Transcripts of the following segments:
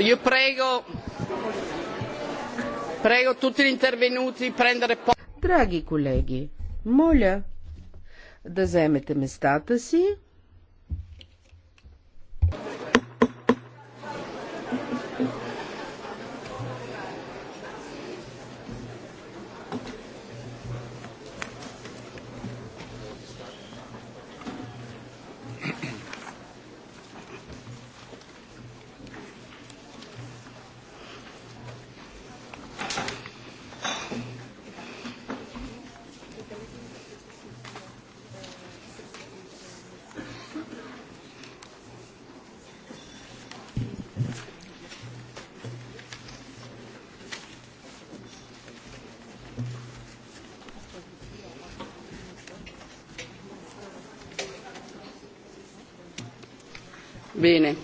Io prego, prego tutti gli intervenuti prendere Драги колеги, моля да вземете местата си. Bene.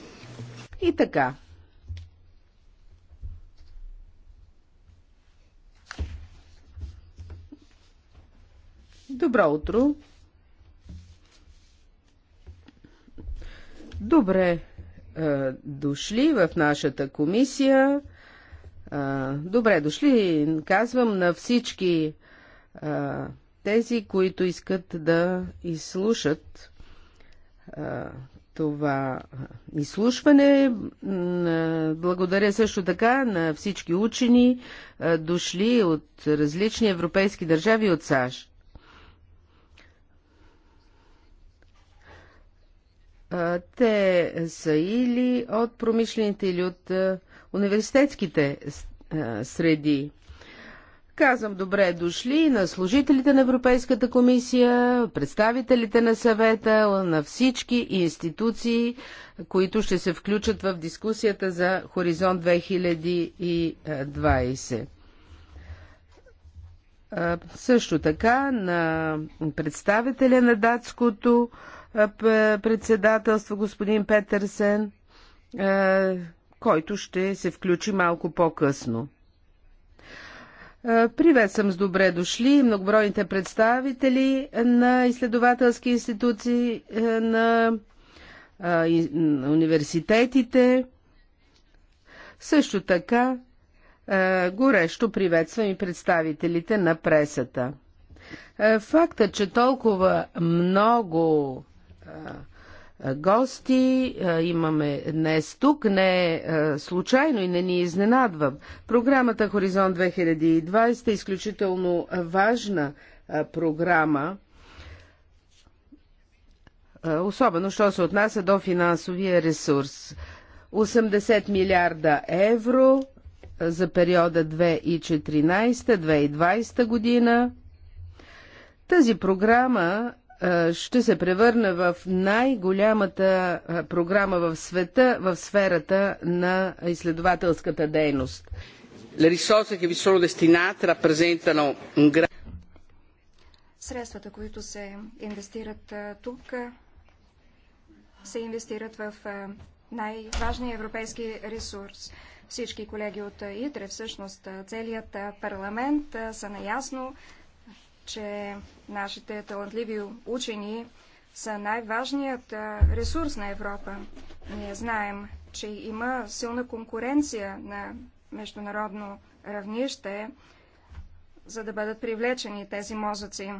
И така. Добро утро. Добре е, дошли в нашата комисия. Е, добре дошли, казвам, на всички е, тези, които искат да изслушат е, това изслушване. Благодаря също така на всички учени, дошли от различни европейски държави от САЩ. Те са или от промишлените, или от университетските среди. Казвам добре дошли на служителите на Европейската комисия, представителите на съвета, на всички институции, които ще се включат в дискусията за Хоризонт 2020. Също така на представителя на датското председателство господин Петърсен, който ще се включи малко по-късно. Приветствам с добре дошли многобройните представители на изследователски институции, е, на университетите. Също така е, горещо приветствам и представителите на пресата. Е, факта, че толкова много гости имаме днес тук. Не е случайно и не ни изненадва. Програмата Хоризонт 2020 е изключително важна програма, особено що се отнася до финансовия ресурс. 80 милиарда евро за периода 2014-2020 година. Тази програма е, ще се превърне в най-голямата е, програма в света в сферата на изследователската дейност. Средствата, които се инвестират е, тук, се инвестират в най-важния европейски ресурс. Всички колеги от ИТРЕ, всъщност целият парламент са наясно, че нашите талантливи учени са най-важният ресурс на Европа. Ние знаем, че има силна конкуренция на международно равнище, за да бъдат привлечени тези мозъци.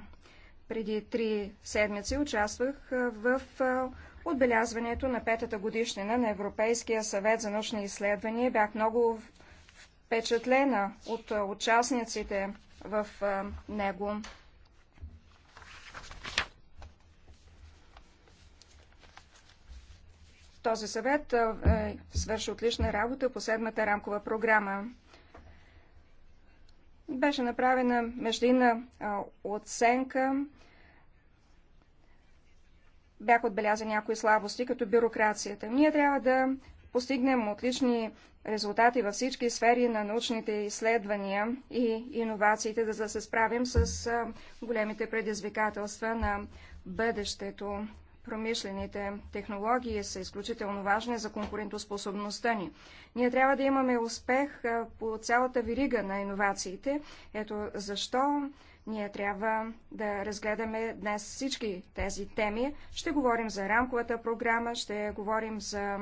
Преди три седмици участвах в отбелязването на петата годишнина на Европейския съвет за научни изследвания. Бях много впечатлена от участниците в него. Този съвет е, свърши отлична работа по седмата рамкова програма. Беше направена междуна оценка. Бяха отбелязани някои слабости, като бюрокрацията. Ние трябва да постигнем отлични резултати във всички сфери на научните изследвания и иновациите, да се справим с големите предизвикателства на бъдещето. Промишлените технологии са изключително важни за конкурентоспособността ни. Ние трябва да имаме успех по цялата вирига на иновациите. Ето защо ние трябва да разгледаме днес всички тези теми. Ще говорим за рамковата програма, ще говорим за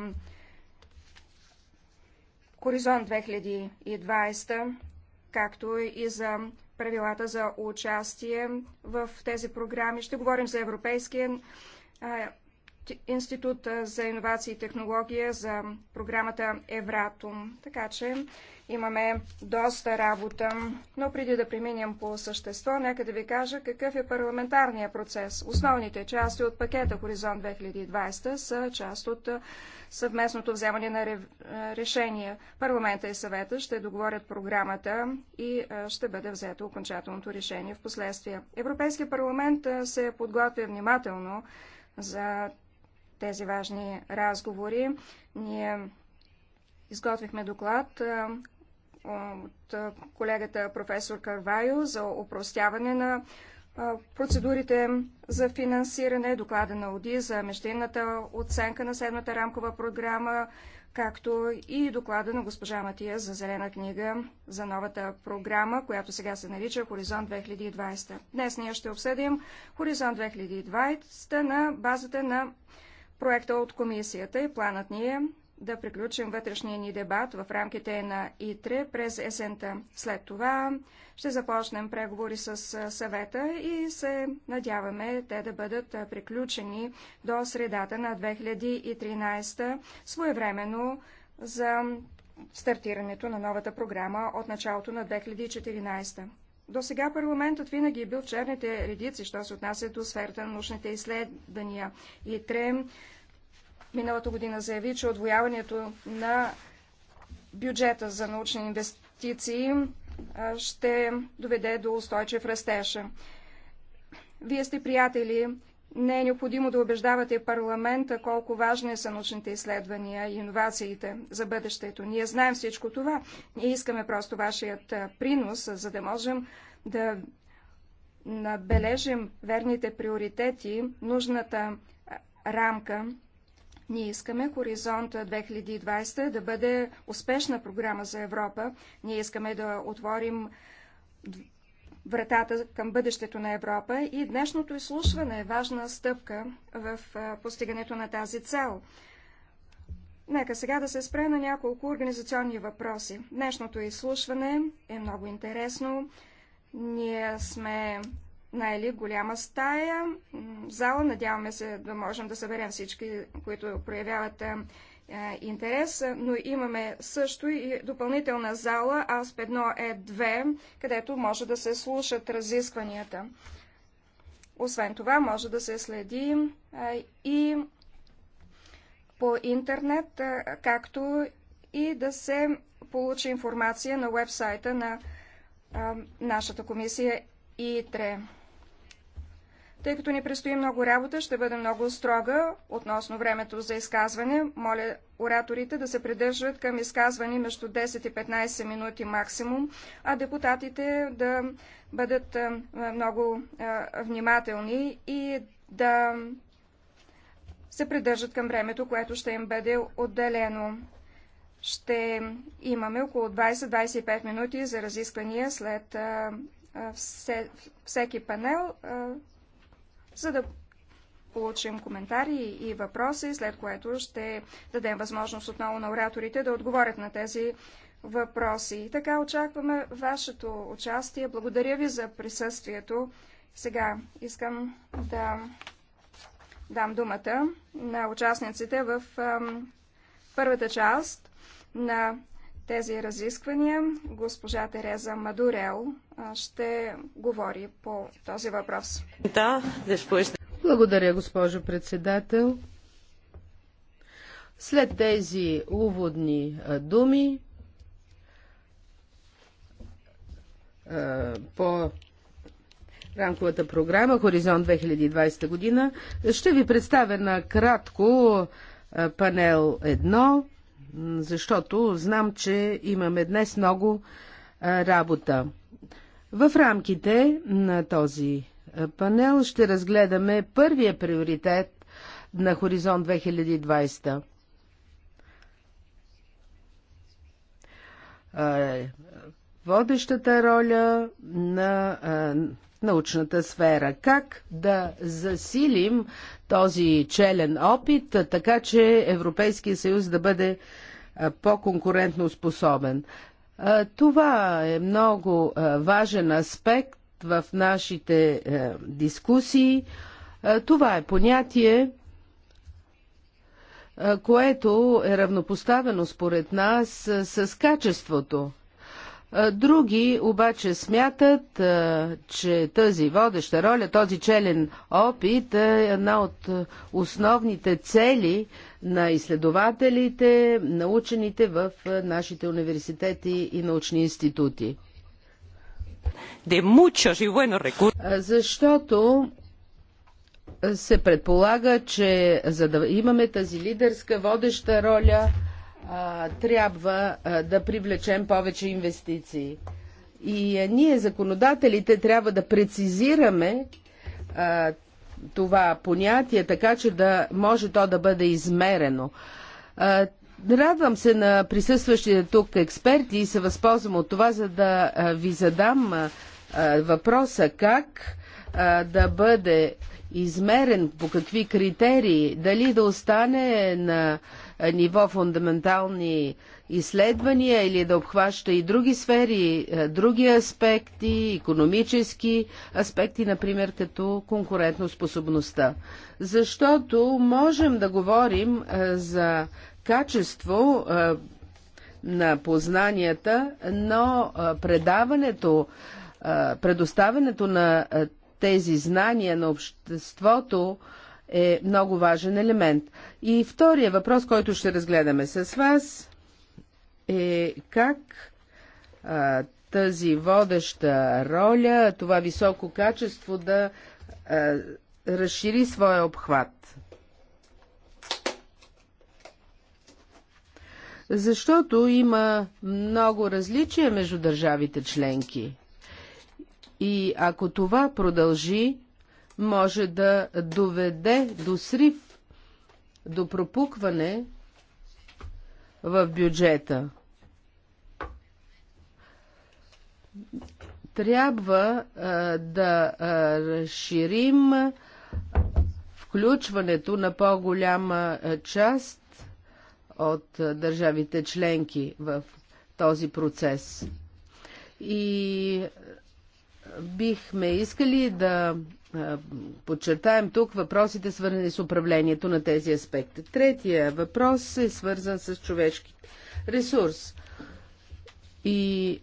Хоризонт 2020, както и за правилата за участие в тези програми. Ще говорим за Европейския Институт за инновации и технология за програмата Евратум. Така че имаме доста работа. Но преди да преминем по същество, нека да ви кажа какъв е парламентарния процес. Основните части от пакета Хоризонт 2020 са част от съвместното вземане на решения. Парламента и съвета ще договорят програмата и е, ще бъде взето окончателното решение в последствие. Европейския парламент е, се подготвя внимателно за тези важни разговори. Ние изготвихме доклад от колегата професор Карвайо за упростяване на процедурите за финансиране, доклада на ОДИ за междинната оценка на седмата рамкова програма, както и доклада на госпожа Матия за зелена книга за новата програма, която сега се нарича Хоризонт 2020. Днес ние ще обсъдим Хоризонт 2020 на базата на проекта от комисията и планът ни е да приключим вътрешния ни дебат в рамките на ИТРЕ през есента. След това ще започнем преговори с съвета и се надяваме те да бъдат приключени до средата на 2013 своевременно за стартирането на новата програма от началото на 2014. До сега парламентът винаги е бил в черните редици, що се отнася до сферата на научните изследвания. И Трем миналата година заяви, че отвояването на бюджета за научни инвестиции ще доведе до устойчив растеж. Вие сте приятели не е необходимо да убеждавате парламента колко важни са научните изследвания и иновациите за бъдещето. Ние знаем всичко това. Ние искаме просто вашият принос, за да можем да надбележим верните приоритети, нужната рамка. Ние искаме Хоризонт 2020 да бъде успешна програма за Европа. Ние искаме да отворим вратата към бъдещето на Европа и днешното изслушване е важна стъпка в постигането на тази цел. Нека сега да се спре на няколко организационни въпроси. Днешното изслушване е много интересно. Ние сме наели голяма стая, зала. Надяваме се да можем да съберем всички, които проявяват е, интерес, но имаме също и допълнителна зала АСП 1Е2, където може да се слушат разискванията. Освен това, може да се следи е, и по интернет, е, както и да се получи информация на вебсайта на нашата комисия ИТРЕ. Тъй като ни предстои много работа, ще бъда много строга относно времето за изказване. Моля ораторите да се придържат към изказване между 10 и 15 минути максимум, а депутатите да бъдат много внимателни и да се придържат към времето, което ще им бъде отделено. Ще имаме около 20-25 минути за разисквания след всеки панел за да получим коментари и въпроси, след което ще дадем възможност отново на ораторите да отговорят на тези въпроси. И така очакваме вашето участие. Благодаря ви за присъствието. Сега искам да дам думата на участниците в първата част на тези разисквания. Госпожа Тереза Мадурел ще говори по този въпрос. Благодаря, госпожо председател. След тези уводни думи по рамковата програма Хоризонт 2020 година ще ви представя на кратко панел 1 защото знам, че имаме днес много работа. В рамките на този панел ще разгледаме първия приоритет на Хоризонт 2020. Водещата роля на научната сфера. Как да засилим този челен опит, така че Европейския съюз да бъде по-конкурентно способен. Това е много важен аспект в нашите е, дискусии. Това е понятие, което е равнопоставено според нас с качеството. Други обаче смятат, че тази водеща роля, този челен опит е една от основните цели на изследователите, на учените в нашите университети и научни институти. Защото се предполага, че за да имаме тази лидерска водеща роля, а, трябва а, да привлечем повече инвестиции. И а, ние, законодателите, трябва да прецизираме а, това понятие, така че да може то да бъде измерено. А, Радвам се на присъстващите тук експерти и се възползвам от това, за да ви задам въпроса как да бъде измерен, по какви критерии, дали да остане на ниво фундаментални изследвания или да обхваща и други сфери, е, други аспекти, економически аспекти, например като конкурентоспособността. Защото можем да говорим е, за качество е, на познанията, но предаването, предоставянето на тези знания на обществото е много важен елемент. И втория въпрос, който ще разгледаме с вас е как а, тази водеща роля, това високо качество да а, разшири своя обхват. Защото има много различия между държавите членки. И ако това продължи, може да доведе до срив, до пропукване в бюджета. Трябва а, да а, разширим включването на по-голяма част от а, държавите членки в този процес. И бихме искали да подчертаем тук въпросите, свързани с управлението на тези аспекти. Третия въпрос е свързан с човешки ресурс. И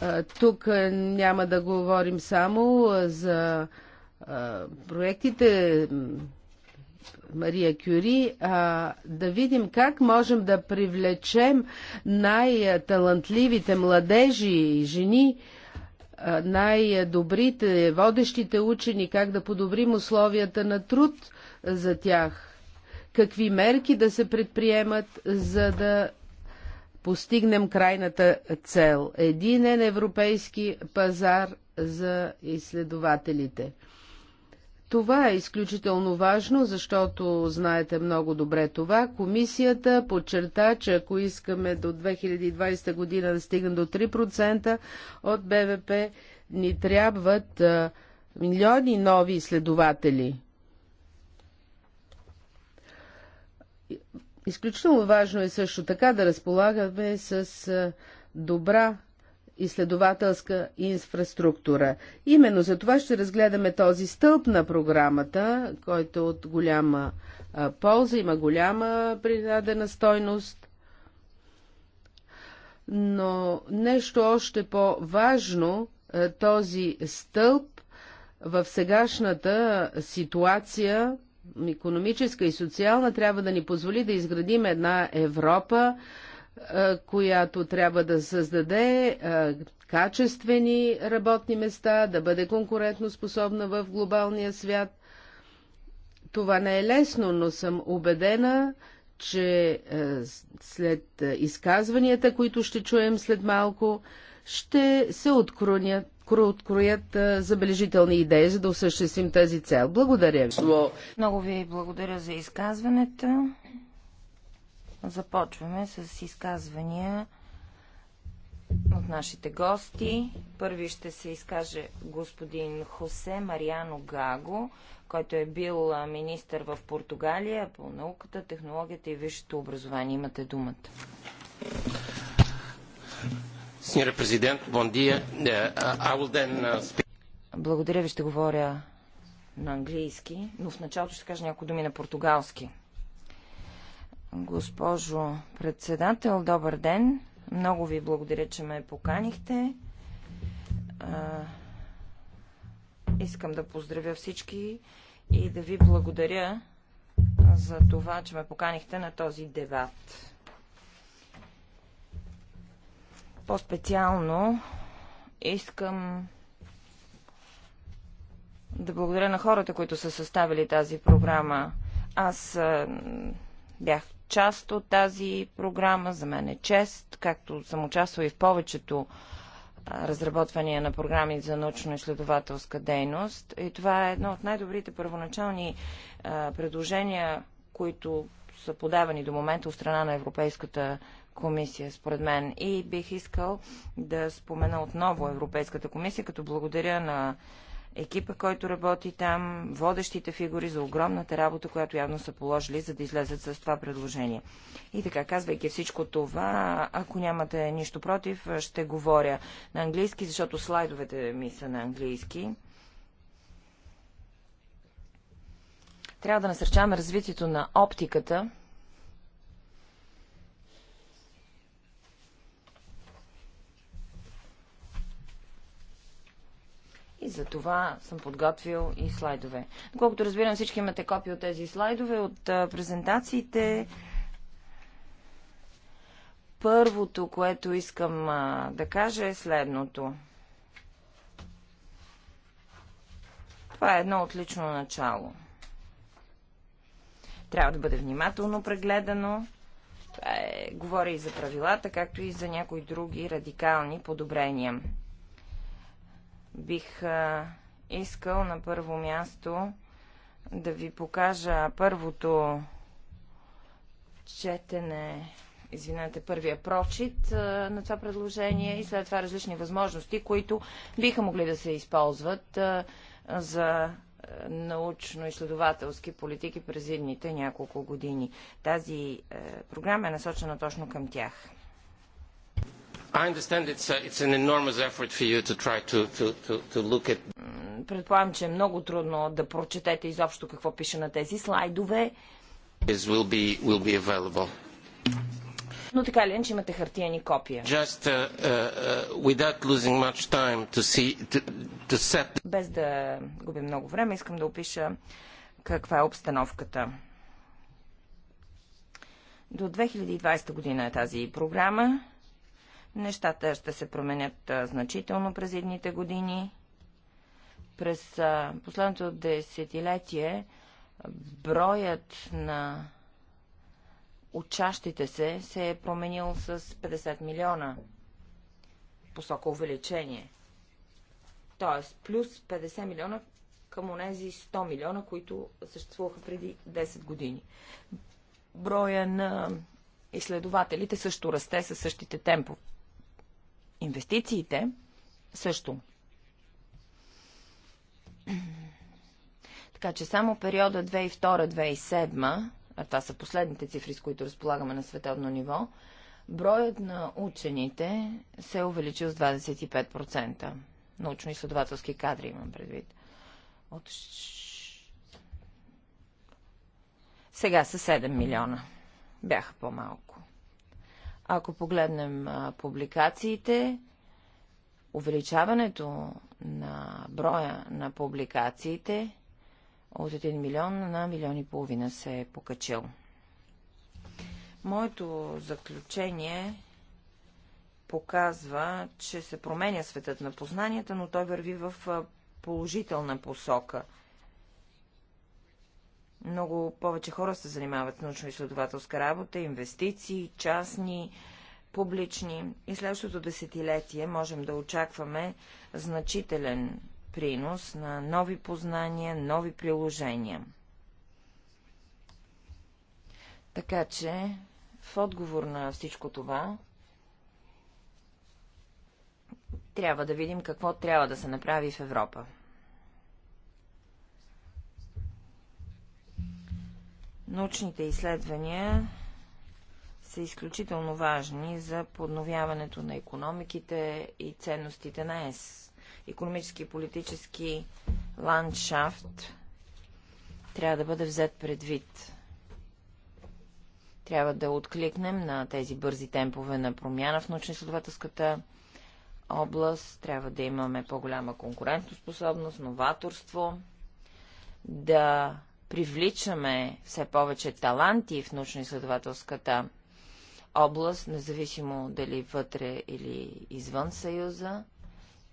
а, тук няма да говорим само за а, проектите Мария Кюри, а, да видим как можем да привлечем най-талантливите младежи и жени, а, най-добрите, водещите учени, как да подобрим условията на труд за тях, какви мерки да се предприемат, за да постигнем крайната цел – единен европейски пазар за изследователите. Това е изключително важно, защото знаете много добре това. Комисията подчерта, че ако искаме до 2020 година да стигнем до 3% от БВП, ни трябват а, милиони нови изследователи. Изключително важно е също така да разполагаме с а, добра изследователска инфраструктура. Именно за това ще разгледаме този стълб на програмата, който е от голяма полза, има голяма придадена стойност. Но нещо още по-важно, този стълб в сегашната ситуация, економическа и социална, трябва да ни позволи да изградим една Европа, е, която трябва да създаде е, качествени работни места, да бъде конкурентоспособна в глобалния свят. Това не е лесно, но съм убедена, че е, след изказванията, които ще чуем след малко, ще се откронят откроят забележителни идеи, за да осъществим тази цел. Благодаря ви. Много ви благодаря за изказването. Започваме с изказвания от нашите гости. Първи ще се изкаже господин Хосе Мариано Гаго, който е бил министър в Португалия по науката, технологията и висшето образование. Имате думата. Сеньора президент, бон е, Благодаря ви, ще говоря на английски, но в началото ще кажа някои думи на португалски. Госпожо председател, добър ден. Много ви благодаря, че ме поканихте. Искам да поздравя всички и да ви благодаря за това, че ме поканихте на този дебат. По-специално искам да благодаря на хората, които са съставили тази програма. Аз бях част от тази програма. За мен е чест, както съм участвал и в повечето разработвания на програми за научно-изследователска дейност. И това е едно от най-добрите първоначални а, предложения, които са подавани до момента от страна на Европейската комисия, според мен. И бих искал да спомена отново Европейската комисия, като благодаря на екипа, който работи там, водещите фигури за огромната работа, която явно са положили, за да излезат с това предложение. И така, казвайки всичко това, ако нямате нищо против, ще говоря на английски, защото слайдовете ми са на английски. Трябва да насърчаваме развитието на оптиката, И за това съм подготвил и слайдове. Доколкото разбирам, всички имате копия от тези слайдове, от презентациите. Първото, което искам да кажа е следното. Това е едно отлично начало. Трябва да бъде внимателно прегледано. Това е, говори и за правилата, както и за някои други радикални подобрения. Бих искал на първо място да ви покажа първото четене, извинете, първия прочит на това предложение и след това различни възможности, които биха могли да се използват за научно-изследователски политики през едните няколко години. Тази е, програма е насочена точно към тях. I understand it's, a, uh, it's an enormous effort for you to try to, to, to, to look at... Предполагам, че е много трудно да прочетете изобщо какво пише на тези слайдове. Will be, will be available. Но така ли, че имате хартияни копия? Just, uh, uh, without losing much time to see, to, to set... Без да губим много време, искам да опиша каква е обстановката. До 2020 година е тази програма. Нещата ще се променят значително през едните години. През последното десетилетие броят на учащите се се е променил с 50 милиона посока увеличение. Тоест, плюс 50 милиона към онези 100 милиона, които съществуваха преди 10 години. Броя на изследователите също расте със същите темпове. Инвестициите също. Така че само периода 2002-2007, а това са последните цифри, с които разполагаме на световно ниво, броят на учените се е увеличил с 25%. Научно-изследователски кадри имам предвид. От... Сега са 7 милиона. Бяха по-малко. Ако погледнем публикациите, увеличаването на броя на публикациите от 1 милион на милион и половина се е покачил. Моето заключение показва, че се променя светът на познанията, но той върви в положителна посока – много повече хора се занимават с научно-изследователска работа, инвестиции, частни, публични. И следващото десетилетие можем да очакваме значителен принос на нови познания, нови приложения. Така че, в отговор на всичко това, трябва да видим какво трябва да се направи в Европа. Научните изследвания са изключително важни за подновяването на економиките и ценностите на ЕС. Економически и политически ландшафт трябва да бъде взет предвид. Трябва да откликнем на тези бързи темпове на промяна в научно-изследователската област. Трябва да имаме по-голяма конкурентоспособност, новаторство, да привличаме все повече таланти в научно-изследователската област, независимо дали вътре или извън Съюза.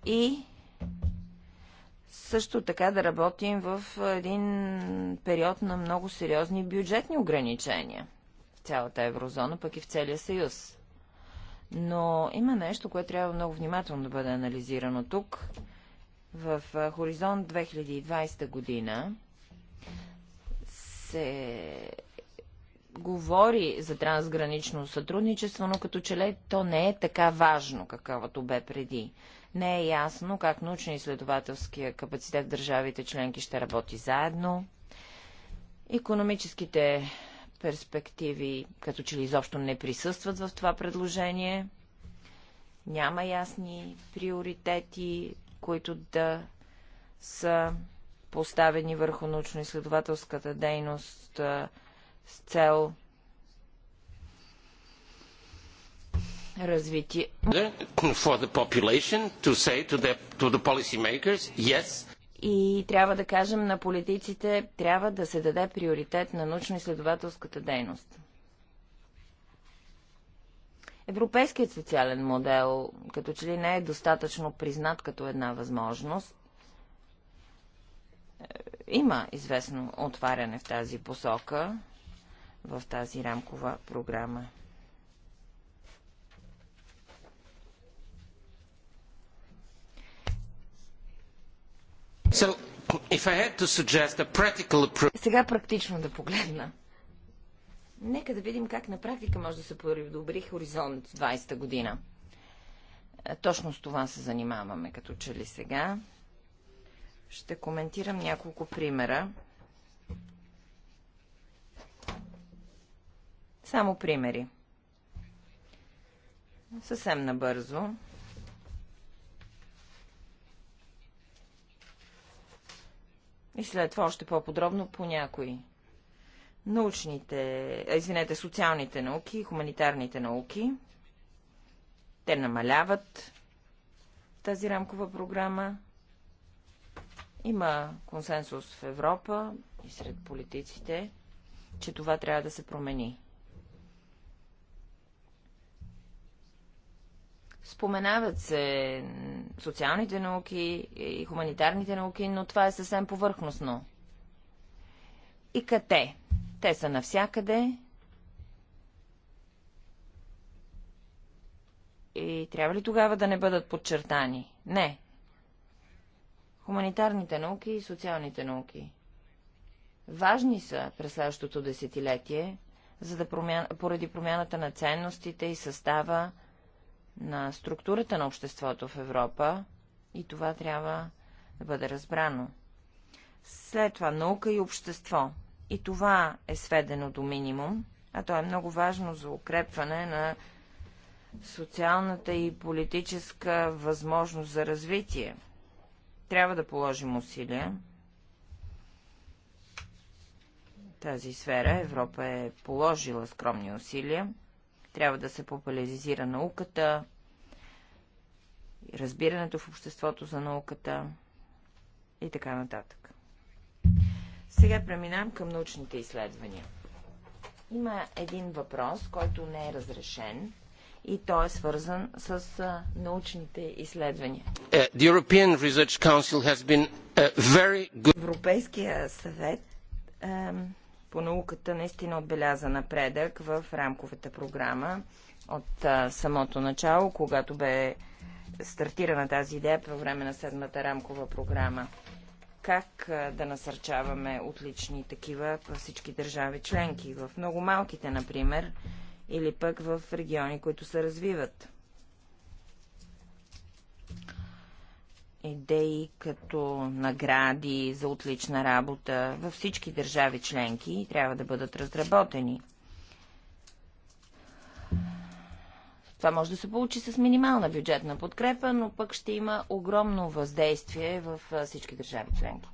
И също така да работим в един период на много сериозни бюджетни ограничения в цялата еврозона, пък и в целия съюз. Но има нещо, което трябва много внимателно да бъде анализирано тук. В Хоризонт 2020 година се говори за трансгранично сътрудничество, но като че ли то не е така важно, каквото бе преди. Не е ясно как научно-изследователския капацитет в държавите членки ще работи заедно. Економическите перспективи като че ли изобщо не присъстват в това предложение. Няма ясни приоритети, които да са поставени върху научно-изследователската дейност с цел развитие. И трябва да кажем на политиците, трябва да се даде приоритет на научно-изследователската дейност. Европейският социален модел като че ли не е достатъчно признат като една възможност има известно отваряне в тази посока, в тази рамкова програма. So, practical... Сега практично да погледна. Нека да видим как на практика може да се подобри хоризонт 20-та година. Точно с това се занимаваме, като че ли сега. Ще коментирам няколко примера. Само примери. Съвсем набързо. И след това още по-подробно по някои. Научните, извинете, социалните науки, хуманитарните науки, те намаляват тази рамкова програма. Има консенсус в Европа и сред политиците, че това трябва да се промени. Споменават се социалните науки и хуманитарните науки, но това е съвсем повърхностно. И къде? Те са навсякъде. И трябва ли тогава да не бъдат подчертани? Не, хуманитарните науки и социалните науки. Важни са през следващото десетилетие, за да промя... поради промяната на ценностите и състава на структурата на обществото в Европа и това трябва да бъде разбрано. След това наука и общество. И това е сведено до минимум, а то е много важно за укрепване на социалната и политическа възможност за развитие – трябва да положим усилия. Тази сфера Европа е положила скромни усилия. Трябва да се популяризира науката, разбирането в обществото за науката и така нататък. Сега преминавам към научните изследвания. Има един въпрос, който не е разрешен и той е свързан с научните изследвания. Uh, uh, Европейския съвет по науката наистина отбеляза напредък в рамковата програма от а, самото начало, когато бе стартирана тази идея по време на седмата рамкова програма. Как а, да насърчаваме отлични такива във всички държави членки? В много малките, например, или пък в региони, които се развиват. Идеи като награди за отлична работа във всички държави членки трябва да бъдат разработени. Това може да се получи с минимална бюджетна подкрепа, но пък ще има огромно въздействие в всички държави членки.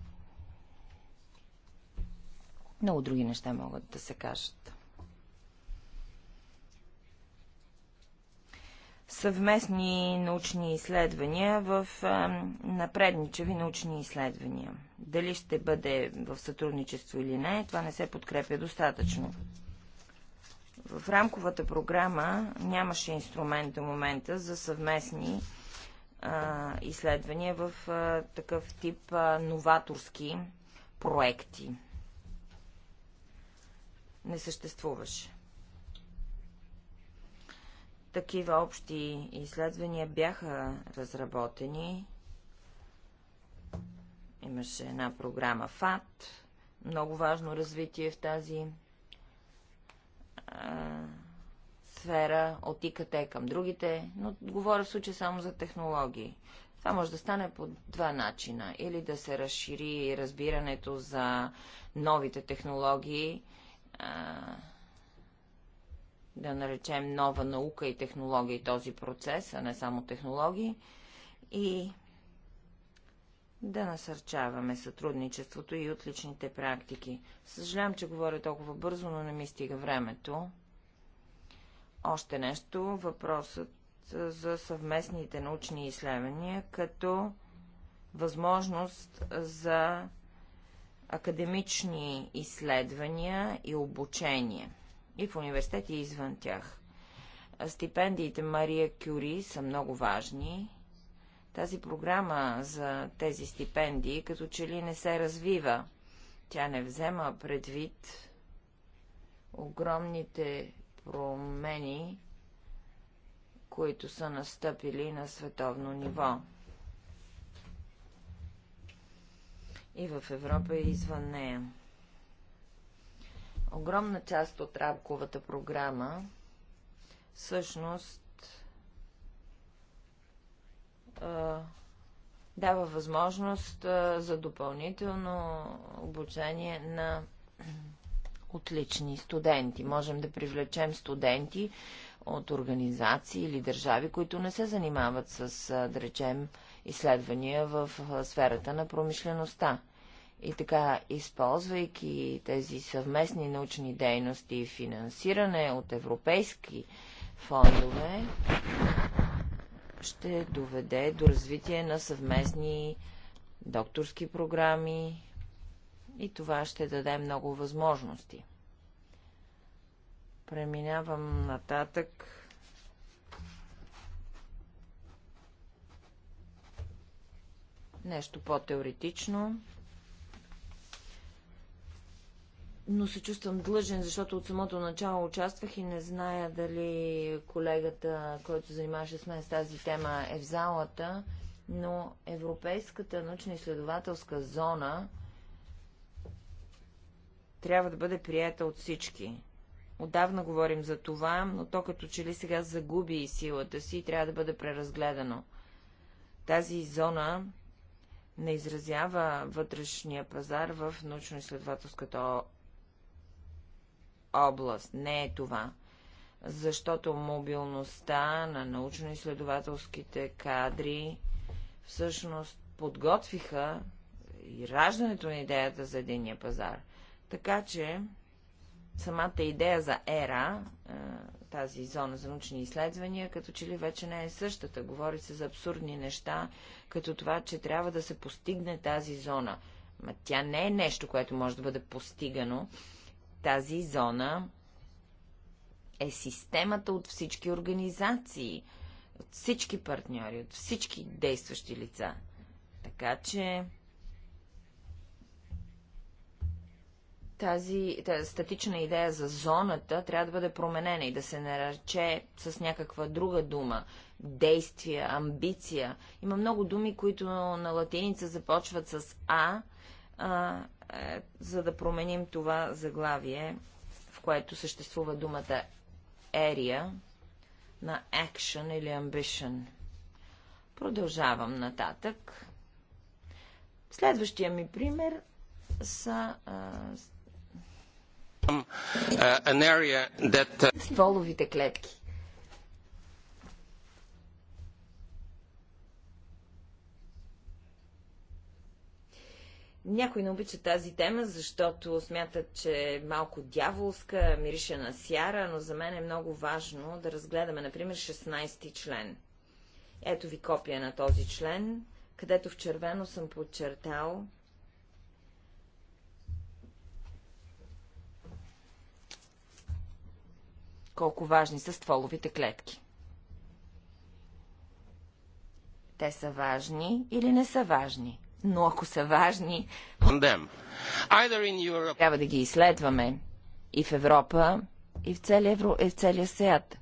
Много други неща могат да се кажат. съвместни научни изследвания в напредничеви напредничави научни изследвания. Дали ще бъде в сътрудничество или не, това не се подкрепя достатъчно. В рамковата програма нямаше инструмент до момента за съвместни а, изследвания в а, такъв тип а, новаторски проекти. Не съществуваше. Такива общи изследвания бяха разработени. Имаше една програма ФАТ, много важно развитие в тази а, сфера от ИКТ към другите, но говоря в случай само за технологии. Това може да стане по два начина. Или да се разшири разбирането за новите технологии, а, да наречем нова наука и технологии този процес, а не само технологии, и да насърчаваме сътрудничеството и отличните практики. Съжалявам, че говоря толкова бързо, но не ми стига времето. Още нещо, въпросът за съвместните научни изследвания като възможност за академични изследвания и обучение – и в университети и извън тях. Стипендиите Мария Кюри са много важни. Тази програма за тези стипендии като че ли не се развива. Тя не взема предвид огромните промени, които са настъпили на световно ниво. И в Европа и извън нея. Огромна част от рамковата програма всъщност дава възможност за допълнително обучение на отлични студенти. Можем да привлечем студенти от организации или държави, които не се занимават с, да речем, изследвания в сферата на промишлеността. И така, използвайки тези съвместни научни дейности и финансиране от европейски фондове, ще доведе до развитие на съвместни докторски програми и това ще даде много възможности. Преминавам нататък. Нещо по-теоретично. но се чувствам длъжен, защото от самото начало участвах и не зная дали колегата, който занимаваше с мен с тази тема е в залата, но Европейската научно-изследователска зона трябва да бъде прията от всички. Отдавна говорим за това, но то като че ли сега загуби и силата си и трябва да бъде преразгледано. Тази зона не изразява вътрешния пазар в научно-изследователската област. Не е това. Защото мобилността на научно-изследователските кадри всъщност подготвиха и раждането на идеята за единния пазар. Така че самата идея за ера, тази зона за научни изследвания, като че ли вече не е същата. Говори се за абсурдни неща, като това, че трябва да се постигне тази зона. Ма тя не е нещо, което може да бъде постигано тази зона е системата от всички организации, от всички партньори, от всички действащи лица. Така че тази, тази статична идея за зоната трябва да бъде променена и да се нарече с някаква друга дума действия, амбиция. Има много думи, които на латиница започват с А, а за да променим това заглавие, в което съществува думата area на action или ambition. Продължавам нататък. Следващия ми пример са е, стволовите клетки. Някой не обича тази тема, защото смятат, че е малко дяволска, мирише на сяра, но за мен е много важно да разгледаме, например, 16-ти член. Ето ви копия на този член, където в червено съм подчертал колко важни са стволовите клетки. Те са важни или не са важни? но ако са важни, трябва да ги изследваме и в Европа, и в целия, Евро... и в целия свят,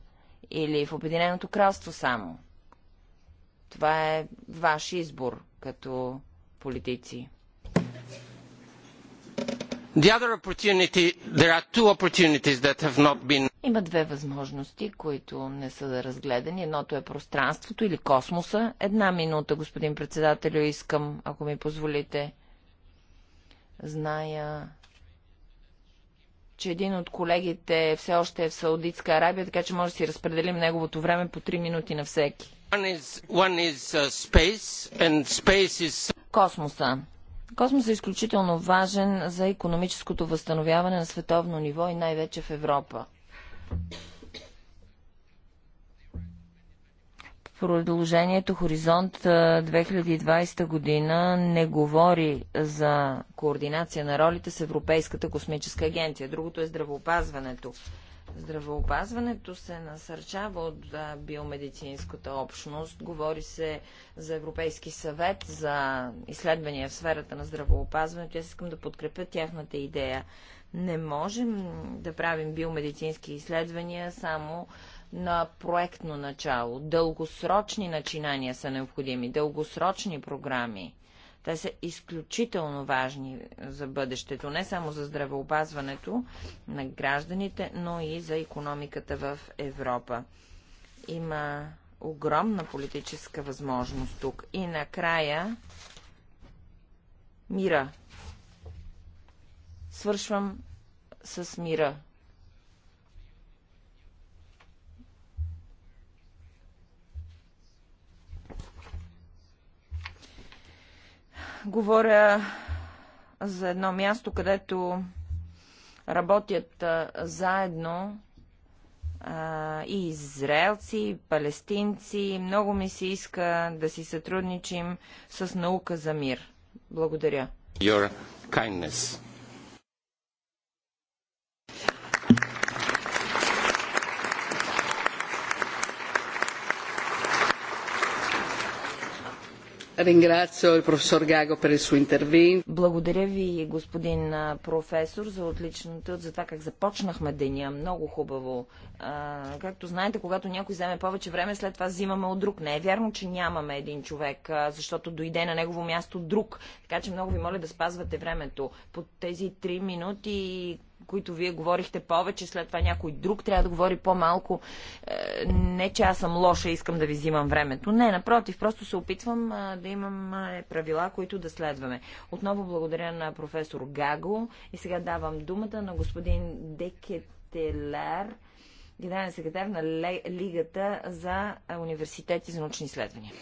или в Обединеното кралство само. Това е ваш избор като политици. The other opportunity, there are two opportunities that have not been има две възможности, които не са да разгледани. Едното е пространството или космоса. Една минута, господин председателю, искам, ако ми позволите. Зная, че един от колегите все още е в Саудитска Арабия, така че може да си разпределим неговото време по три минути на всеки. One is, one is uh, space, space is... Космоса. Космос е изключително важен за економическото възстановяване на световно ниво и най-вече в Европа. Продължението Хоризонт 2020 година не говори за координация на ролите с Европейската космическа агенция. Другото е здравеопазването. Здравеопазването се насърчава от биомедицинската общност. Говори се за Европейски съвет за изследвания в сферата на здравеопазването. Аз искам да подкрепя тяхната идея не можем да правим биомедицински изследвания само на проектно начало. Дългосрочни начинания са необходими, дългосрочни програми. Те са изключително важни за бъдещето, не само за здравеопазването на гражданите, но и за економиката в Европа. Има огромна политическа възможност тук. И накрая мира. Свършвам с мира. Говоря за едно място, където работят а, заедно а, и израелци, и палестинци. Много ми се иска да си сътрудничим с наука за мир. Благодаря. Your kindness. Благодаря ви, господин професор, за отличното, за това как започнахме деня. Много хубаво. А, както знаете, когато някой вземе повече време, след това взимаме от друг. Не е вярно, че нямаме един човек, защото дойде на негово място друг. Така че много ви моля да спазвате времето. По тези три минути които вие говорихте повече, след това някой друг трябва да говори по-малко. Е, не, че аз съм лоша, искам да ви взимам времето. Не, напротив, просто се опитвам да имам правила, които да следваме. Отново благодаря на професор Гаго и сега давам думата на господин Декетелер, генерален секретар на Лигата за университети за научни изследвания.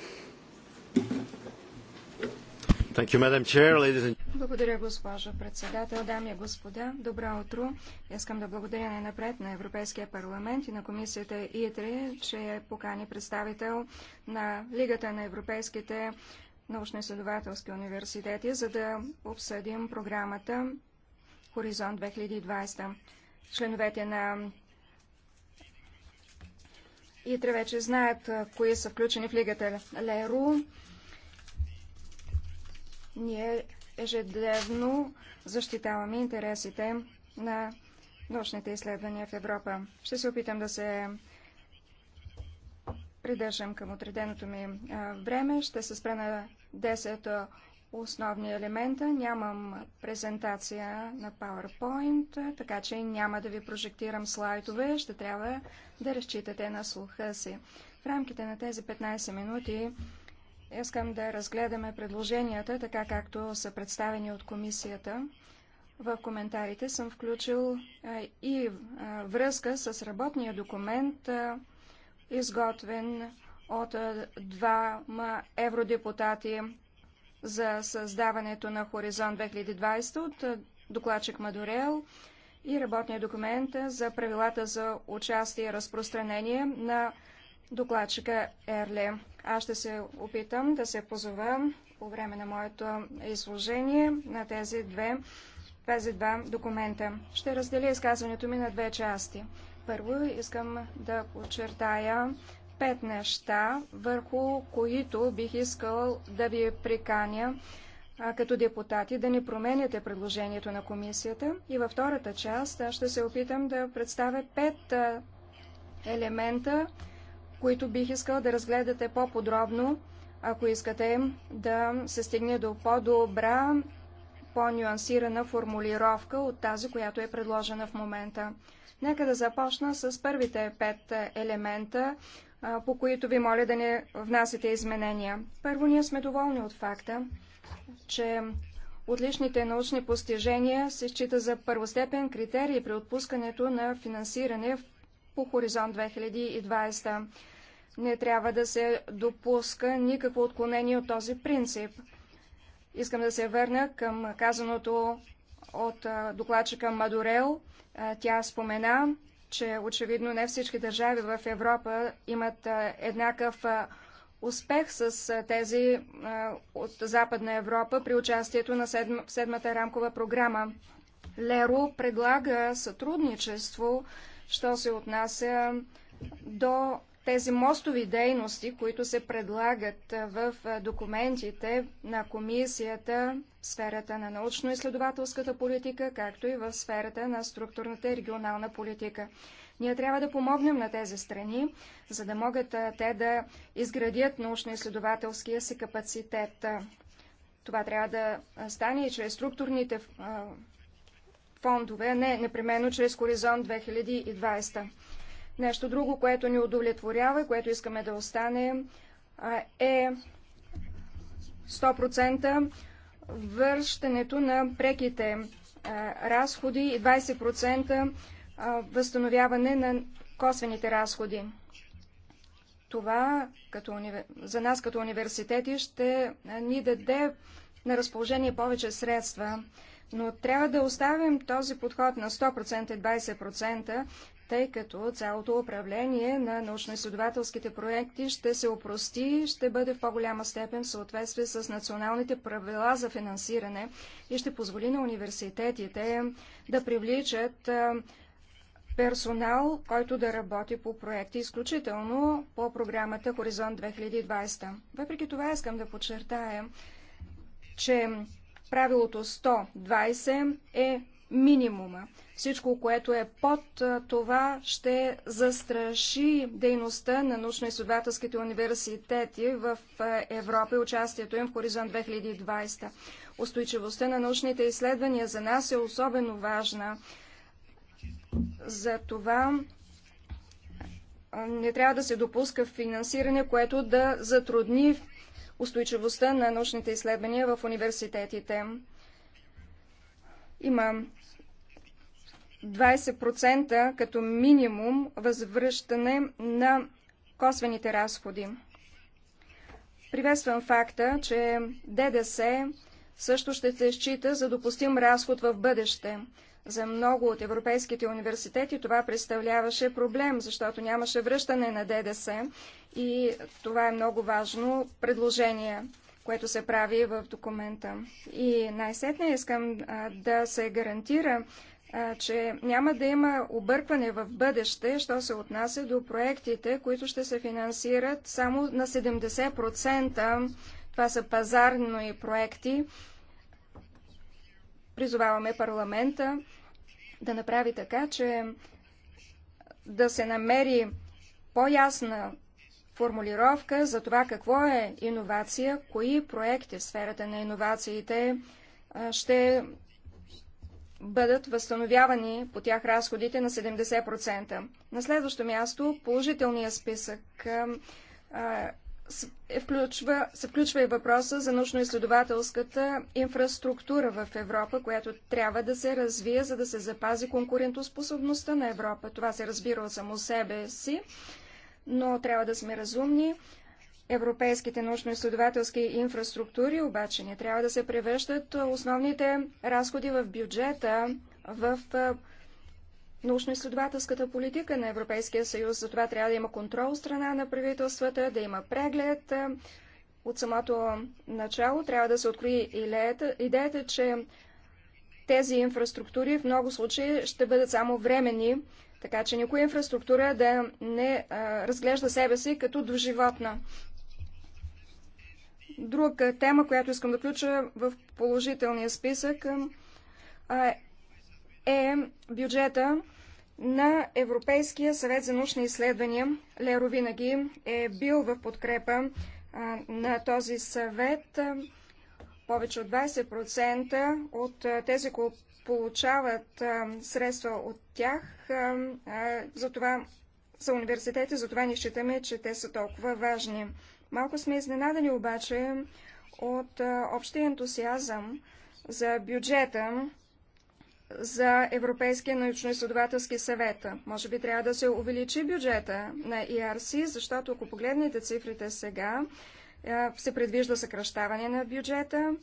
Thank you, Madam Chair, ladies and благодаря, госпожо председател, дами и господа. Добро утро. Искам да благодаря най-напред на Европейския парламент и на комисията ИТРИ, че е покани представител на Лигата на европейските научно-изследователски университети, за да обсъдим програмата Хоризонт 2020. Членовете на ИТРИ вече знаят кои са включени в Лигата Леру. Ние ежедневно защитаваме интересите на научните изследвания в Европа. Ще се опитам да се придържам към отреденото ми време. Ще се спра на 10 основни елемента. Нямам презентация на PowerPoint, така че няма да ви прожектирам слайдове. Ще трябва да разчитате на слуха си. В рамките на тези 15 минути Искам да разгледаме предложенията, така както са представени от комисията. В коментарите съм включил и връзка с работния документ, изготвен от двама евродепутати за създаването на Хоризонт 2020 от докладчик Мадорел и работния документ за правилата за участие и разпространение на докладчика Ерле. Аз ще се опитам да се позова по време на моето изложение на тези, две, тези два документа. Ще разделя изказването ми на две части. Първо искам да подчертая пет неща, върху които бих искал да ви приканя а, като депутати да не променяте предложението на комисията. И във втората част ще се опитам да представя пет елемента, които бих искал да разгледате по-подробно, ако искате да се стигне до по-добра, по-нюансирана формулировка от тази, която е предложена в момента. Нека да започна с първите пет елемента, по които ви моля да не внасяте изменения. Първо, ние сме доволни от факта, че отличните научни постижения се счита за първостепен критерий при отпускането на финансиране в по Хоризонт 2020. Не трябва да се допуска никакво отклонение от този принцип. Искам да се върна към казаното от докладчика Мадурел. Тя спомена, че очевидно не всички държави в Европа имат еднакъв успех с тези от Западна Европа при участието на седмата рамкова програма. Леро предлага сътрудничество що се отнася до тези мостови дейности, които се предлагат в документите на комисията в сферата на научно-изследователската политика, както и в сферата на структурната и регионална политика. Ние трябва да помогнем на тези страни, за да могат те да изградят научно-изследователския си капацитет. Това трябва да стане и чрез структурните фондове, а не непременно чрез Хоризонт 2020. Нещо друго, което ни удовлетворява и което искаме да остане е 100% връщането на преките разходи и 20% възстановяване на косвените разходи. Това като, за нас като университети ще ни даде на разположение повече средства но трябва да оставим този подход на 100% и 20%, тъй като цялото управление на научно-изследователските проекти ще се опрости, ще бъде в по-голяма степен в съответствие с националните правила за финансиране и ще позволи на университетите да привличат персонал, който да работи по проекти, изключително по програмата Хоризонт 2020. Въпреки това искам да подчертая, че Правилото 120 е минимума. Всичко, което е под това, ще застраши дейността на научно-изследователските университети в Европа и участието им в Хоризонт 2020. Устойчивостта на научните изследвания за нас е особено важна. За това не трябва да се допуска финансиране, което да затрудни устойчивостта на научните изследвания в университетите. Има 20% като минимум възвръщане на косвените разходи. Приветствам факта, че ДДС също ще се счита за допустим разход в бъдеще. За много от европейските университети това представляваше проблем, защото нямаше връщане на ДДС и това е много важно предложение, което се прави в документа. И най-сетне искам а, да се гарантира, а, че няма да има объркване в бъдеще, що се отнася до проектите, които ще се финансират само на 70%. Това са пазарни проекти, Призоваваме парламента да направи така, че да се намери по-ясна формулировка за това какво е иновация, кои проекти в сферата на иновациите ще бъдат възстановявани по тях разходите на 70%. На следващо място, положителният списък се включва, се включва и въпроса за научно-изследователската инфраструктура в Европа, която трябва да се развие, за да се запази конкурентоспособността на Европа. Това се разбира от само себе си, но трябва да сме разумни. Европейските научно-изследователски инфраструктури обаче не трябва да се превръщат основните разходи в бюджета в научно-изследователската политика на Европейския съюз. Затова трябва да има контрол страна на правителствата, да има преглед. От самото начало трябва да се открои идеята, че тези инфраструктури в много случаи ще бъдат само времени, така че никоя инфраструктура да не а, разглежда себе си като доживотна. Друга тема, която искам да включа в положителния списък а, е бюджета на Европейския съвет за научни изследвания. Леро винаги е бил в подкрепа на този съвет. Повече от 20% от тези, които получават средства от тях, за това за университети, затова ни считаме, че те са толкова важни. Малко сме изненадани обаче от общия ентусиазъм за бюджета за Европейския научно-изследователски съвет. Може би трябва да се увеличи бюджета на ERC, защото ако погледнете цифрите сега, е, се предвижда съкръщаване на бюджета.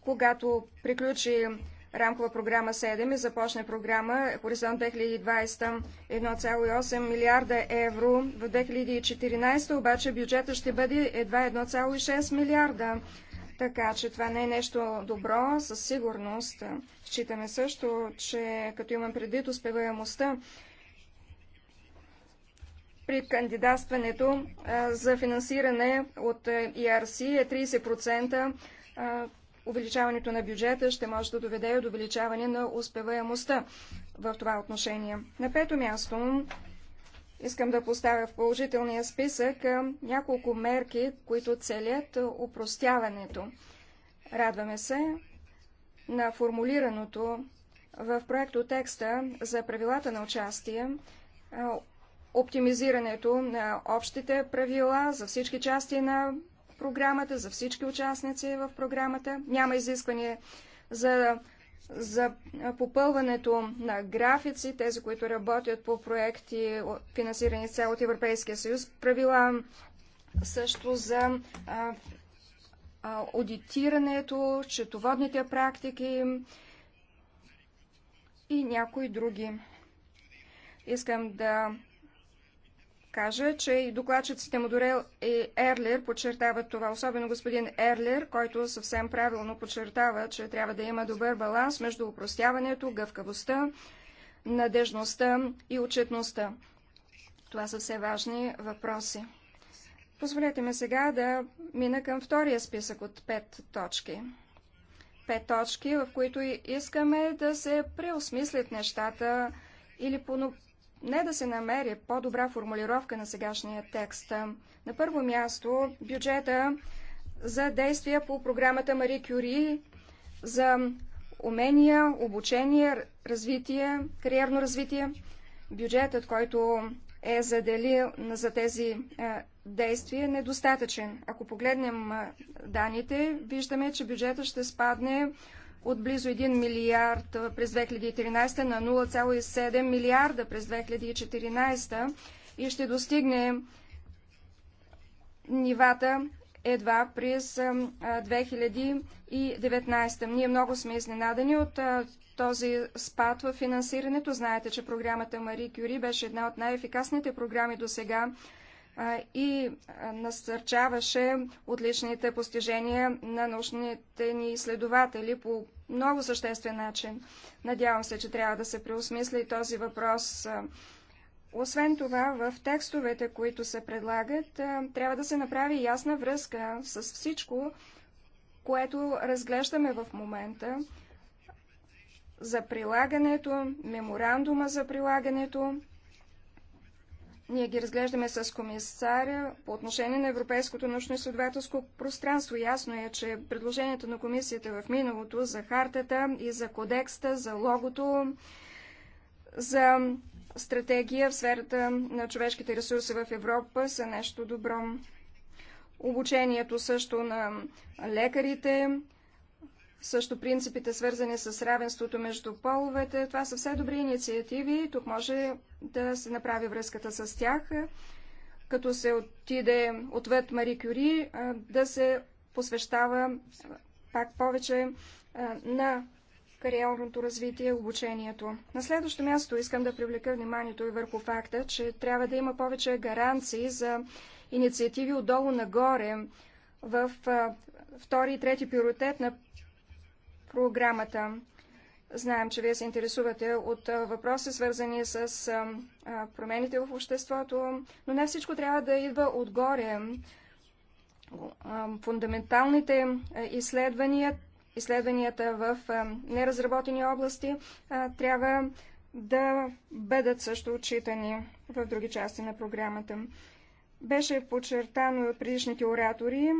Когато приключи рамкова програма 7 и започне програма Хоризонт 2020 1,8 милиарда евро. В 2014 обаче бюджета ще бъде едва 1,6 милиарда. Така че това не е нещо добро, със сигурност. Считаме също, че като имам предвид успеваемостта, при кандидатстването за финансиране от ERC е 30%. Увеличаването на бюджета ще може да доведе до увеличаване на успеваемостта в това отношение. На пето място Искам да поставя в положителния списък няколко мерки, които целят упростяването. Радваме се на формулираното в проекто текста за правилата на участие, оптимизирането на общите правила за всички части на програмата, за всички участници в програмата. Няма изискване за за попълването на графици, тези, които работят по проекти, финансирани цел от Европейския съюз, правила също за аудитирането, четоводните практики и някои други. Искам да кажа, че и докладчиците Модорел и Ерлер подчертават това, особено господин Ерлер, който съвсем правилно подчертава, че трябва да има добър баланс между упростяването, гъвкавостта, надежността и отчетността. Това са все важни въпроси. Позволете ми сега да мина към втория списък от пет точки. Пет точки, в които искаме да се преосмислят нещата или не да се намери по-добра формулировка на сегашния текст. На първо място бюджета за действия по програмата Мари Кюри за умения, обучение, развитие, кариерно развитие. Бюджетът, който е заделил за тези е, действия, е недостатъчен. Ако погледнем е, данните, виждаме, че бюджетът ще спадне от близо 1 милиард през 2013 на 0,7 милиарда през 2014 и ще достигне нивата едва през 2019. Ние много сме изненадани от този спад в финансирането. Знаете, че програмата Мари Кюри беше една от най-ефикасните програми до сега и насърчаваше отличните постижения на научните ни изследователи по много съществен начин. Надявам се, че трябва да се преосмисли този въпрос. Освен това, в текстовете, които се предлагат, трябва да се направи ясна връзка с всичко, което разглеждаме в момента за прилагането, меморандума за прилагането, ние ги разглеждаме с комисаря по отношение на Европейското научно-изследователско пространство. Ясно е, че предложението на комисията в миналото за хартата и за кодекста, за логото, за стратегия в сферата на човешките ресурси в Европа са нещо добро. Обучението също на лекарите, също принципите, свързани с равенството между половете. Това са все добри инициативи. Тук може да се направи връзката с тях, като се отиде отвъд Мари Кюри, да се посвещава пак повече на кариерното развитие, обучението. На следващо място искам да привлека вниманието и върху факта, че трябва да има повече гаранции за инициативи отдолу нагоре в втори и трети приоритет на програмата. Знаем, че вие се интересувате от въпроси, свързани с промените в обществото, но не всичко трябва да идва отгоре. Фундаменталните изследвания, изследванията в неразработени области трябва да бъдат също отчитани в други части на програмата. Беше подчертано от предишните оратори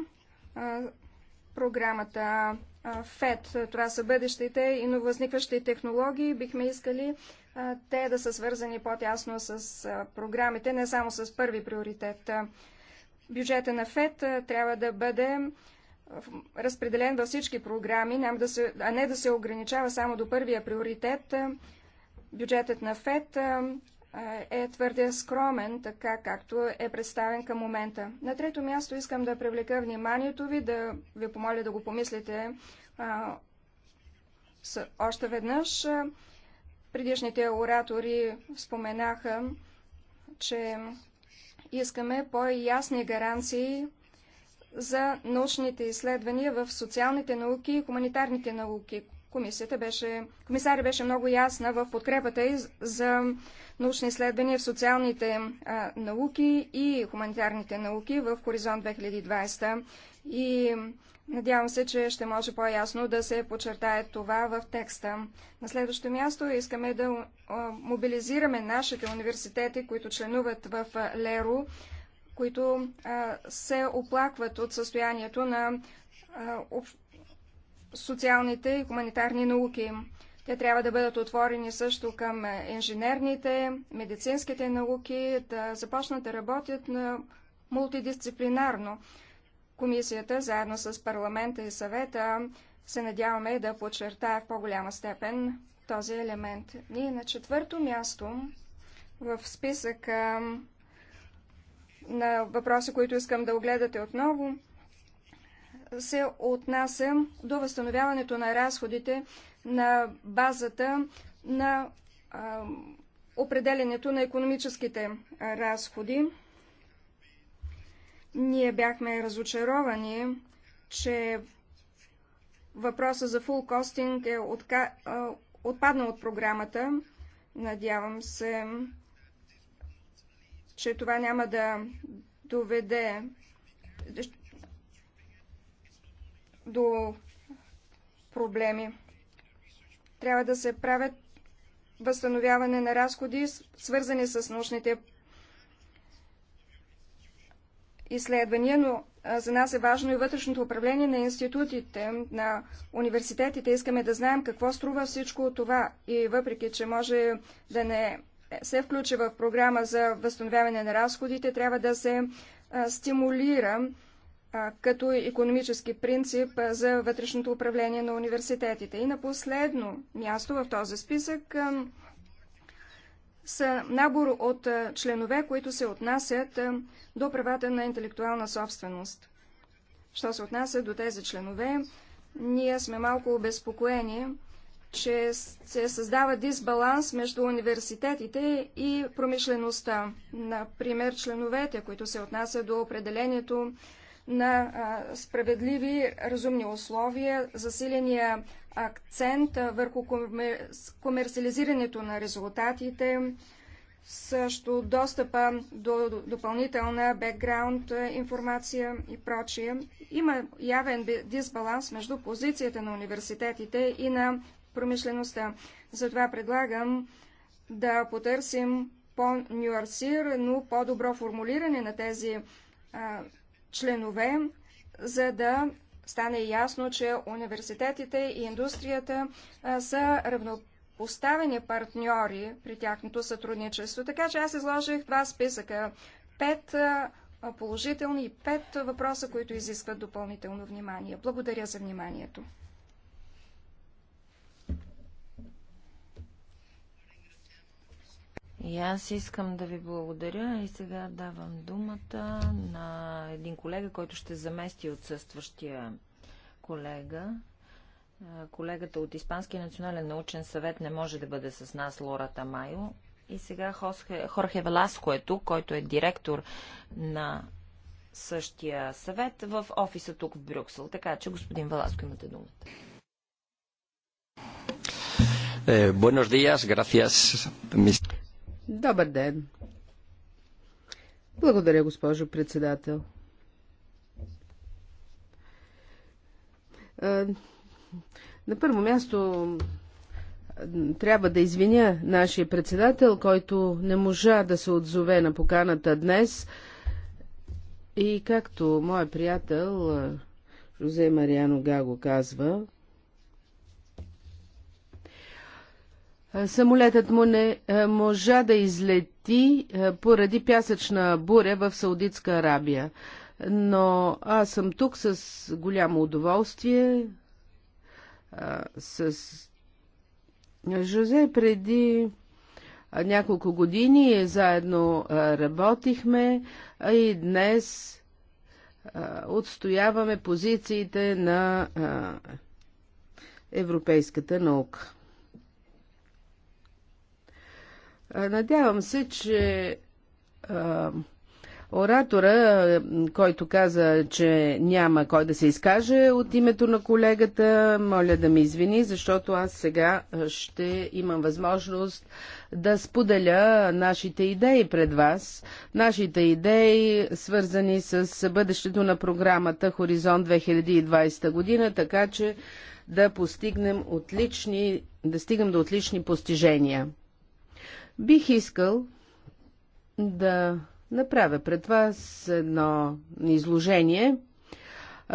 програмата ФЕД. E Това са бъдещите и нововъзникващи технологии. Бихме искали те да са свързани по-тясно с програмите, не само с първи приоритет. Бюджета на ФЕД e трябва да бъде разпределен във всички програми, а не да се ограничава само до първия приоритет. Бюджетът на ФЕД е твърде скромен, така както е представен към момента. На трето място искам да привлека вниманието ви, да ви помоля да го помислите а, с, още веднъж. Предишните оратори споменаха, че искаме по-ясни гаранции за научните изследвания в социалните науки и хуманитарните науки. Комисията беше, комисаря беше много ясна в подкрепата и за научни изследвания в социалните а, науки и хуманитарните науки в Хоризонт 2020. И надявам се, че ще може по-ясно да се подчертае това в текста. На следващо място искаме да мобилизираме нашите университети, които членуват в ЛЕРО, които а, се оплакват от състоянието на а, социалните и хуманитарни науки. Те трябва да бъдат отворени също към инженерните, медицинските науки, да започнат да работят на мултидисциплинарно. Комисията, заедно с парламента и съвета, се надяваме да подчертая в по-голяма степен този елемент. Ние на четвърто място в списъка на въпроси, които искам да огледате отново, се отнася до възстановяването на разходите на базата на определенето на економическите разходи. Ние бяхме разочаровани, че въпроса за фул костинг е отка... отпаднал от програмата. Надявам се, че това няма да доведе до проблеми. Трябва да се правят възстановяване на разходи, свързани с научните изследвания, но за нас е важно и вътрешното управление на институтите, на университетите. Искаме да знаем какво струва всичко това. И въпреки, че може да не се включи в програма за възстановяване на разходите, трябва да се стимулира като економически принцип за вътрешното управление на университетите. И на последно място в този списък са набор от членове, които се отнасят до правата на интелектуална собственост. Що се отнася до тези членове, ние сме малко обезпокоени, че се създава дисбаланс между университетите и промишлеността. Например, членовете, които се отнасят до определението на справедливи, разумни условия, засиления акцент върху комер... комерциализирането на резултатите, също достъпа до допълнителна бекграунд информация и прочие. Има явен дисбаланс между позицията на университетите и на промишлеността. Затова предлагам да потърсим по-нюансирано, по-добро формулиране на тези а, членове, за да стане ясно, че университетите и индустрията са равнопоставени партньори при тяхното сътрудничество. Така че аз изложих два списъка. Пет положителни и пет въпроса, които изискват допълнително внимание. Благодаря за вниманието. И аз искам да ви благодаря и сега давам думата на един колега, който ще замести отсъстващия колега. Колегата от Испанския национален научен съвет не може да бъде с нас, Лора Тамайо. И сега Хосхе, Хорхе Веласко е тук, който е директор на същия съвет в офиса тук в Брюксел. Така че, господин Веласко, имате думата. Eh, buenos días, gracias. Добър ден. Благодаря, госпожо председател. На първо място трябва да извиня нашия председател, който не можа да се отзове на поканата днес. И както моят приятел Жозе Мариано Гаго казва, Е, самолетът му не е, можа да излети е, поради пясъчна буря в Саудитска Арабия. Но аз съм тук с голямо удоволствие. С Жозе преди няколко години заедно работихме и днес отстояваме позициите на европейската наука. Надявам се, че а, оратора, който каза, че няма кой да се изкаже от името на колегата, моля да ми извини, защото аз сега ще имам възможност да споделя нашите идеи пред вас, нашите идеи свързани с бъдещето на програмата Хоризонт 2020 година, така че да постигнем отлични, да стигам до отлични постижения. Бих искал да направя пред вас едно изложение.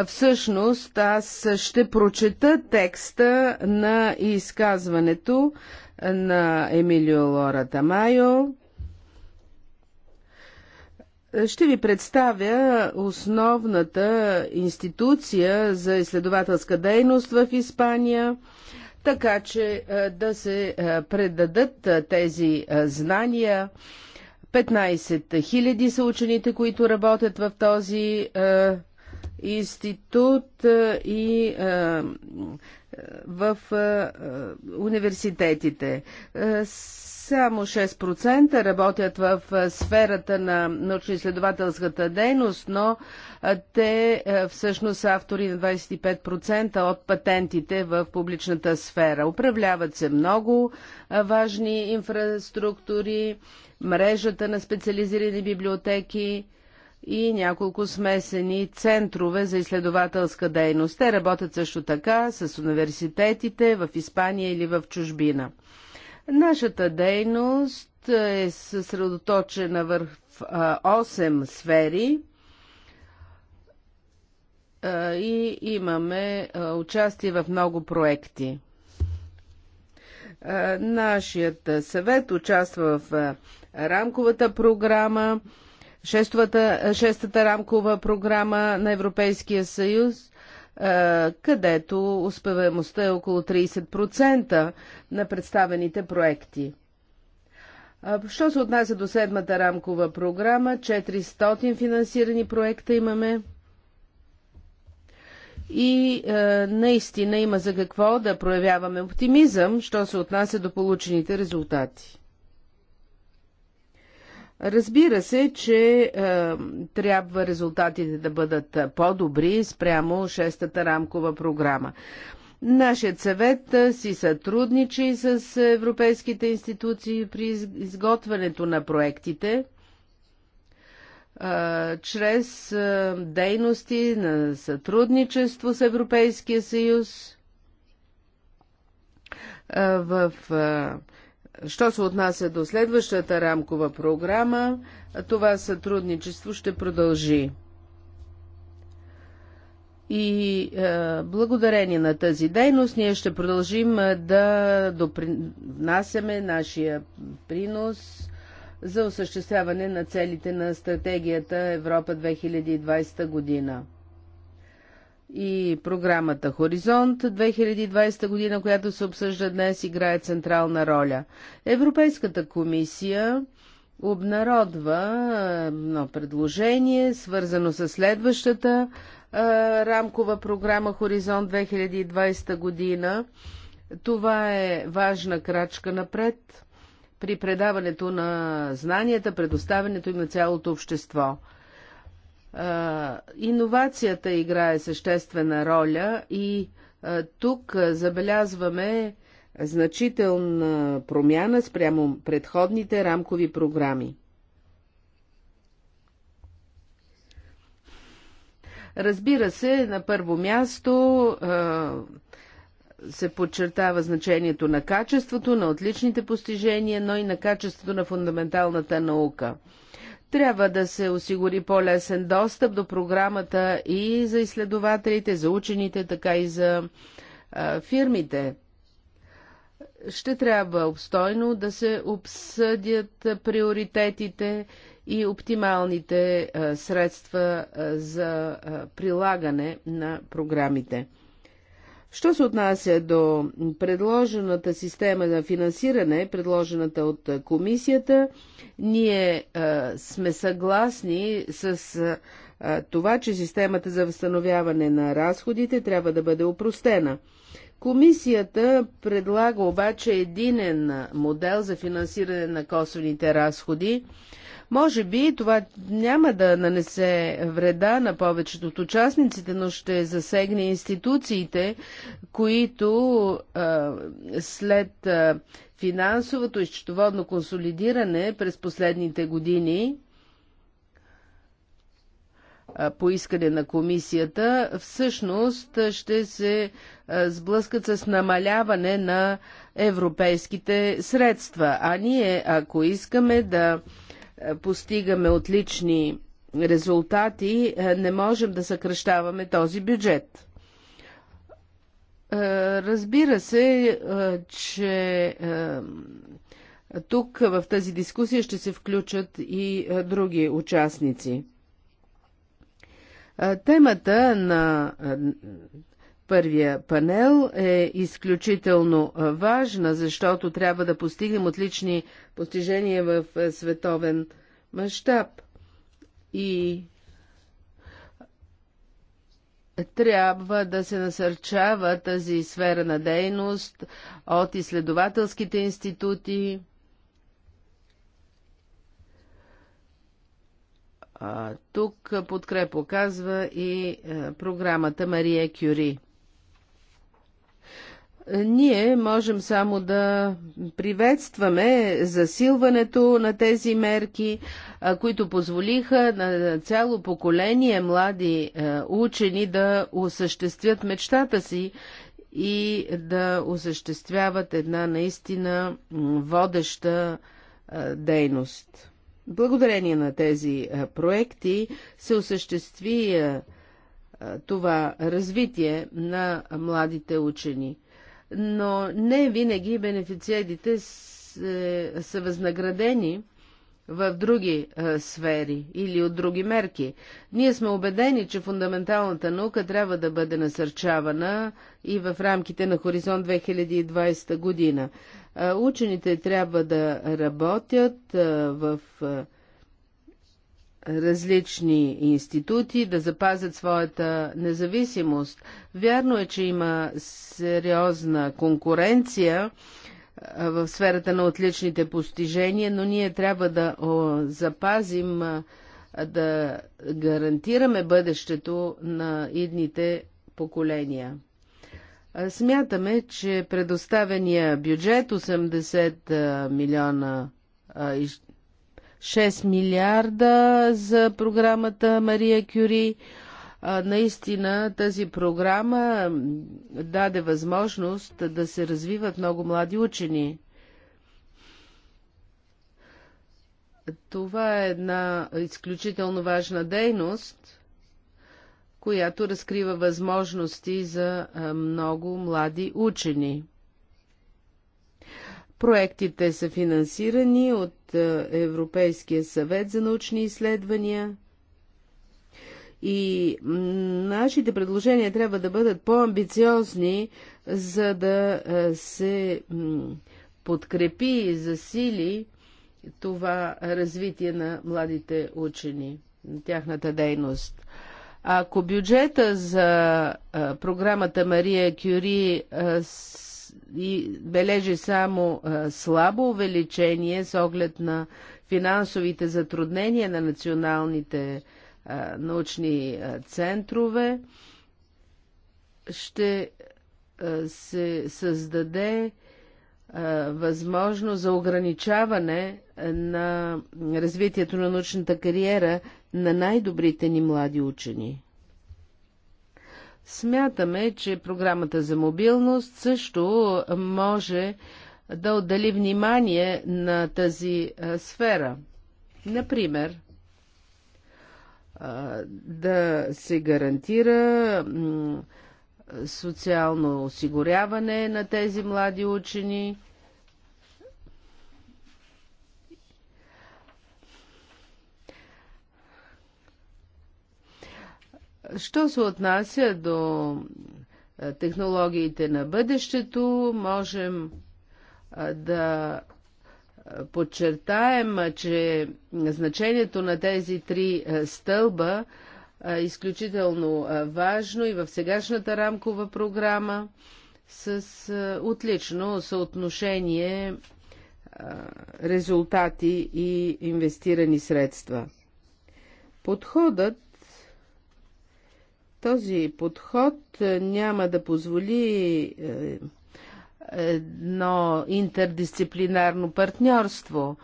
Всъщност аз ще прочета текста на изказването на Емилио Лора Тамайо. Ще ви представя основната институция за изследователска дейност в Испания, така че е, да се е, предадат е, тези знания. 15 000 са учените, които работят в този институт и в университетите. Само 6% работят в сферата на научно-изследователската дейност, но те всъщност са автори на 25% от патентите в публичната сфера. Управляват се много важни инфраструктури, мрежата на специализирани библиотеки и няколко смесени центрове за изследователска дейност. Те работят също така с университетите в Испания или в чужбина. Нашата дейност е съсредоточена върху 8 сфери и имаме участие в много проекти. Нашият съвет участва в рамковата програма, шестата, шестата рамкова програма на Европейския съюз е, където успеваемостта е около 30% на представените проекти. Е, що се отнася до седмата рамкова програма, 400 финансирани проекта имаме. И е, наистина има за какво да проявяваме оптимизъм, що се отнася до получените резултати. Разбира се, че е, трябва резултатите да бъдат по-добри спрямо шестата рамкова програма. Нашият съвет е, си сътрудничи с европейските институции при изготвянето на проектите е, чрез е, дейности на сътрудничество с Европейския съюз в Що се отнася до следващата рамкова програма, това сътрудничество ще продължи. И е, благодарение на тази дейност ние ще продължим е, да допринасяме нашия принос за осъществяване на целите на стратегията Европа 2020 година и програмата Хоризонт 2020 година, която се обсъжда днес, играе централна роля. Европейската комисия обнародва едно предложение, свързано с следващата а, рамкова програма Хоризонт 2020 година. Това е важна крачка напред при предаването на знанията, предоставянето им на цялото общество. Иновацията играе съществена роля и тук забелязваме значителна промяна спрямо предходните рамкови програми. Разбира се, на първо място се подчертава значението на качеството, на отличните постижения, но и на качеството на фундаменталната наука. Трябва да се осигури по-лесен достъп до програмата и за изследователите, за учените, така и за а, фирмите. Ще трябва обстойно да се обсъдят приоритетите и оптималните а, средства а, за а, прилагане на програмите. Що се отнася до предложената система на финансиране, предложената от комисията, ние а, сме съгласни с а, това, че системата за възстановяване на разходите трябва да бъде опростена. Комисията предлага обаче единен модел за финансиране на косвените разходи, може би това няма да нанесе вреда на повечето от участниците, но ще засегне институциите, които а, след а, финансовото и счетоводно консолидиране през последните години по искане на комисията, всъщност ще се сблъскат с намаляване на европейските средства. А ние, ако искаме да постигаме отлични резултати, е, не можем да съкръщаваме този бюджет. Е, разбира се, е, че тук в тази дискусия ще се включат и други участници. Темата на Първия панел е изключително важна, защото трябва да постигнем отлични постижения в световен мащаб. И трябва да се насърчава тази сфера на дейност от изследователските институти, тук подкреп оказва и програмата Мария Кюри. Ние можем само да приветстваме засилването на тези мерки, които позволиха на цяло поколение млади е, учени да осъществят мечтата си и да осъществяват една наистина водеща е, дейност. Благодарение на тези е, проекти се осъществи това развитие на младите учени – но не винаги бенефициентите са възнаградени в други а, сфери или от други мерки. Ние сме убедени, че фундаменталната наука трябва да бъде насърчавана и в рамките на Хоризонт 2020 година. А, учените трябва да работят а, в а, различни институти да запазят своята независимост. Вярно е, че има сериозна конкуренция в сферата на отличните постижения, но ние трябва да запазим, да гарантираме бъдещето на идните поколения. Смятаме, че предоставения бюджет 80 милиона 6 милиарда за програмата Мария Кюри. Наистина тази програма даде възможност да се развиват много млади учени. Това е една изключително важна дейност, която разкрива възможности за много млади учени. Проектите са финансирани от е, Европейския съвет за научни изследвания. И нашите предложения трябва да бъдат по-амбициозни, за да е, се подкрепи и засили това развитие на младите учени, тяхната дейност. Ако бюджета за е, програмата Мария Кюри и бележи само слабо увеличение с оглед на финансовите затруднения на националните научни центрове, ще се създаде възможност за ограничаване на развитието на научната кариера на най-добрите ни млади учени. Смятаме, че програмата за мобилност също може да отдели внимание на тази сфера. Например, да се гарантира социално осигуряване на тези млади учени, Що се отнася до е, технологиите на бъдещето, можем е, да е, подчертаем, че значението на тези три стълба е изключително важно и в сегашната рамкова програма с отлично съотношение резултати и инвестирани средства. Подходът този подход е, няма да позволи е, едно интердисциплинарно партньорство,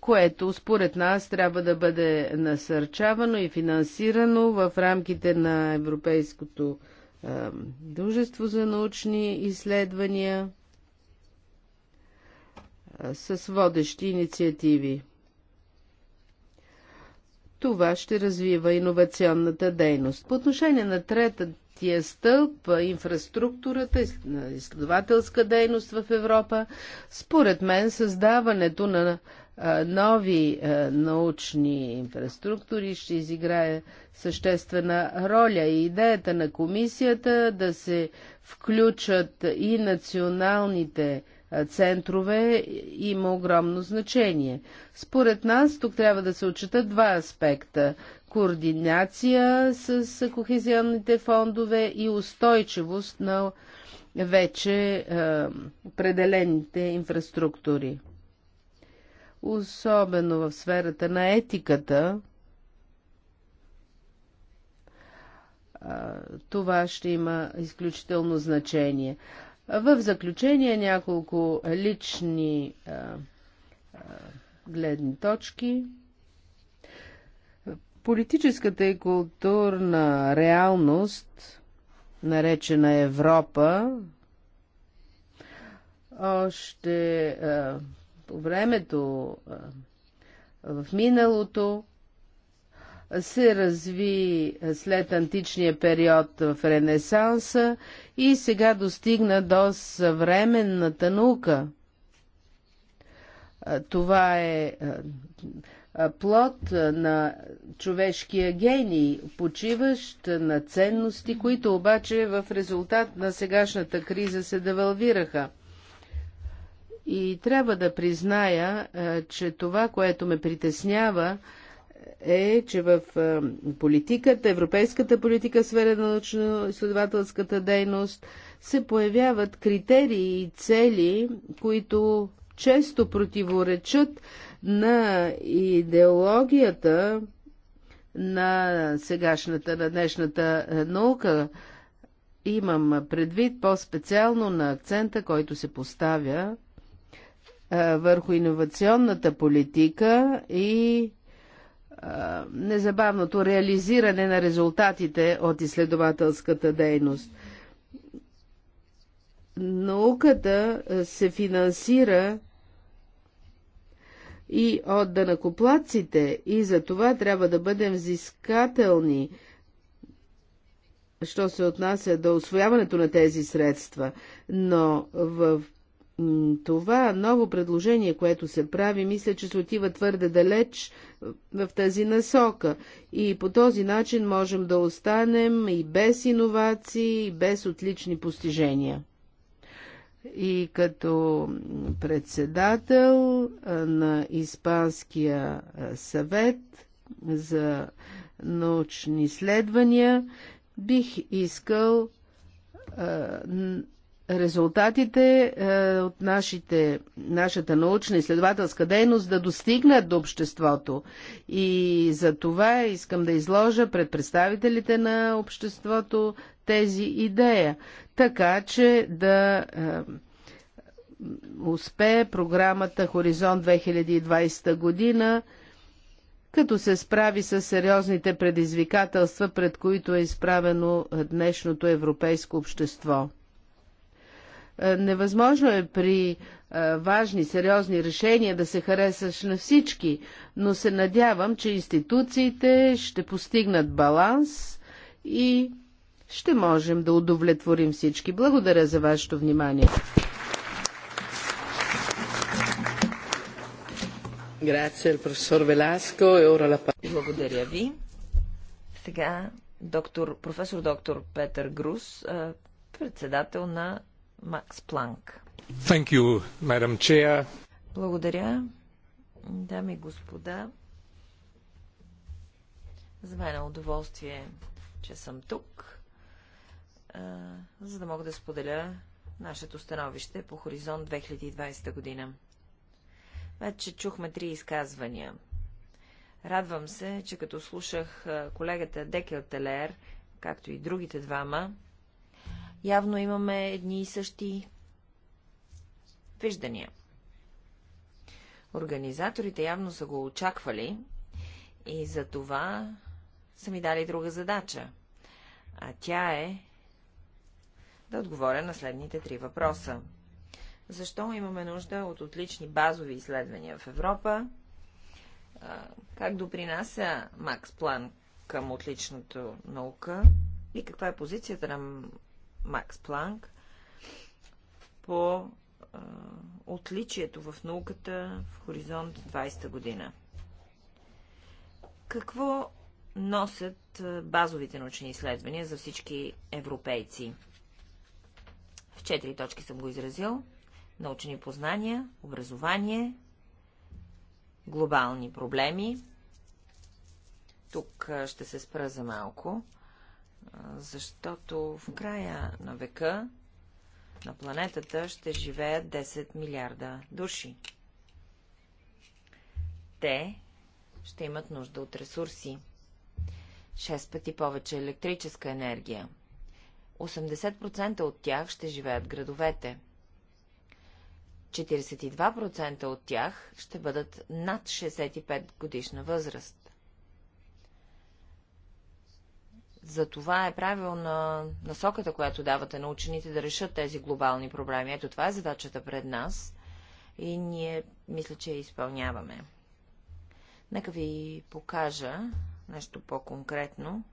което според нас трябва да бъде насърчавано и финансирано в рамките на Европейското е, дружество за научни изследвания с водещи инициативи. Това ще развива иновационната дейност. По отношение на тия стълб, инфраструктурата, изследователска дейност в Европа, според мен създаването на нови научни инфраструктури ще изиграе съществена роля и идеята на комисията да се включат и националните центрове има огромно значение. Според нас тук трябва да се отчитат два аспекта координация с кохезионните фондове и устойчивост на вече е, определените инфраструктури. Особено в сферата на етиката, това ще има изключително значение. В заключение няколко лични а, а, гледни точки. Политическата и културна реалност, наречена Европа, още а, по времето а, в миналото се разви след античния период в Ренесанса и сега достигна до съвременната наука. Това е плод на човешкия гений, почиващ на ценности, които обаче в резултат на сегашната криза се девалвираха. И трябва да призная, че това, което ме притеснява, е, че в политиката, европейската политика в сфера на научно-изследователската дейност се появяват критерии и цели, които често противоречат на идеологията на сегашната, на днешната наука. Имам предвид по-специално на акцента, който се поставя върху иновационната политика и незабавното реализиране на резултатите от изследователската дейност. Науката се финансира и от данакоплаците и за това трябва да бъдем взискателни, що се отнася до освояването на тези средства. Но в това ново предложение, което се прави, мисля, че се отива твърде далеч е, в тази насока. И по този начин можем да останем и без иновации, и без отлични постижения. И като председател на Испанския съвет за научни изследвания, бих искал резултатите е, от нашите, нашата научна изследователска дейност да достигнат до обществото. И за това искам да изложа пред представителите на обществото тези идея, така че да е, успее програмата Хоризонт 2020 година, като се справи с сериозните предизвикателства, пред които е изправено днешното европейско общество. Е, невъзможно е при е, важни, сериозни решения да се харесаш на всички, но се надявам, че институциите ще постигнат баланс и ще можем да удовлетворим всички. Благодаря за вашето внимание. E Благодаря ви. Сега доктор, професор доктор Петър Грус, е, председател на Макс Планк. Thank you, Madam Chair. Благодаря, дами и господа. За мен е удоволствие, че съм тук, за да мога да споделя нашето становище по Хоризонт 2020 година. Вече чухме три изказвания. Радвам се, че като слушах колегата Декел Телер, както и другите двама, Явно имаме едни и същи виждания. Организаторите явно са го очаквали и за това са ми дали друга задача. А тя е да отговоря на следните три въпроса. Защо имаме нужда от отлични базови изследвания в Европа? Как допринася Макс План към отличната наука? И каква е позицията на Макс Планк по а, отличието в науката в хоризонт 20 година. Какво носят базовите научни изследвания за всички европейци? В четири точки съм го изразил. Научни познания, образование, глобални проблеми. Тук ще се спра за малко защото в края на века на планетата ще живеят 10 милиарда души. Те ще имат нужда от ресурси. 6 пъти повече електрическа енергия. 80% от тях ще живеят градовете. 42% от тях ще бъдат над 65 годишна възраст. Затова е правилна насоката, която давате на учените да решат тези глобални проблеми. Ето това е задачата пред нас и ние мисля, че я изпълняваме. Нека ви покажа нещо по-конкретно.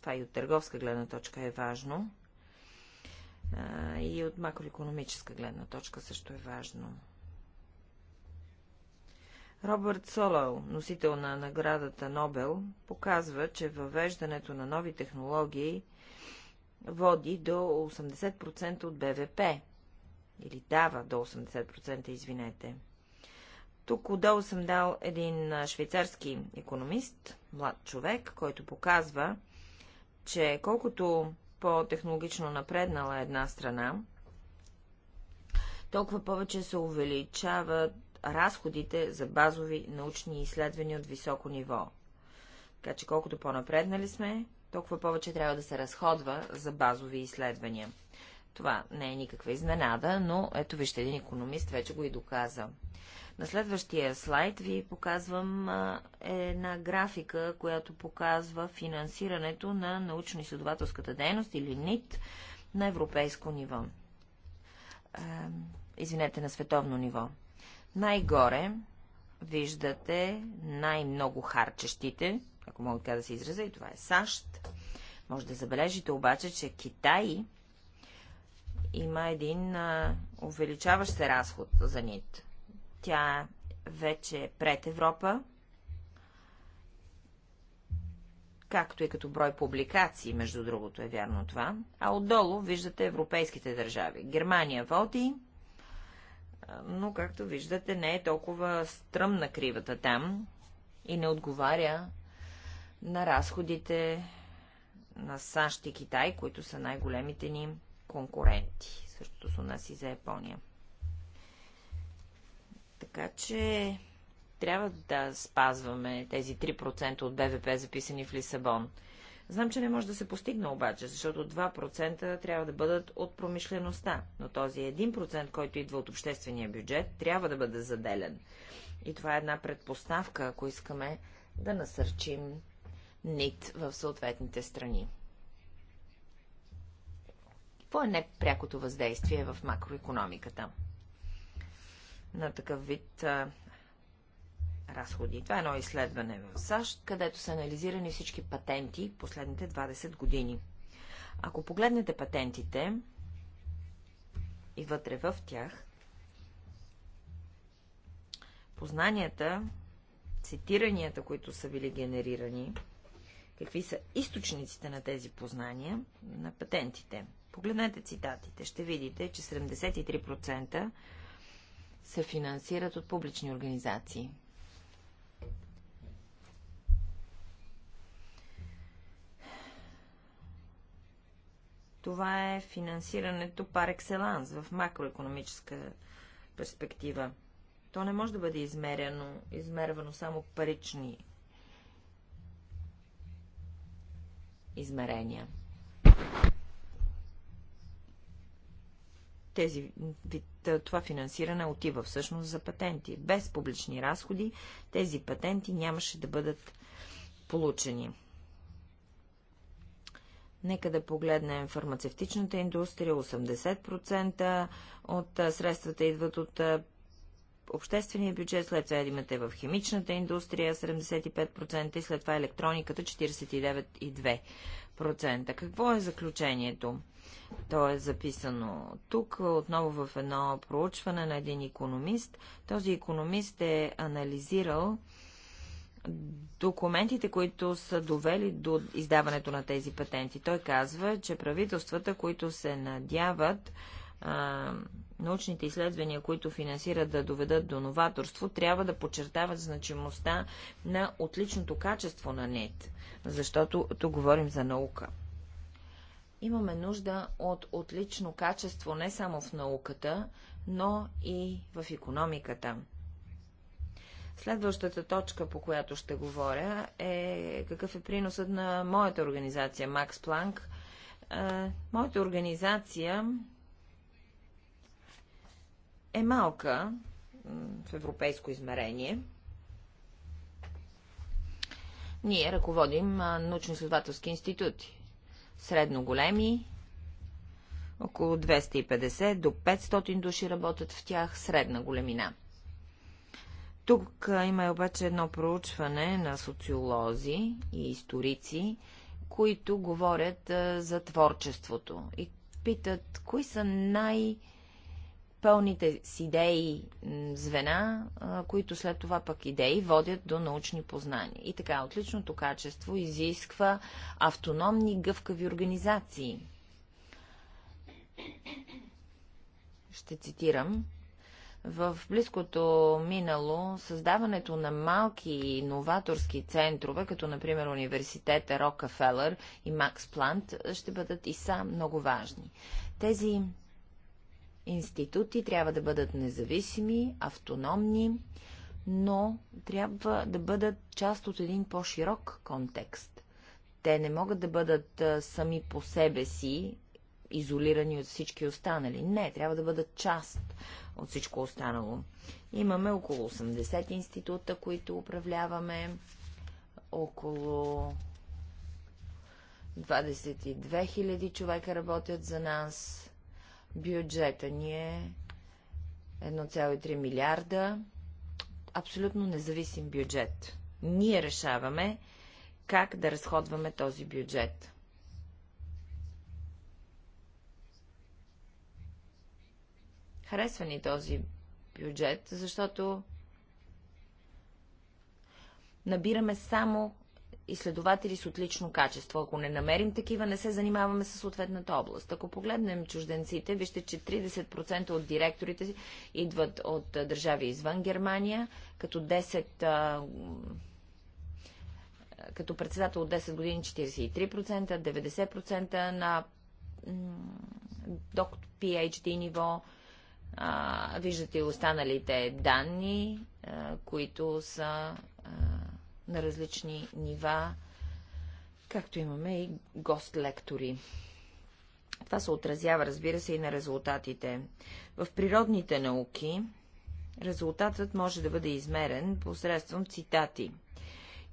Това и от търговска гледна точка е важно. И от макроекономическа гледна точка също е важно. Робърт Солоу, носител на наградата Нобел, показва, че въвеждането на нови технологии води до 80% от БВП. Или дава до 80%, извинете. Тук отдолу съм дал един швейцарски економист, млад човек, който показва, че колкото по-технологично напреднала една страна, толкова повече се увеличават разходите за базови научни изследвания от високо ниво. Така че колкото по-напреднали сме, толкова повече трябва да се разходва за базови изследвания. Това не е никаква изненада, но ето вижте, един економист вече го и доказа. На следващия слайд ви показвам една графика, която показва финансирането на научно-изследователската дейност или НИТ на европейско ниво. Извинете, на световно ниво. Най-горе виждате най-много харчещите, ако мога така да се израза, и това е САЩ. Може да забележите обаче, че Китай има един а, увеличаващ се разход за нит. Тя вече е пред Европа, както и като брой публикации, между другото е вярно това, а отдолу виждате европейските държави. Германия води, но както виждате не е толкова стръмна кривата там и не отговаря на разходите на САЩ и Китай, които са най-големите ни конкуренти. Същото с у нас и за Япония. Така че трябва да спазваме тези 3% от БВП, записани в Лисабон. Знам, че не може да се постигне обаче, защото 2% трябва да бъдат от промишлеността, но този 1%, който идва от обществения бюджет, трябва да бъде заделен. И това е една предпоставка, ако искаме да насърчим НИТ в съответните страни. Какво е непрякото въздействие в макроекономиката? На такъв вид разходи. Това е едно изследване в САЩ, където са анализирани всички патенти последните 20 години. Ако погледнете патентите и вътре в тях, познанията, цитиранията, които са били генерирани, какви са източниците на тези познания на патентите. Погледнете цитатите. Ще видите, че 73% се финансират от публични организации. Това е финансирането пар екселанс в макроекономическа перспектива. То не може да бъде измерено, измервано само парични измерения. Тези, това финансиране отива всъщност за патенти. Без публични разходи тези патенти нямаше да бъдат получени. Нека да погледнем фармацевтичната индустрия. 80% от средствата идват от обществения бюджет, след това имате в химичната индустрия 75% и след това електрониката 49,2%. Какво е заключението? То е записано тук, отново в едно проучване на един економист. Този економист е анализирал документите, които са довели до издаването на тези патенти. Той казва, че правителствата, които се надяват а, научните изследвания, които финансират да доведат до новаторство, трябва да подчертават значимостта на отличното качество на НЕТ, защото тук говорим за наука. Имаме нужда от отлично качество не само в науката, но и в економиката. Следващата точка, по която ще говоря, е какъв е приносът на моята организация Макс Планк. Е, моята организация е малка в европейско измерение. Ние ръководим научно-изследователски институти. Средно големи, около 250 до 500 души работят в тях, средна големина – тук има обаче едно проучване на социолози и историци, които говорят за творчеството и питат, кои са най- пълните с идеи звена, които след това пък идеи водят до научни познания. И така, отличното качество изисква автономни гъвкави организации. Ще цитирам в близкото минало създаването на малки и новаторски центрове, като например университета Рокафелър и Макс Плант, ще бъдат и са много важни. Тези институти трябва да бъдат независими, автономни, но трябва да бъдат част от един по-широк контекст. Те не могат да бъдат сами по себе си, изолирани от всички останали. Не, трябва да бъдат част от всичко останало. Имаме около 80 института, които управляваме, около 22 000 човека работят за нас. Бюджета ни е 1,3 милиарда. Абсолютно независим бюджет. Ние решаваме как да разходваме този бюджет. Харесва ни този бюджет, защото набираме само изследователи с отлично качество. Ако не намерим такива, не се занимаваме с съответната област. Ако погледнем чужденците, вижте, че 30% от директорите си идват от държави извън Германия, като 10 като председател от 10 години 43%, 90% на доктор PhD ниво, виждате и останалите данни, които са на различни нива, както имаме и гост-лектори. Това се отразява, разбира се, и на резултатите. В природните науки резултатът може да бъде измерен посредством цитати –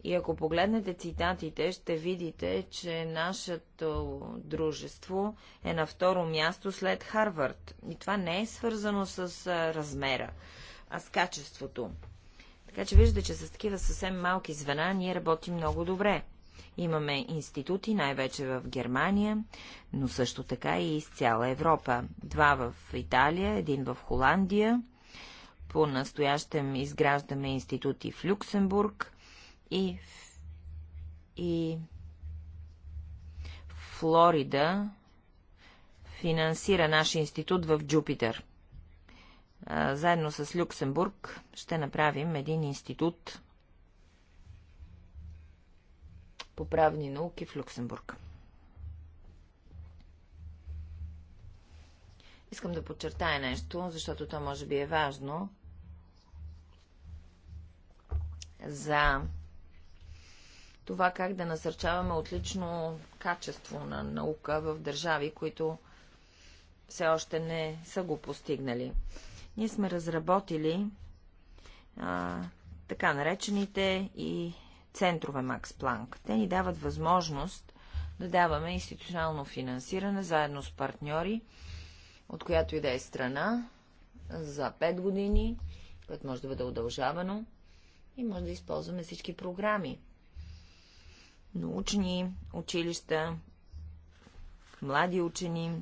и ако погледнете цитатите, ще видите, че нашето дружество е на второ място след Харвард. И това не е свързано с размера, а с качеството. Така че виждате, че с такива съвсем малки звена ние работим много добре. Имаме институти, най-вече в Германия, но също така и из цяла Европа. Два в Италия, един в Холандия. По-настоящем изграждаме институти в Люксембург, и, и Флорида финансира наш институт в Джупитер. Заедно с Люксембург ще направим един институт по правни науки в Люксембург. Искам да подчертая нещо, защото то може би е важно за това как да насърчаваме отлично качество на наука в държави, които все още не са го постигнали. Ние сме разработили а, така наречените и центрове Макс Планк. Те ни дават възможност да даваме институционално финансиране заедно с партньори, от която и да е страна, за 5 години, което може да бъде удължавано и може да използваме всички програми научни училища, млади учени,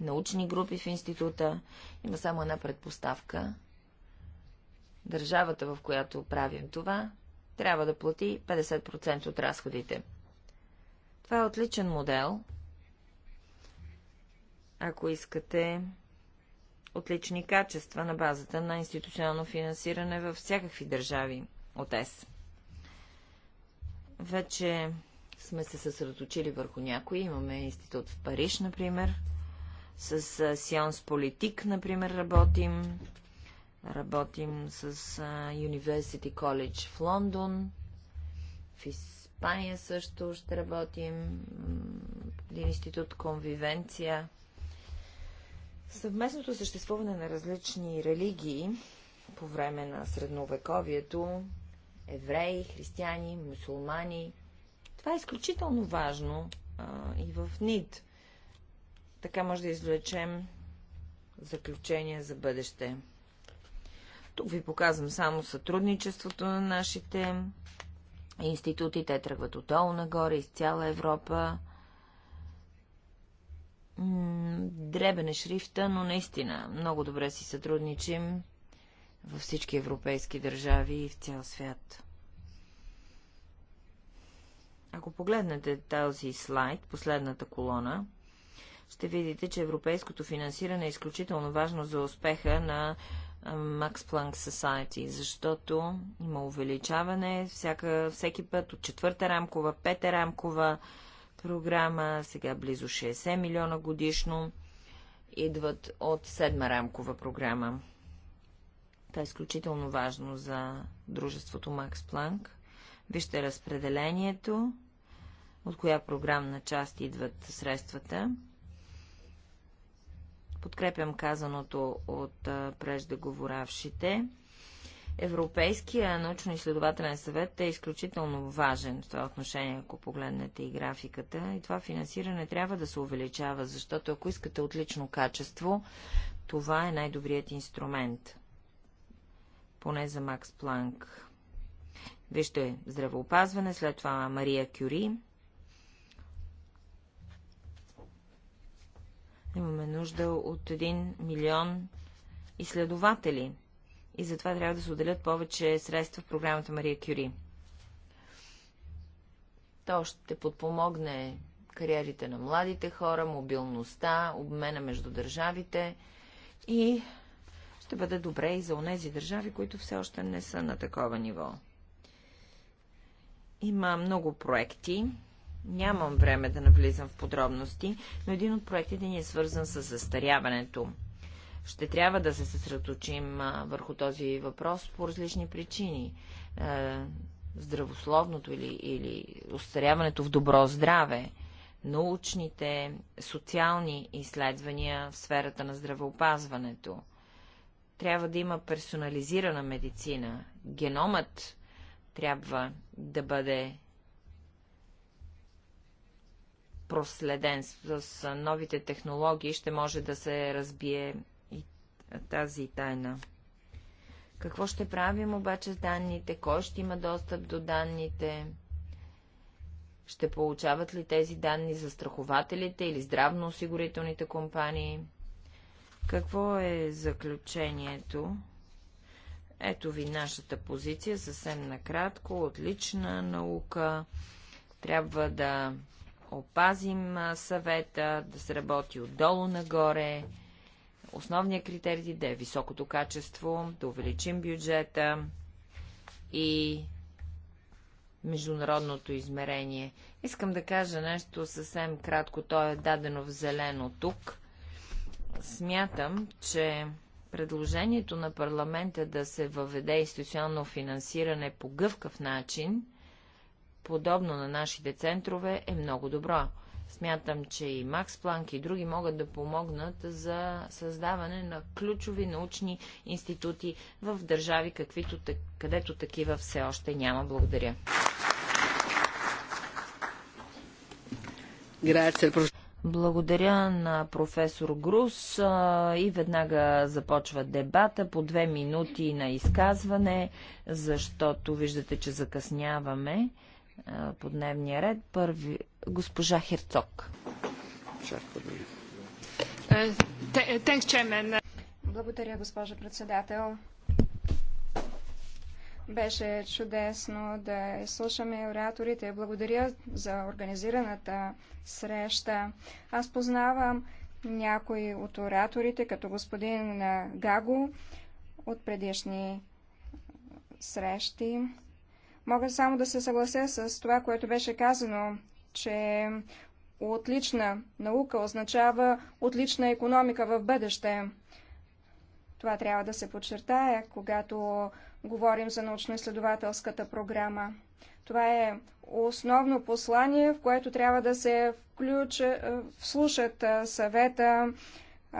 научни групи в института. Има само една предпоставка. Държавата, в която правим това, трябва да плати 50% от разходите. Това е отличен модел, ако искате отлични качества на базата на институционално финансиране във всякакви държави от ЕС. Вече сме се съсредоточили върху някои. Имаме институт в Париж, например. С Сионс Политик, например, работим. Работим с University College в Лондон. В Испания също ще работим. Един институт Конвивенция. Съвместното съществуване на различни религии по време на средновековието евреи, християни, мусулмани. Това е изключително важно а, и в НИД. Така може да извлечем заключения за бъдеще. Тук ви показвам само сътрудничеството на нашите институти. Те тръгват отдолу нагоре, из цяла Европа. Дребен е шрифта, но наистина много добре си сътрудничим във всички европейски държави и в цял свят. Ако погледнете този слайд, последната колона, ще видите, че европейското финансиране е изключително важно за успеха на Max Planck Society, защото има увеличаване всяка, всеки път от четвърта рамкова, пета рамкова програма, сега близо 60 милиона годишно идват от седма рамкова програма. Това е изключително важно за дружеството Макс Планк. Вижте разпределението, от коя програмна част идват средствата. Подкрепям казаното от преждеговоравшите. Европейския научно-изследователен съвет е изключително важен в това отношение, ако погледнете и графиката. И това финансиране трябва да се увеличава, защото ако искате отлично качество, това е най-добрият инструмент поне за Макс Планк. Вижте, здравеопазване, след това Мария Кюри. Имаме нужда от 1 милион изследователи и затова трябва да се отделят повече средства в програмата Мария Кюри. То ще подпомогне кариерите на младите хора, мобилността, обмена между държавите и ще бъде добре и за онези държави, които все още не са на такова ниво. Има много проекти. Нямам време да навлизам в подробности, но един от проектите ни е свързан с застаряването. Ще трябва да се съсредоточим върху този въпрос по различни причини. Здравословното или, или устаряването в добро здраве, научните, социални изследвания в сферата на здравеопазването – трябва да има персонализирана медицина. Геномът трябва да бъде проследен. С новите технологии ще може да се разбие и тази тайна. Какво ще правим обаче с данните? Кой ще има достъп до данните? Ще получават ли тези данни застрахователите или здравноосигурителните компании? Какво е заключението? Ето ви нашата позиция, съвсем накратко, отлична наука. Трябва да опазим съвета, да се работи отдолу нагоре. Основният критерий е, да е високото качество, да увеличим бюджета и международното измерение. Искам да кажа нещо съвсем кратко. То е дадено в зелено тук. Смятам, че предложението на парламента да се въведе институционно финансиране по гъвкав начин, подобно на нашите центрове, е много добро. Смятам, че и Макс Планк и други могат да помогнат за създаване на ключови научни институти в държави, каквито, където такива все още няма. Благодаря. Благодаря на професор Грус и веднага започва дебата по две минути на изказване, защото виждате, че закъсняваме по дневния ред. Първи госпожа Херцог. Е, е, Благодаря, госпожа председател. Беше чудесно да изслушаме ораторите. Благодаря за организираната среща. Аз познавам някои от ораторите, като господин Гаго от предишни срещи. Мога само да се съглася с това, което беше казано, че отлична наука означава отлична економика в бъдеще. Това трябва да се подчертая, когато говорим за научно-изследователската програма. Това е основно послание, в което трябва да се включа, е, вслушат е, съвета, е,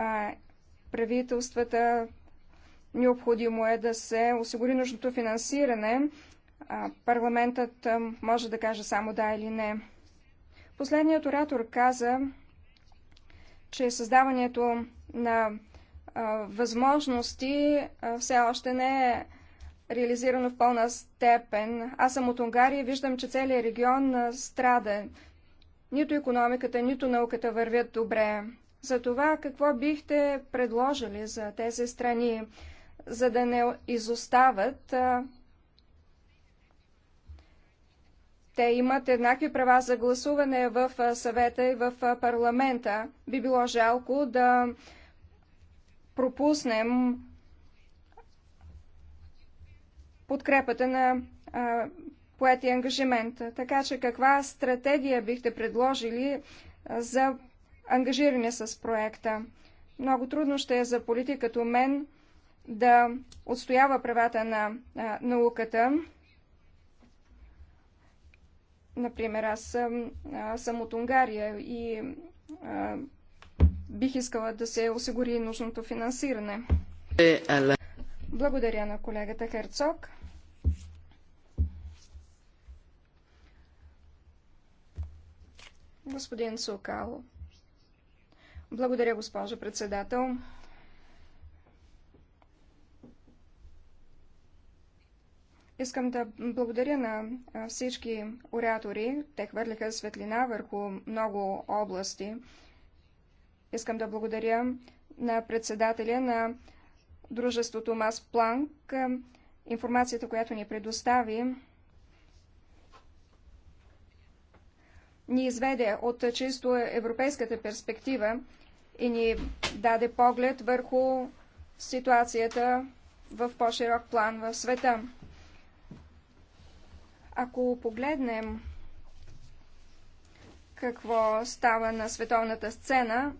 правителствата. Необходимо е да се осигури нужното финансиране. Парламентът може да каже само да или не. Последният оратор каза, че създаването на възможности все още не е реализирано в пълна степен. Аз съм от Унгария и виждам, че целият регион страда. Нито економиката, нито науката вървят добре. За това какво бихте предложили за тези страни, за да не изостават? Те имат еднакви права за гласуване в съвета и в парламента. Би било жалко да пропуснем подкрепата на а, поети ангажимента. Така че каква стратегия бихте предложили а, за ангажиране с проекта? Много трудно ще е за политик като мен да отстоява правата на а, науката. Например, аз съм, а, съм от Унгария и а, бих искала да се осигури нужното финансиране. Е, Благодаря на колегата Херцог. Господин Сокал. Благодаря, госпожо председател. Искам да благодаря на всички оратори. Те хвърлиха светлина върху много области. Искам да благодаря на председателя на дружеството Мас Планк. Информацията, която ни предостави, ни изведе от чисто европейската перспектива и ни даде поглед върху ситуацията в по-широк план в света. Ако погледнем какво става на световната сцена,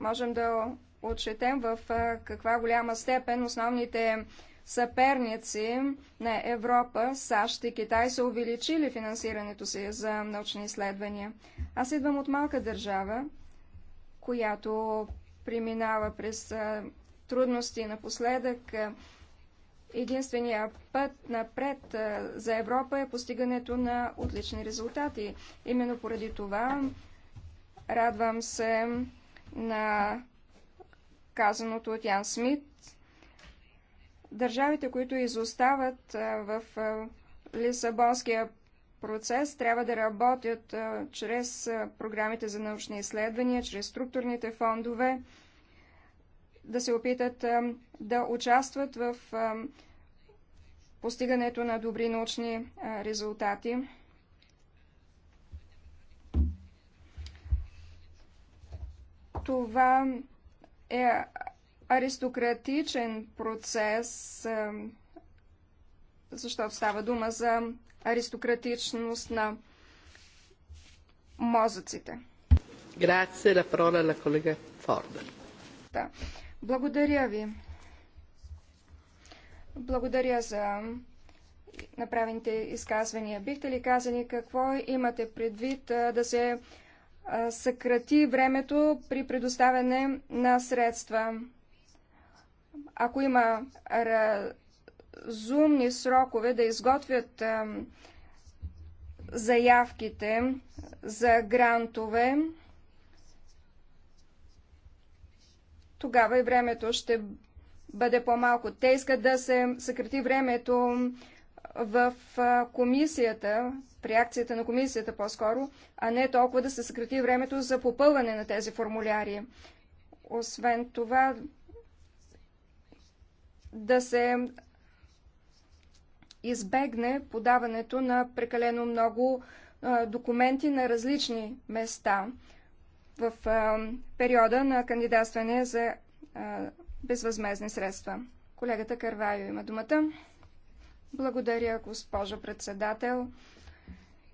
можем да отчетем в каква голяма степен основните съперници на Европа, САЩ и Китай са увеличили финансирането си за научни изследвания. Аз идвам от малка държава, която преминава през трудности напоследък. Единственият път напред за Европа е постигането на отлични резултати. Именно поради това радвам се на казаното от Ян Смит, Държавите, които изостават в Лисабонския процес, трябва да работят чрез програмите за научни изследвания, чрез структурните фондове, да се опитат да участват в постигането на добри научни резултати. Това е аристократичен процес, защото става дума за аристократичност на мозъците. Грация да парола на колега Форда. Да. Благодаря ви. Благодаря за направените изказвания. Бихте ли казани какво имате предвид да се съкрати времето при предоставяне на средства? ако има разумни срокове да изготвят заявките за грантове, тогава и времето ще бъде по-малко. Те искат да се съкрати времето в комисията, при акцията на комисията по-скоро, а не толкова да се съкрати времето за попълване на тези формуляри. Освен това, да се избегне подаването на прекалено много документи на различни места в периода на кандидатстване за безвъзмезни средства. Колегата Карвайо има думата. Благодаря, госпожо председател.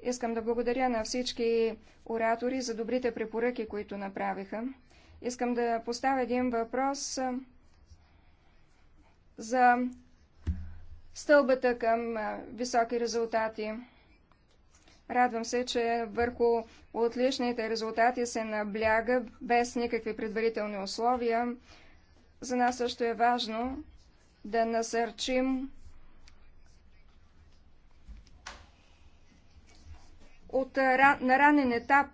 Искам да благодаря на всички оратори за добрите препоръки, които направиха. Искам да поставя един въпрос, за стълбата към високи резултати. Радвам се, че върху отличните резултати се набляга без никакви предварителни условия. За нас също е важно да насърчим от, на ранен етап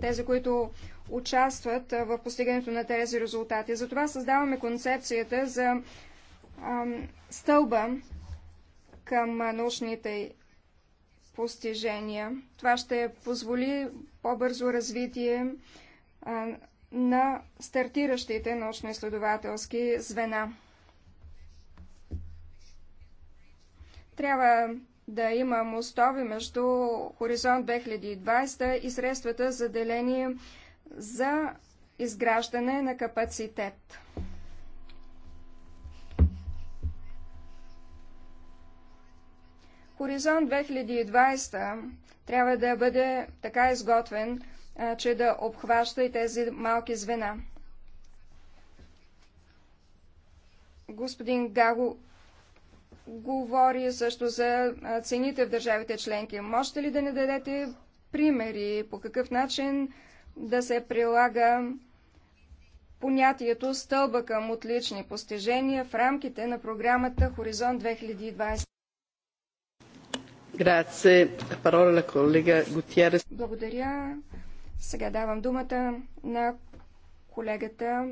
тези, които участват в постигането на тези резултати. Затова създаваме концепцията за стълба към научните постижения. Това ще позволи по-бързо развитие на стартиращите научно-изследователски звена. Трябва да има мостове между Хоризонт 2020 и средствата заделени за изграждане на капацитет. Хоризонт 2020 трябва да бъде така изготвен, че да обхваща и тези малки звена. Господин Гаго говори също за цените в държавите членки. Можете ли да не дадете примери по какъв начин да се прилага понятието стълба към отлични постижения в рамките на програмата Хоризонт 2020? Благодаря. Сега давам думата на колегата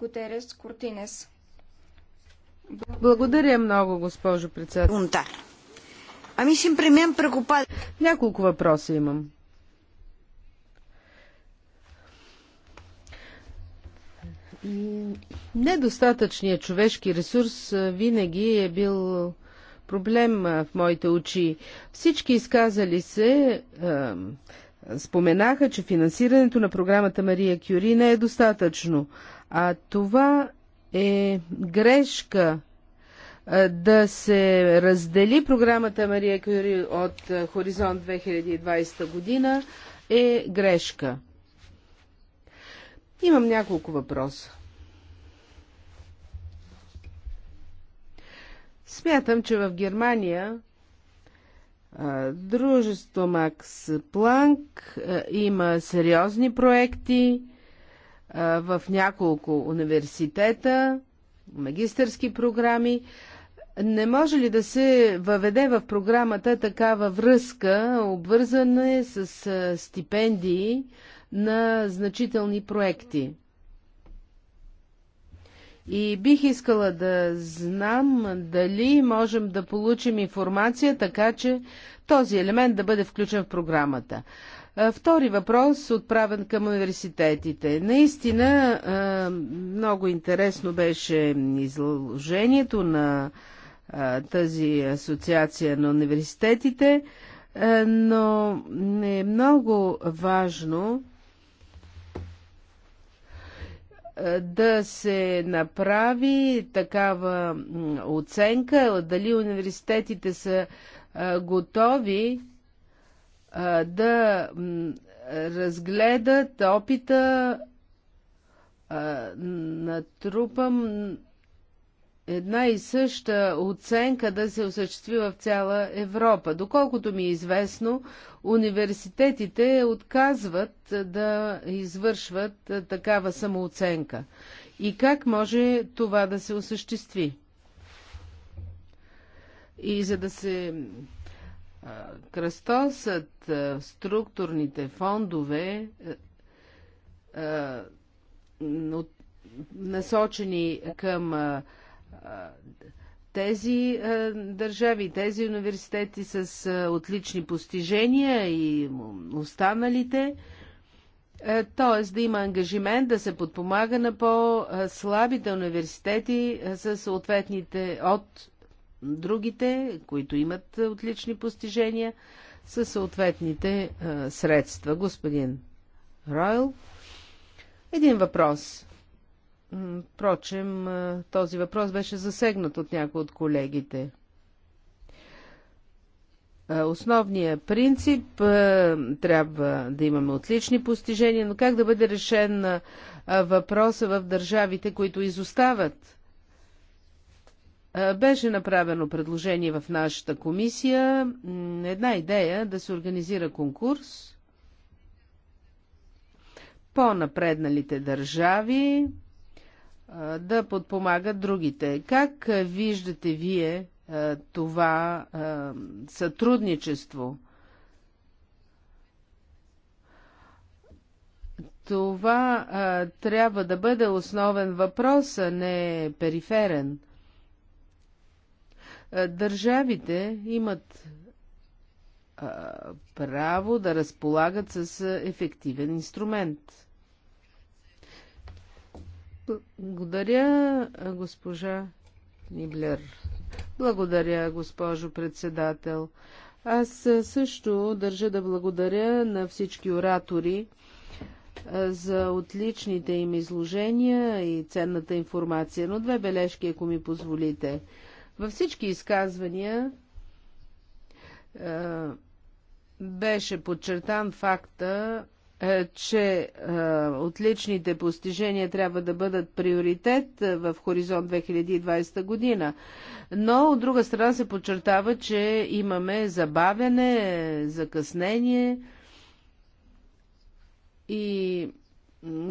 Гутерес Кортинес. Благодаря много, госпожо председател. Няколко въпроса имам. Недостатъчният човешки ресурс винаги е бил проблем в моите очи. Всички изказали се споменаха, че финансирането на програмата Мария Кюри не е достатъчно. А това е грешка да се раздели програмата Мария Кюри от Хоризонт 2020 година е грешка. Имам няколко въпроса. Смятам, че в Германия дружество Макс Планк има сериозни проекти в няколко университета, магистърски програми. Не може ли да се въведе в програмата такава връзка, обвързана е с стипендии на значителни проекти? И бих искала да знам дали можем да получим информация, така че този елемент да бъде включен в програмата. Втори въпрос, отправен към университетите. Наистина, много интересно беше изложението на тази асоциация на университетите, но е много важно да се направи такава оценка, дали университетите са готови да разгледат опита натрупам една и съща оценка да се осъществи в цяла Европа. Доколкото ми е известно, университетите отказват да извършват такава самооценка. И как може това да се осъществи? И за да се кръстосат структурните фондове, насочени към тези е, държави, тези университети с е, отлични постижения и останалите, е, т.е. да има ангажимент да се подпомага на по-слабите университети с съответните от другите, които имат отлични постижения, със съответните средства. Господин Ройл, един въпрос. Впрочем, този въпрос беше засегнат от някои от колегите. Основният принцип трябва да имаме отлични постижения, но как да бъде решен въпроса в държавите, които изостават? Беше направено предложение в нашата комисия, една идея да се организира конкурс по-напредналите държави, да подпомагат другите. Как виждате вие това сътрудничество? Това а, трябва да бъде основен въпрос, а не периферен. Държавите имат а, право да разполагат с ефективен инструмент. Благодаря, госпожа Ниблер. Благодаря, госпожо председател. Аз също държа да благодаря на всички оратори за отличните им изложения и ценната информация, но две бележки, ако ми позволите. Във всички изказвания беше подчертан факта, е, че е, отличните постижения трябва да бъдат приоритет е, в Хоризонт 2020 година. Но от друга страна се подчертава, че имаме забавяне, закъснение и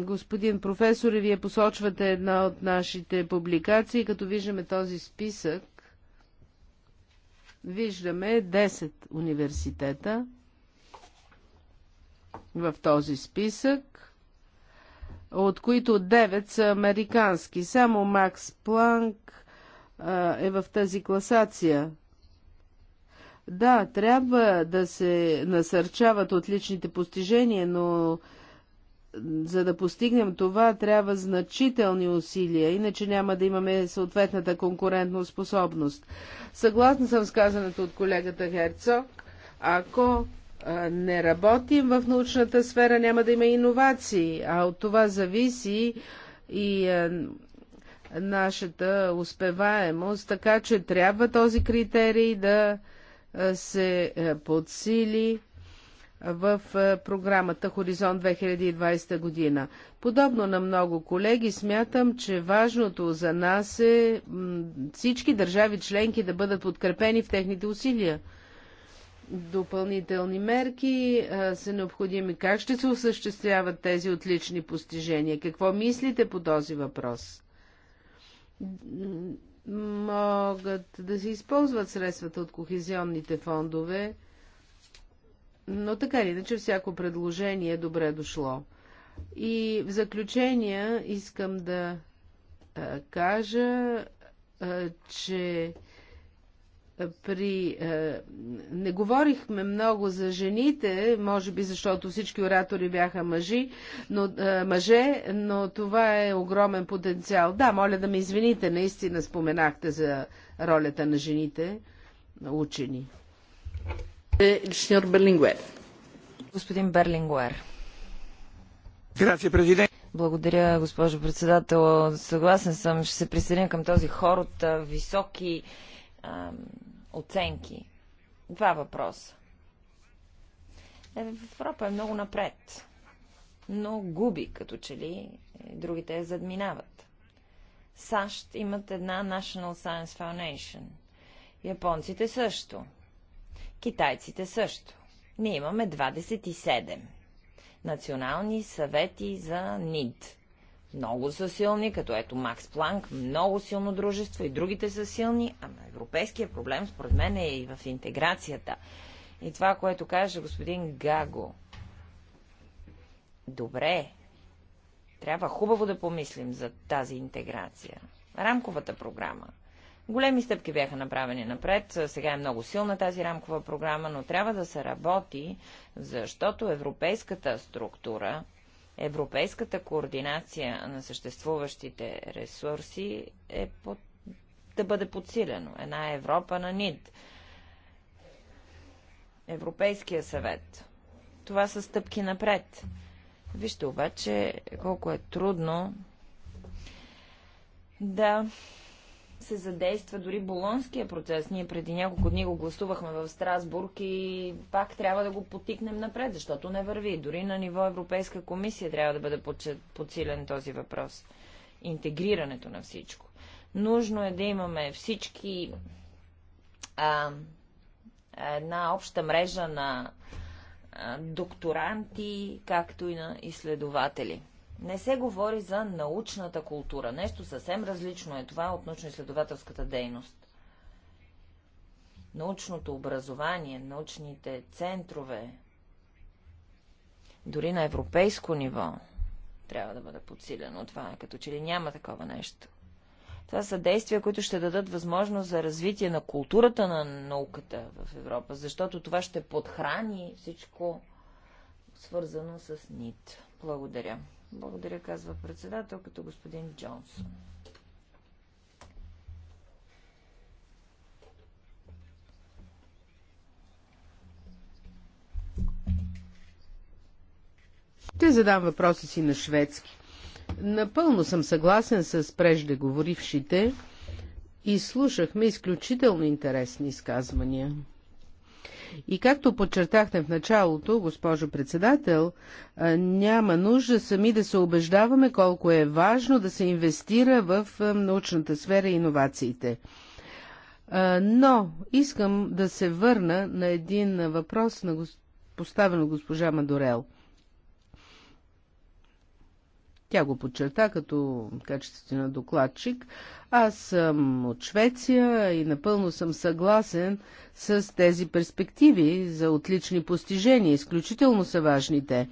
господин професор, вие посочвате една от нашите публикации, като виждаме този списък, виждаме 10 университета, в този списък, от които 9 са американски. Само Макс Планк е в тази класация. Да, трябва да се насърчават отличните постижения, но за да постигнем това, трябва значителни усилия, иначе няма да имаме съответната конкурентна способност. Съгласна съм с казаното от колегата Херцог. Ако не работим в научната сфера, няма да има иновации, а от това зависи и е, нашата успеваемост, така че трябва този критерий да е, се е, подсили в програмата Хоризонт 2020 година. Подобно на много колеги, смятам, че важното за нас е всички държави членки да бъдат подкрепени в техните усилия допълнителни мерки а, са необходими? Как ще се осъществяват тези отлични постижения? Какво мислите по този въпрос? Могат да се използват средствата от кохезионните фондове, но така или иначе всяко предложение е добре дошло. И в заключение искам да а, кажа, а, че при... Е, не говорихме много за жените, може би защото всички оратори бяха мъжи, но, е, мъже, но това е огромен потенциал. Да, моля да ме извините, наистина споменахте за ролята на жените учени. Господин Берлингуер. Благодаря, госпожо председател. Съгласен съм, ще се присъединя към този хор от високи оценки. Два въпроса. Е, Европа е много напред, но губи, като че ли е, другите я задминават. САЩ имат една National Science Foundation. Японците също. Китайците също. Ние имаме 27 национални съвети за НИД много са силни, като ето Макс Планк, много силно дружество и другите са силни, ама европейския проблем според мен е и в интеграцията. И това, което каже господин Гаго. Добре, трябва хубаво да помислим за тази интеграция. Рамковата програма. Големи стъпки бяха направени напред, сега е много силна тази рамкова програма, но трябва да се работи, защото европейската структура Европейската координация на съществуващите ресурси е под... да бъде подсилено. Една Европа на НИД. Европейския съвет. Това са стъпки напред. Вижте обаче колко е трудно да се задейства дори болонския процес. Ние преди няколко дни го гласувахме в Страсбург и пак трябва да го потикнем напред, защото не върви. Дори на ниво Европейска комисия трябва да бъде подсилен този въпрос. Интегрирането на всичко. Нужно е да имаме всички а, една обща мрежа на а, докторанти, както и на изследователи не се говори за научната култура. Нещо съвсем различно е това от е научно-изследователската дейност. Научното образование, научните центрове, дори на европейско ниво, трябва да бъде подсилено това, е като че ли няма такова нещо. Това са действия, които ще дадат възможност за развитие на културата на науката в Европа, защото това ще подхрани всичко свързано с нито. Благодаря. Благодаря, казва председател, като господин Джонс. Те задам въпроса си на шведски. Напълно съм съгласен с преждеговорившите и слушахме изключително интересни изказвания. И както подчертахме в началото, госпожо председател, няма нужда сами да се убеждаваме колко е важно да се инвестира в научната сфера и иновациите. Но искам да се върна на един въпрос на поставен от госпожа Мадорел – тя го подчерта като качеството на докладчик. Аз съм от Швеция и напълно съм съгласен с тези перспективи за отлични постижения. Изключително са важните.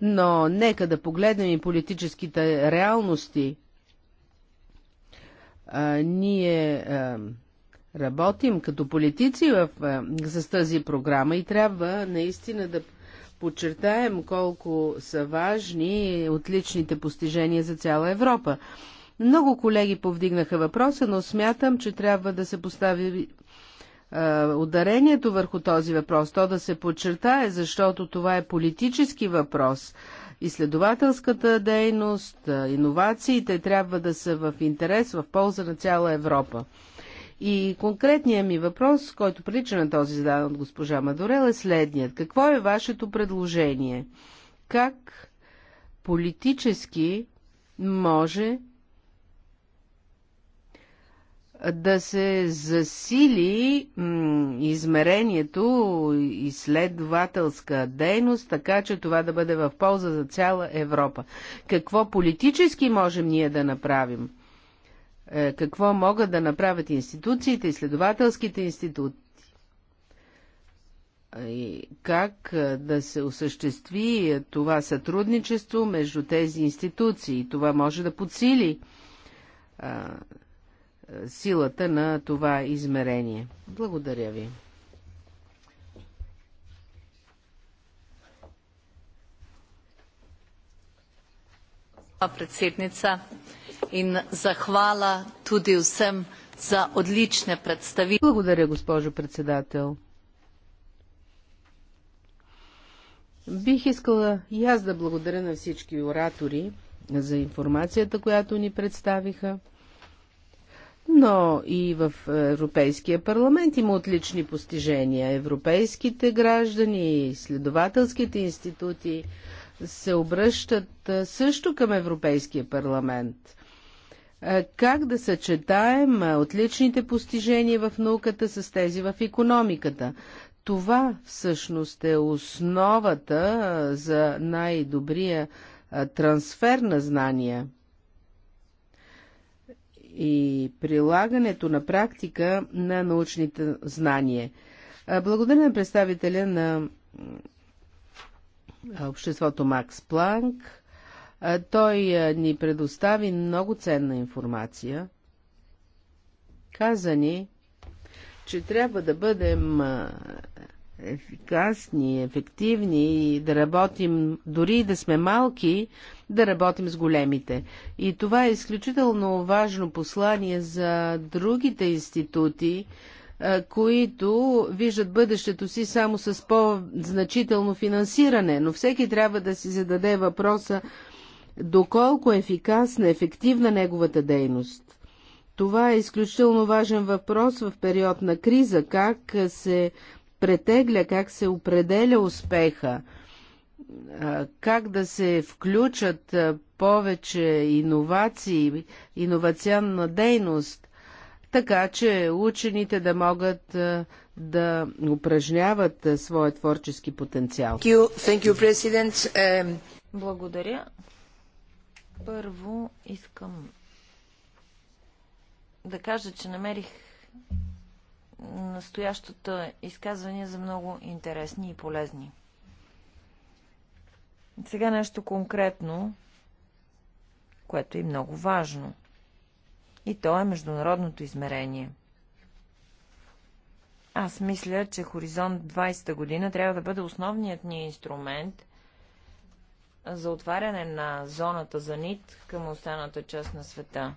Но нека да погледнем и политическите реалности. А, ние а, работим като политици в, а, с тази програма и трябва наистина да подчертаем колко са важни отличните постижения за цяла Европа. Много колеги повдигнаха въпроса, но смятам, че трябва да се постави ударението върху този въпрос, то да се подчертае, защото това е политически въпрос. Изследователската дейност, иновациите трябва да са в интерес, в полза на цяла Европа. И конкретният ми въпрос, който прилича на този задан от госпожа Мадорел, е следният. Какво е вашето предложение? Как политически може да се засили измерението и следователска дейност, така че това да бъде в полза за цяла Европа. Какво политически можем ние да направим? Е, какво могат да направят институциите, изследователските институти и как е, да се осъществи е, това сътрудничество между тези институции. Това може да подсили а, силата на това измерение. Благодаря ви. Председница, in zahvala tudi vsem za odlične predstavitve. Благодаря, госпожо председател. Бих искала да благодаря на всички оратори за информацията, която ни представиха. Но и в Европейския парламент има отлични постижения. Европейските граждани, следователските институти се обръщат също към Европейския парламент. Е, как да съчетаем е, отличните постижения в науката с тези в економиката. Това всъщност е основата е, за най-добрия трансфер на знания. И прилагането на практика на научните знания. Благодаря на представителя на обществото Макс Планк той ни предостави много ценна информация. Каза ни, че трябва да бъдем ефикасни, ефективни и да работим, дори да сме малки, да работим с големите. И това е изключително важно послание за другите институти, които виждат бъдещето си само с по-значително финансиране. Но всеки трябва да си зададе въпроса доколко ефикасна, ефективна неговата дейност. Това е изключително важен въпрос в период на криза, как се претегля, как се определя успеха, как да се включат повече иновации, иновационна дейност, така че учените да могат да упражняват своя творчески потенциал. Благодаря. Първо искам да кажа, че намерих настоящото изказване за много интересни и полезни. Сега нещо конкретно, което е много важно. И то е международното измерение. Аз мисля, че Хоризонт 20 та година трябва да бъде основният ни инструмент за отваряне на зоната за нит към останата част на света.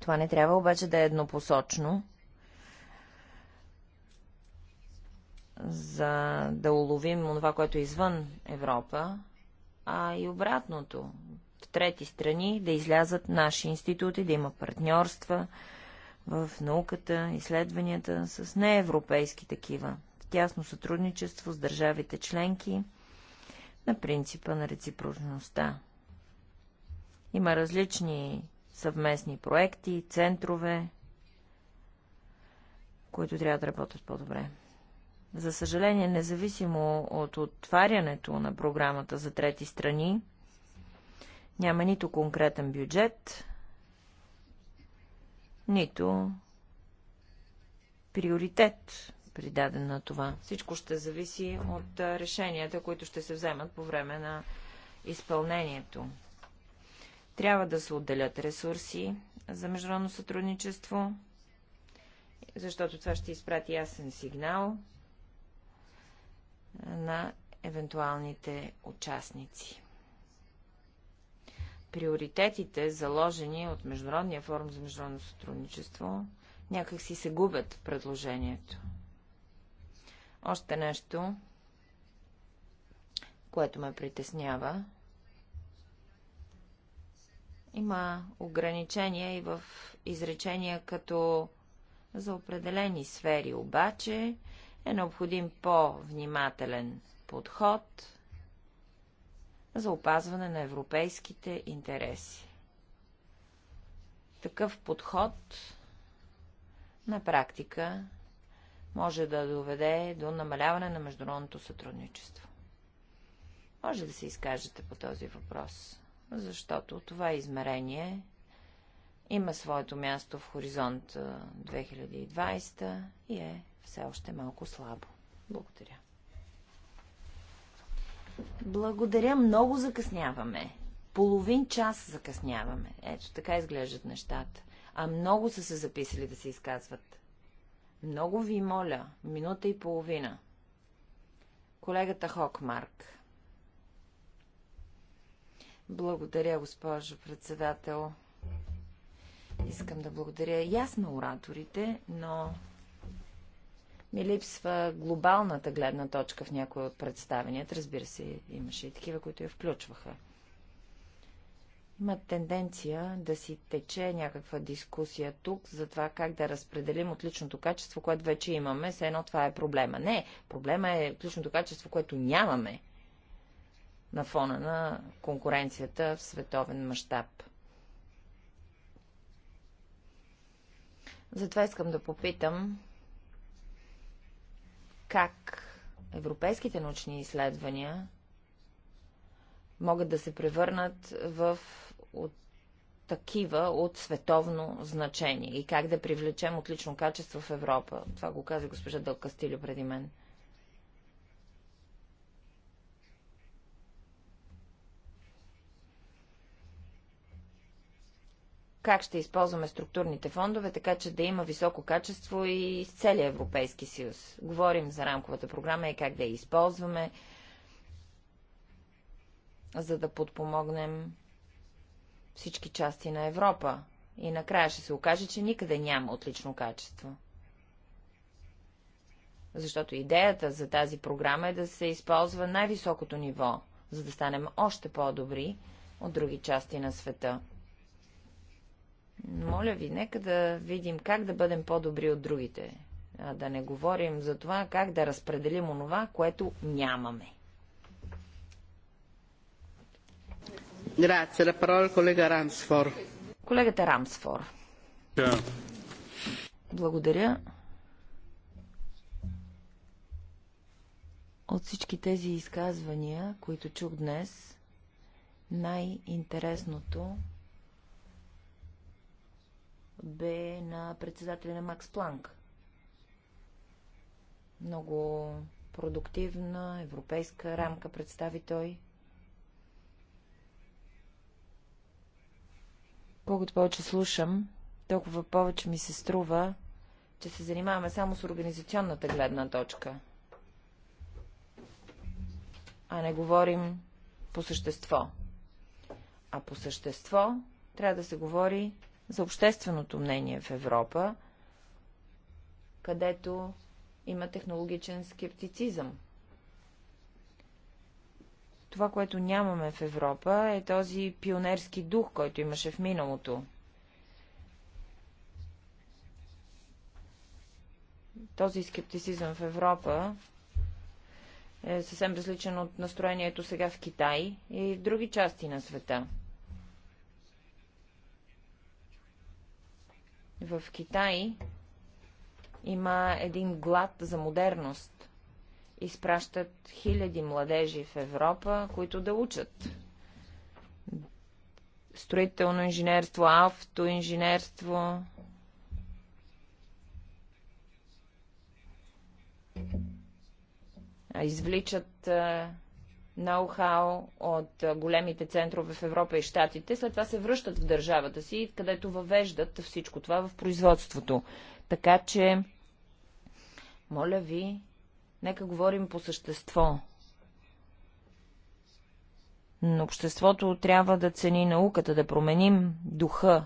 Това не трябва обаче да е еднопосочно, за да уловим това, което е извън Европа, а и обратното. В трети страни да излязат наши институти, да има партньорства в науката, изследванията с неевропейски такива, в тясно сътрудничество с държавите членки – на принципа на реципрочността. Има различни съвместни проекти, центрове, които трябва да работят по-добре. За съжаление, независимо от отварянето на програмата за трети страни, няма нито конкретен бюджет, нито приоритет придаден на това. Всичко ще зависи от решенията, които ще се вземат по време на изпълнението. Трябва да се отделят ресурси за международно сътрудничество, защото това ще изпрати ясен сигнал на евентуалните участници. Приоритетите, заложени от Международния форум за международно сътрудничество, някак си се губят предложението. Още нещо, което ме притеснява. Има ограничения и в изречения като за определени сфери, обаче е необходим по-внимателен подход за опазване на европейските интереси. Такъв подход на практика може да доведе до намаляване на международното сътрудничество. Може да се изкажете по този въпрос, защото това измерение има своето място в хоризонт 2020 и е все още малко слабо. Благодаря. Благодаря, много закъсняваме. Половин час закъсняваме. Ето така изглеждат нещата. А много са се записали да се изказват. Много ви моля, минута и половина. Колегата Хокмарк. Благодаря, госпожо председател. Искам да благодаря и аз на ораторите, но ми липсва глобалната гледна точка в някои от представенията. Разбира се, имаше и такива, които я включваха има тенденция да си тече някаква дискусия тук за това как да разпределим отличното качество, което вече имаме. Все едно това е проблема. Не, проблема е отличното качество, което нямаме на фона на конкуренцията в световен мащаб. Затова искам да попитам как европейските научни изследвания могат да се превърнат в от такива от световно значение и как да привлечем отлично качество в Европа. Това го каза госпожа Дъл преди мен. Как ще използваме структурните фондове, така че да има високо качество и с целия Европейски съюз. Говорим за рамковата програма и как да я използваме, за да подпомогнем всички части на Европа. И накрая ще се окаже, че никъде няма отлично качество. Защото идеята за тази програма е да се използва най-високото ниво, за да станем още по-добри от други части на света. Моля ви, нека да видим как да бъдем по-добри от другите, а да не говорим за това как да разпределим онова, което нямаме. колега Рамсфор. Колегата Рамсфор. Благодаря. От всички тези изказвания, които чух днес, най-интересното бе на председателя на Макс Планк. Много продуктивна европейска рамка представи той. Колкото повече слушам, толкова повече ми се струва, че се занимаваме само с организационната гледна точка, а не говорим по същество. А по същество трябва да се говори за общественото мнение в Европа, където има технологичен скептицизъм. Това, което нямаме в Европа, е този пионерски дух, който имаше в миналото. Този скептицизъм в Европа е съвсем различен от настроението сега в Китай и в други части на света. В Китай има един глад за модерност изпращат хиляди младежи в Европа, които да учат. Строително инженерство, автоинженерство. Извличат е, ноу-хау от е, големите центрове в Европа и Штатите, след това се връщат в държавата си, където въвеждат всичко това в производството. Така че, моля ви, Нека говорим по същество. Но обществото трябва да цени науката, да променим духа.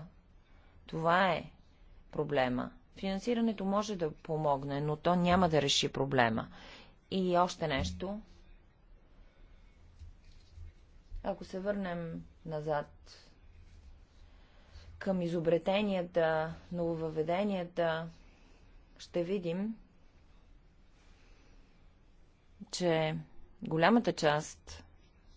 Това е проблема. Финансирането може да помогне, но то няма да реши проблема. И още нещо. Ако се върнем назад към изобретенията, нововъведенията, ще видим, че голямата част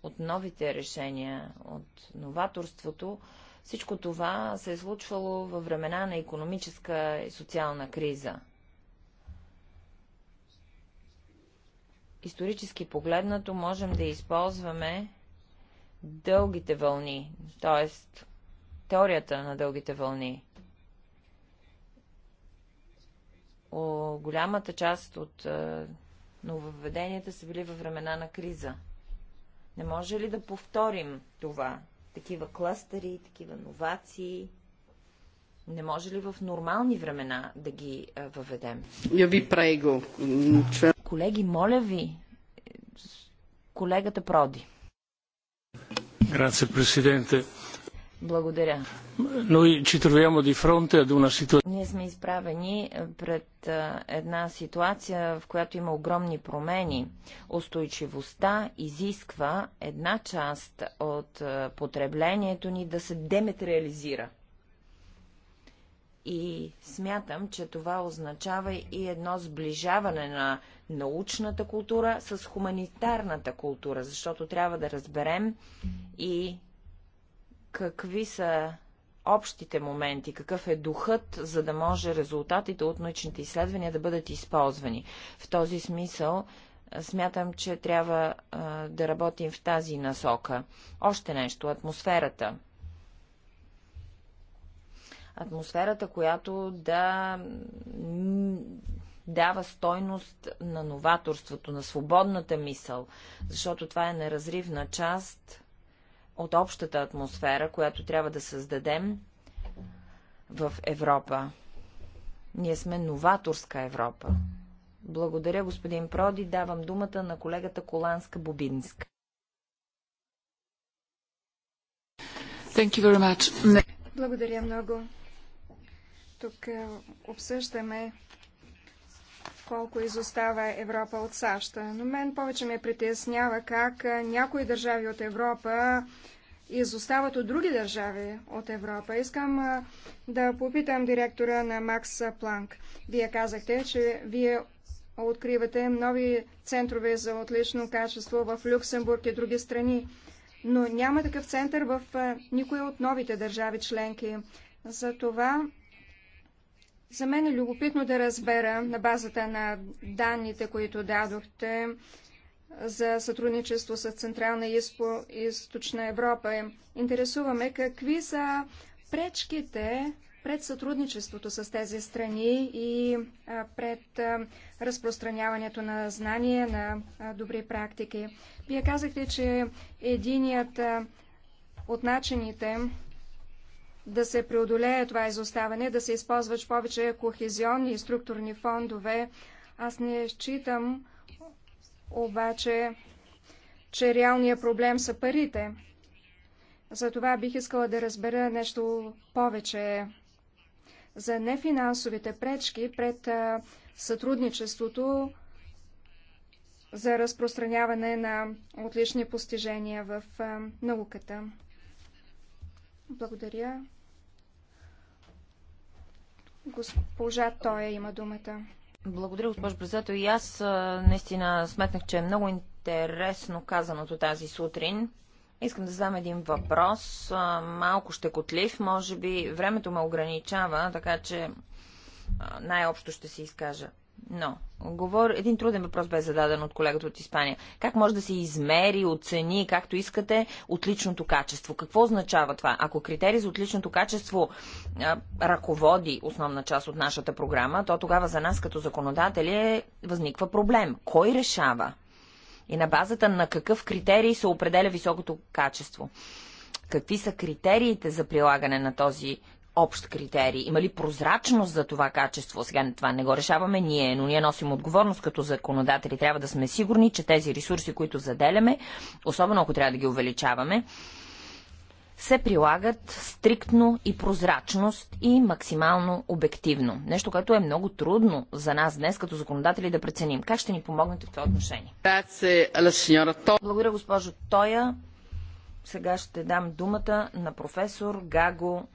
от новите решения, от новаторството, всичко това се е случвало във времена на економическа и социална криза. Исторически погледнато можем да използваме дългите вълни, т.е. теорията на дългите вълни. О, голямата част от е, но въведенията са били във времена на криза. Не може ли да повторим това? Такива кластери, такива новации? Не може ли в нормални времена да ги въведем? Я ви прего. Колеги, моля ви, колегата Проди. Грация, президенте. Благодаря. Но и ci troviamo di fronte ad una Ние сме изправени е, пред е, една ситуация, в която има огромни промени. Устойчивостта изисква една част от е, потреблението ни да се деметериализира. И смятам, че това означава и едно сближаване на научната култура с хуманитарната култура, защото трябва да разберем и какви са общите моменти, какъв е духът, за да може резултатите от научните изследвания да бъдат използвани. В този смисъл смятам, че трябва а, да работим в тази насока. Още нещо атмосферата. Атмосферата, която да дава стойност на новаторството, на свободната мисъл, защото това е неразривна част от общата атмосфера, която трябва да създадем в Европа. Ние сме новаторска Европа. Благодаря, господин Проди. Давам думата на колегата Коланска Бубинска. Thank you very much. Благодаря много. Тук е, обсъждаме колко изостава Европа от САЩ. Но мен повече ме притеснява как някои държави от Европа изостават от други държави от Европа. Искам да попитам директора на Макс Планк. Вие казахте, че вие откривате нови центрове за отлично качество в Люксембург и други страни, но няма такъв център в никоя от новите държави членки. За това. За мен е любопитно да разбера на базата на данните, които дадохте за сътрудничество с Централна и Източна Европа. Интересуваме какви са пречките пред сътрудничеството с тези страни и пред разпространяването на знания, на добри практики. Вие казахте, че единият от начините да се преодолее това изоставане, да се използват повече кохезионни и структурни фондове. Аз не считам обаче, че реалният проблем са парите. За това бих искала да разбера нещо повече за нефинансовите пречки пред сътрудничеството за разпространяване на отлични постижения в науката. Благодаря. Госпожа Тоя има думата. Благодаря, госпожо председател. И аз наистина сметнах, че е много интересно казаното тази сутрин. Искам да задам един въпрос. Малко щекотлив, може би времето ме ограничава, така че най-общо ще се изкажа. Но, говор... един труден въпрос бе зададен от колегата от Испания. Как може да се измери, оцени, както искате, отличното качество? Какво означава това? Ако критерий за отличното качество а, ръководи основна част от нашата програма, то тогава за нас като законодатели е... възниква проблем. Кой решава? И на базата на какъв критерий се определя високото качество? Какви са критериите за прилагане на този общ критерий? Има ли прозрачност за това качество? Сега това не го решаваме ние, но ние носим отговорност като законодатели. Трябва да сме сигурни, че тези ресурси, които заделяме, особено ако трябва да ги увеличаваме, се прилагат стриктно и прозрачност и максимално обективно. Нещо, което е много трудно за нас днес като законодатели да преценим. Как ще ни помогнете в това отношение? Благодаря, госпожо Тоя. Сега ще дам думата на професор Гаго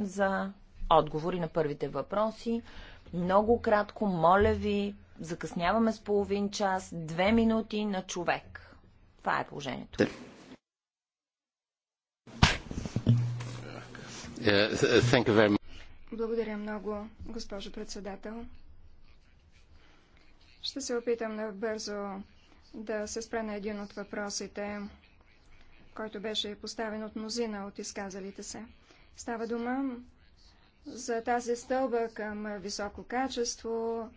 за отговори на първите въпроси. Много кратко, моля ви, закъсняваме с половин час, две минути на човек. Това е положението. Е, е, Благодаря много, госпожо председател. Ще се опитам набързо да се спра на един от въпросите, който беше поставен от мнозина от изказалите се. Става дума за тази стълба към високо качество,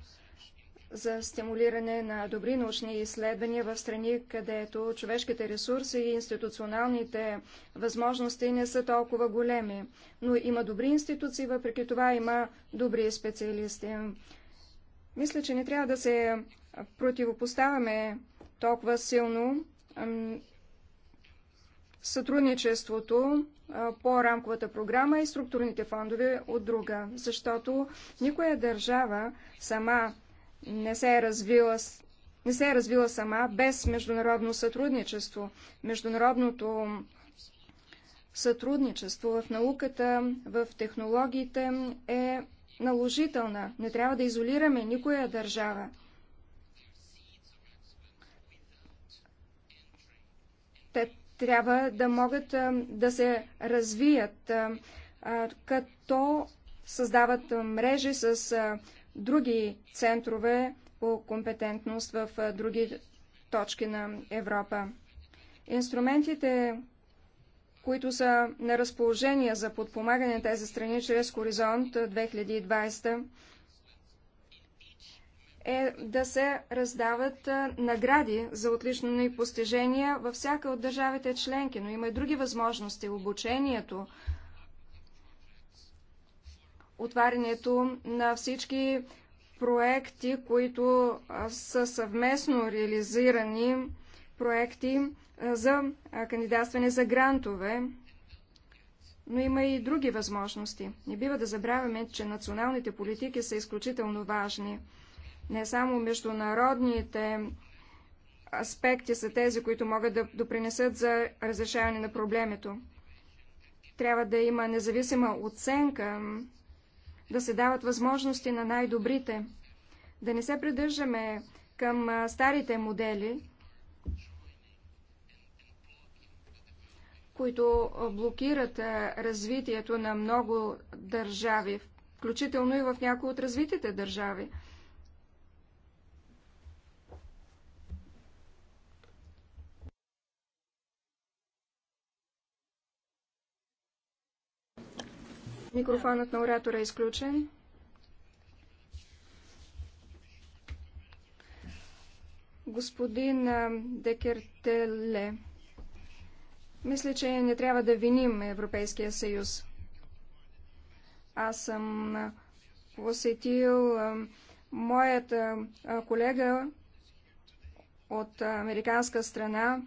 за стимулиране на добри научни изследвания в страни, където човешките ресурси и институционалните възможности не са толкова големи. Но има добри институции, въпреки това има добри специалисти. Мисля, че не трябва да се противопоставяме толкова силно сътрудничеството по рамковата програма и структурните фондове от друга, защото никоя държава сама не се е развила не се е развила сама без международно сътрудничество. Международното сътрудничество в науката, в технологиите е наложителна. Не трябва да изолираме никоя държава. трябва да могат да се развият, като създават мрежи с други центрове по компетентност в други точки на Европа. Инструментите, които са на разположение за подпомагане на тези страни чрез Хоризонт 2020, е да се раздават награди за отлични постижения във всяка от държавите членки, но има и други възможности. Обучението, отварянето на всички проекти, които са съвместно реализирани проекти за кандидатстване за грантове, но има и други възможности. Не бива да забравяме, че националните политики са изключително важни. Не само международните аспекти са тези, които могат да допринесат за разрешаване на проблемето. Трябва да има независима оценка, да се дават възможности на най-добрите, да не се придържаме към старите модели, които блокират развитието на много държави, включително и в някои от развитите държави. Микрофонът на оратора е изключен. Господин Декертеле, мисля, че не трябва да виним Европейския съюз. Аз съм посетил моят колега от американска страна,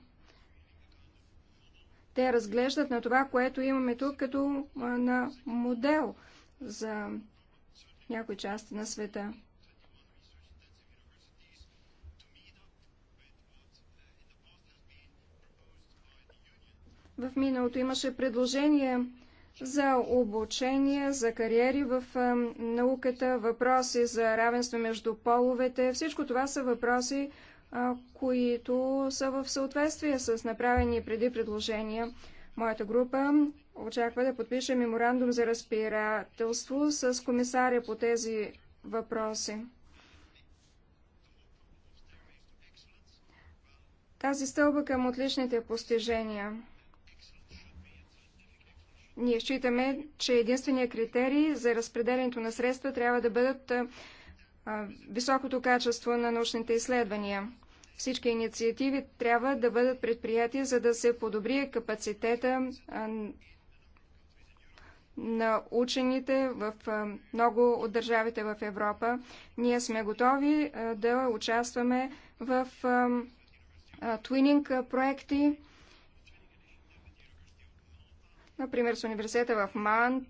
те разглеждат на това, което имаме тук като на модел за някои части на света. В миналото имаше предложение за обучение, за кариери в науката, въпроси за равенство между половете. Всичко това са въпроси, които са в съответствие с направени преди предложения. Моята група очаква да подпише меморандум за разпирателство с комисаря по тези въпроси. Тази стълба към отличните постижения. Ние считаме, че единствения критерий за разпределението на средства трябва да бъдат високото качество на научните изследвания. Всички инициативи трябва да бъдат предприяти, за да се подобри капацитета на учените в много от държавите в Европа. Ние сме готови да участваме в твининг проекти, Например, с университета в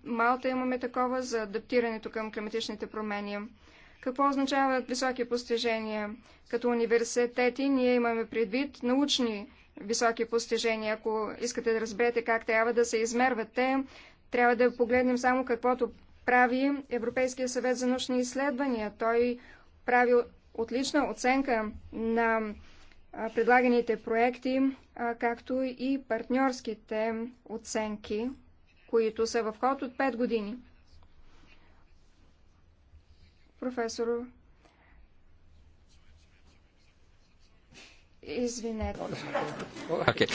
Малта имаме такова за адаптирането към климатичните промени. Какво означават високи постижения? Като университети ние имаме предвид научни високи постижения. Ако искате да разберете как трябва да се измерват те, трябва да погледнем само каквото прави Европейския съвет за научни изследвания. Той прави отлична оценка на предлаганите проекти, както и партньорските оценки, които са в ход от 5 години професор. Okay.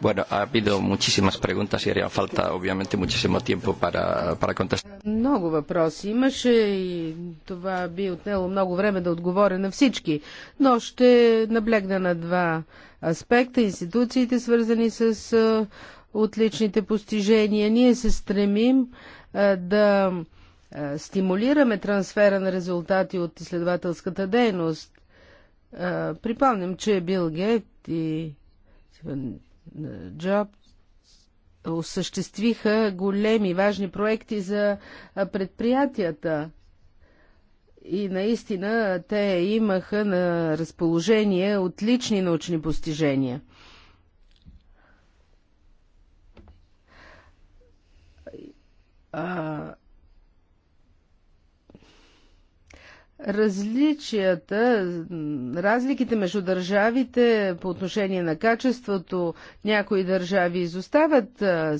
Bueno, ha habido muchísimas preguntas y haría falta, obviamente, muchísimo tiempo para, para contestar. Много въпроси имаше и това би отнело много време да отговоря на всички, но ще наблегна на два аспекта. Институциите, свързани с отличните постижения. Ние се стремим да е, стимулираме трансфера на резултати от изследователската дейност. Е, припомням, че Бил Гейт и е, Джоб осъществиха големи, важни проекти за предприятията. И наистина те имаха на разположение отлични научни постижения. А, различията, разликите между държавите по отношение на качеството, някои държави изостават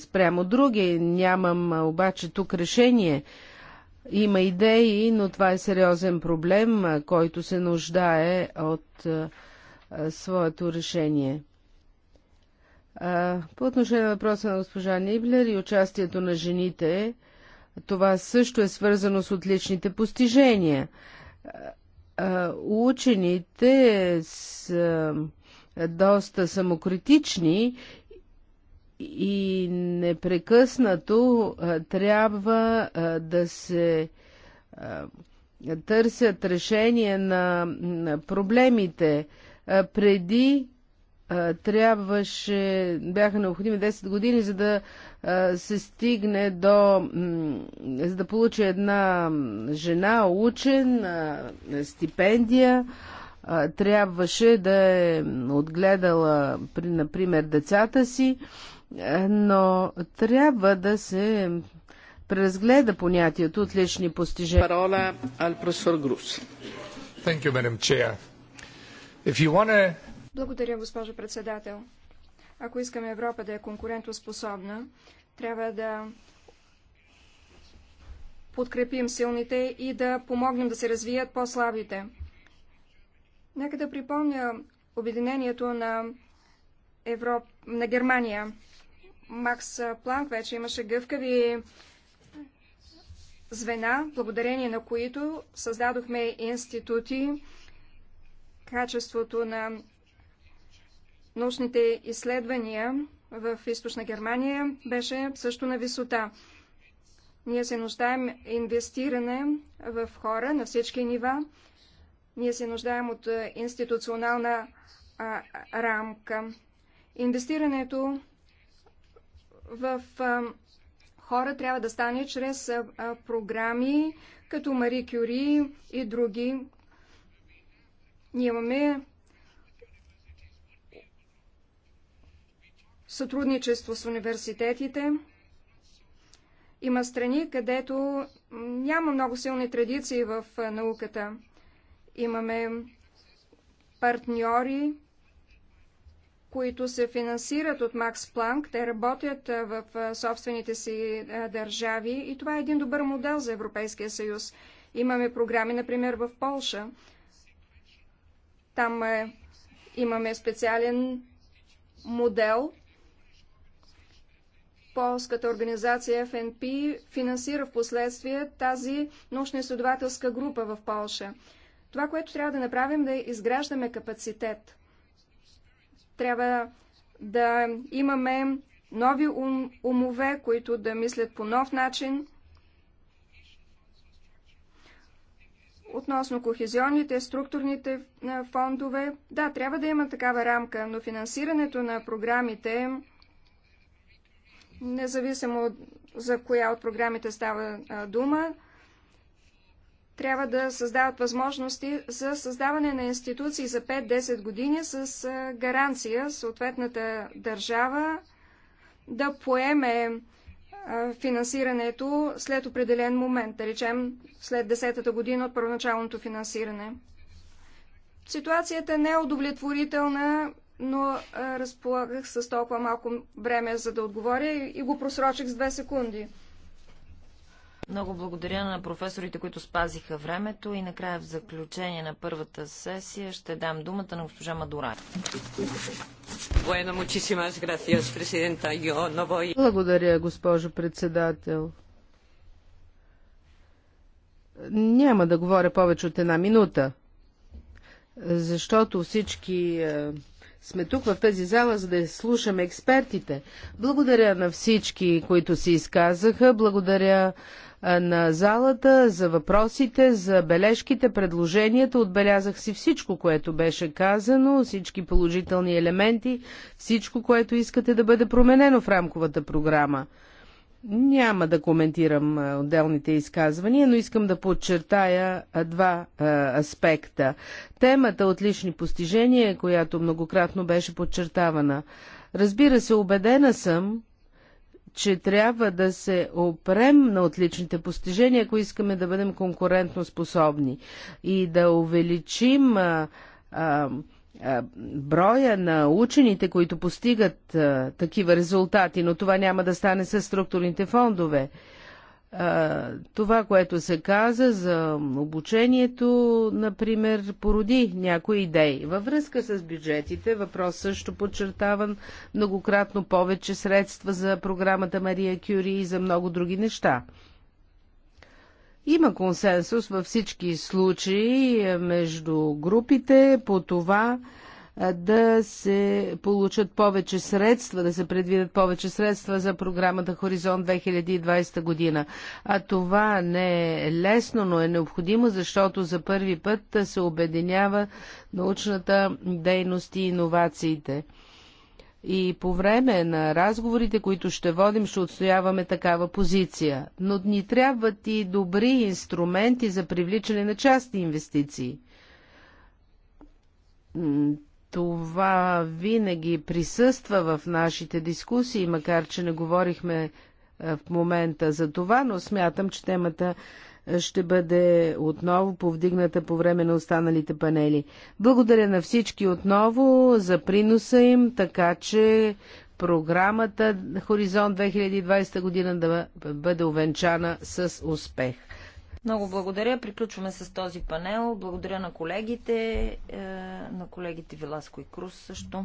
спрямо други, нямам обаче тук решение. Има идеи, но това е сериозен проблем, който се нуждае от своето решение. по отношение на въпроса на госпожа Ниблер и участието на жените, това също е свързано с отличните постижения учените са доста самокритични и непрекъснато трябва да се търсят решения на проблемите преди трябваше, бяха необходими 10 години, за да се стигне до, за да получи една жена, учен, стипендия. Трябваше да е отгледала, например, децата си, но трябва да се преразгледа понятието от лични постижения. Парола ал професор Грус. Thank you, Madam Chair. If you want to благодаря, госпожо председател. Ако искаме Европа да е конкурентоспособна, трябва да подкрепим силните и да помогнем да се развият по-слабите. Нека да припомня обединението на, Европ... на Германия. Макс Планк вече имаше гъвкави звена, благодарение на които създадохме институти. Качеството на научните изследвания в източна Германия беше също на висота. Ние се нуждаем инвестиране в хора на всички нива. Ние се нуждаем от институционална а, рамка. Инвестирането в а, хора трябва да стане чрез а, програми като Мари Кюри и други. Ние имаме сътрудничество с университетите. Има страни, където няма много силни традиции в науката. Имаме партньори, които се финансират от Макс Планк. Те работят в собствените си държави и това е един добър модел за Европейския съюз. Имаме програми, например, в Полша. Там е, имаме специален модел Полската организация ФНП финансира в последствие тази научно-изследователска група в Полша. Това, което трябва да направим, е да изграждаме капацитет. Трябва да имаме нови ум, умове, които да мислят по нов начин. Относно кохезионните, структурните фондове, да, трябва да има такава рамка, но финансирането на програмите независимо за коя от програмите става дума, трябва да създават възможности за създаване на институции за 5-10 години с гаранция съответната държава да поеме финансирането след определен момент, да речем след 10-та година от първоначалното финансиране. Ситуацията не е удовлетворителна но разполагах с толкова малко време, за да отговоря и го просрочих с две секунди. Много благодаря на професорите, които спазиха времето и накрая в заключение на първата сесия ще дам думата на госпожа Мадура. Благодаря, госпожо председател. Няма да говоря повече от една минута, защото всички е, сме тук в тази зала, за да слушаме експертите. Благодаря на всички, които се изказаха. Благодаря на залата за въпросите, за бележките, предложенията. Отбелязах си всичко, което беше казано, всички положителни елементи, всичко, което искате да бъде променено в рамковата програма. Няма да коментирам отделните изказвания, но искам да подчертая два аспекта. Темата от лични постижения, която многократно беше подчертавана. Разбира се, убедена съм, че трябва да се опрем на отличните постижения, ако искаме да бъдем конкурентно способни и да увеличим а, а, броя на учените, които постигат такива резултати, но това няма да стане с структурните фондове. това, което се каза за обучението, например, породи някои идеи. Във връзка с бюджетите, въпрос също подчертаван многократно повече средства за програмата Мария Кюри и за много други неща. Има консенсус във всички случаи е, между групите по това е, да се получат повече средства, да се предвидят повече средства за програмата Хоризонт 2020 година. А това не е лесно, но е необходимо, защото за първи път се обединява научната дейност и иновациите. И по време на разговорите, които ще водим, ще отстояваме такава позиция. Но ни трябват и добри инструменти за привличане на частни инвестиции. Това винаги присъства в нашите дискусии, макар че не говорихме в момента за това, но смятам, че темата ще бъде отново повдигната по време на останалите панели. Благодаря на всички отново за приноса им, така че програмата Хоризонт 2020 година да бъде увенчана с успех. Много благодаря. Приключваме с този панел. Благодаря на колегите, е, на колегите Виласко и Крус също.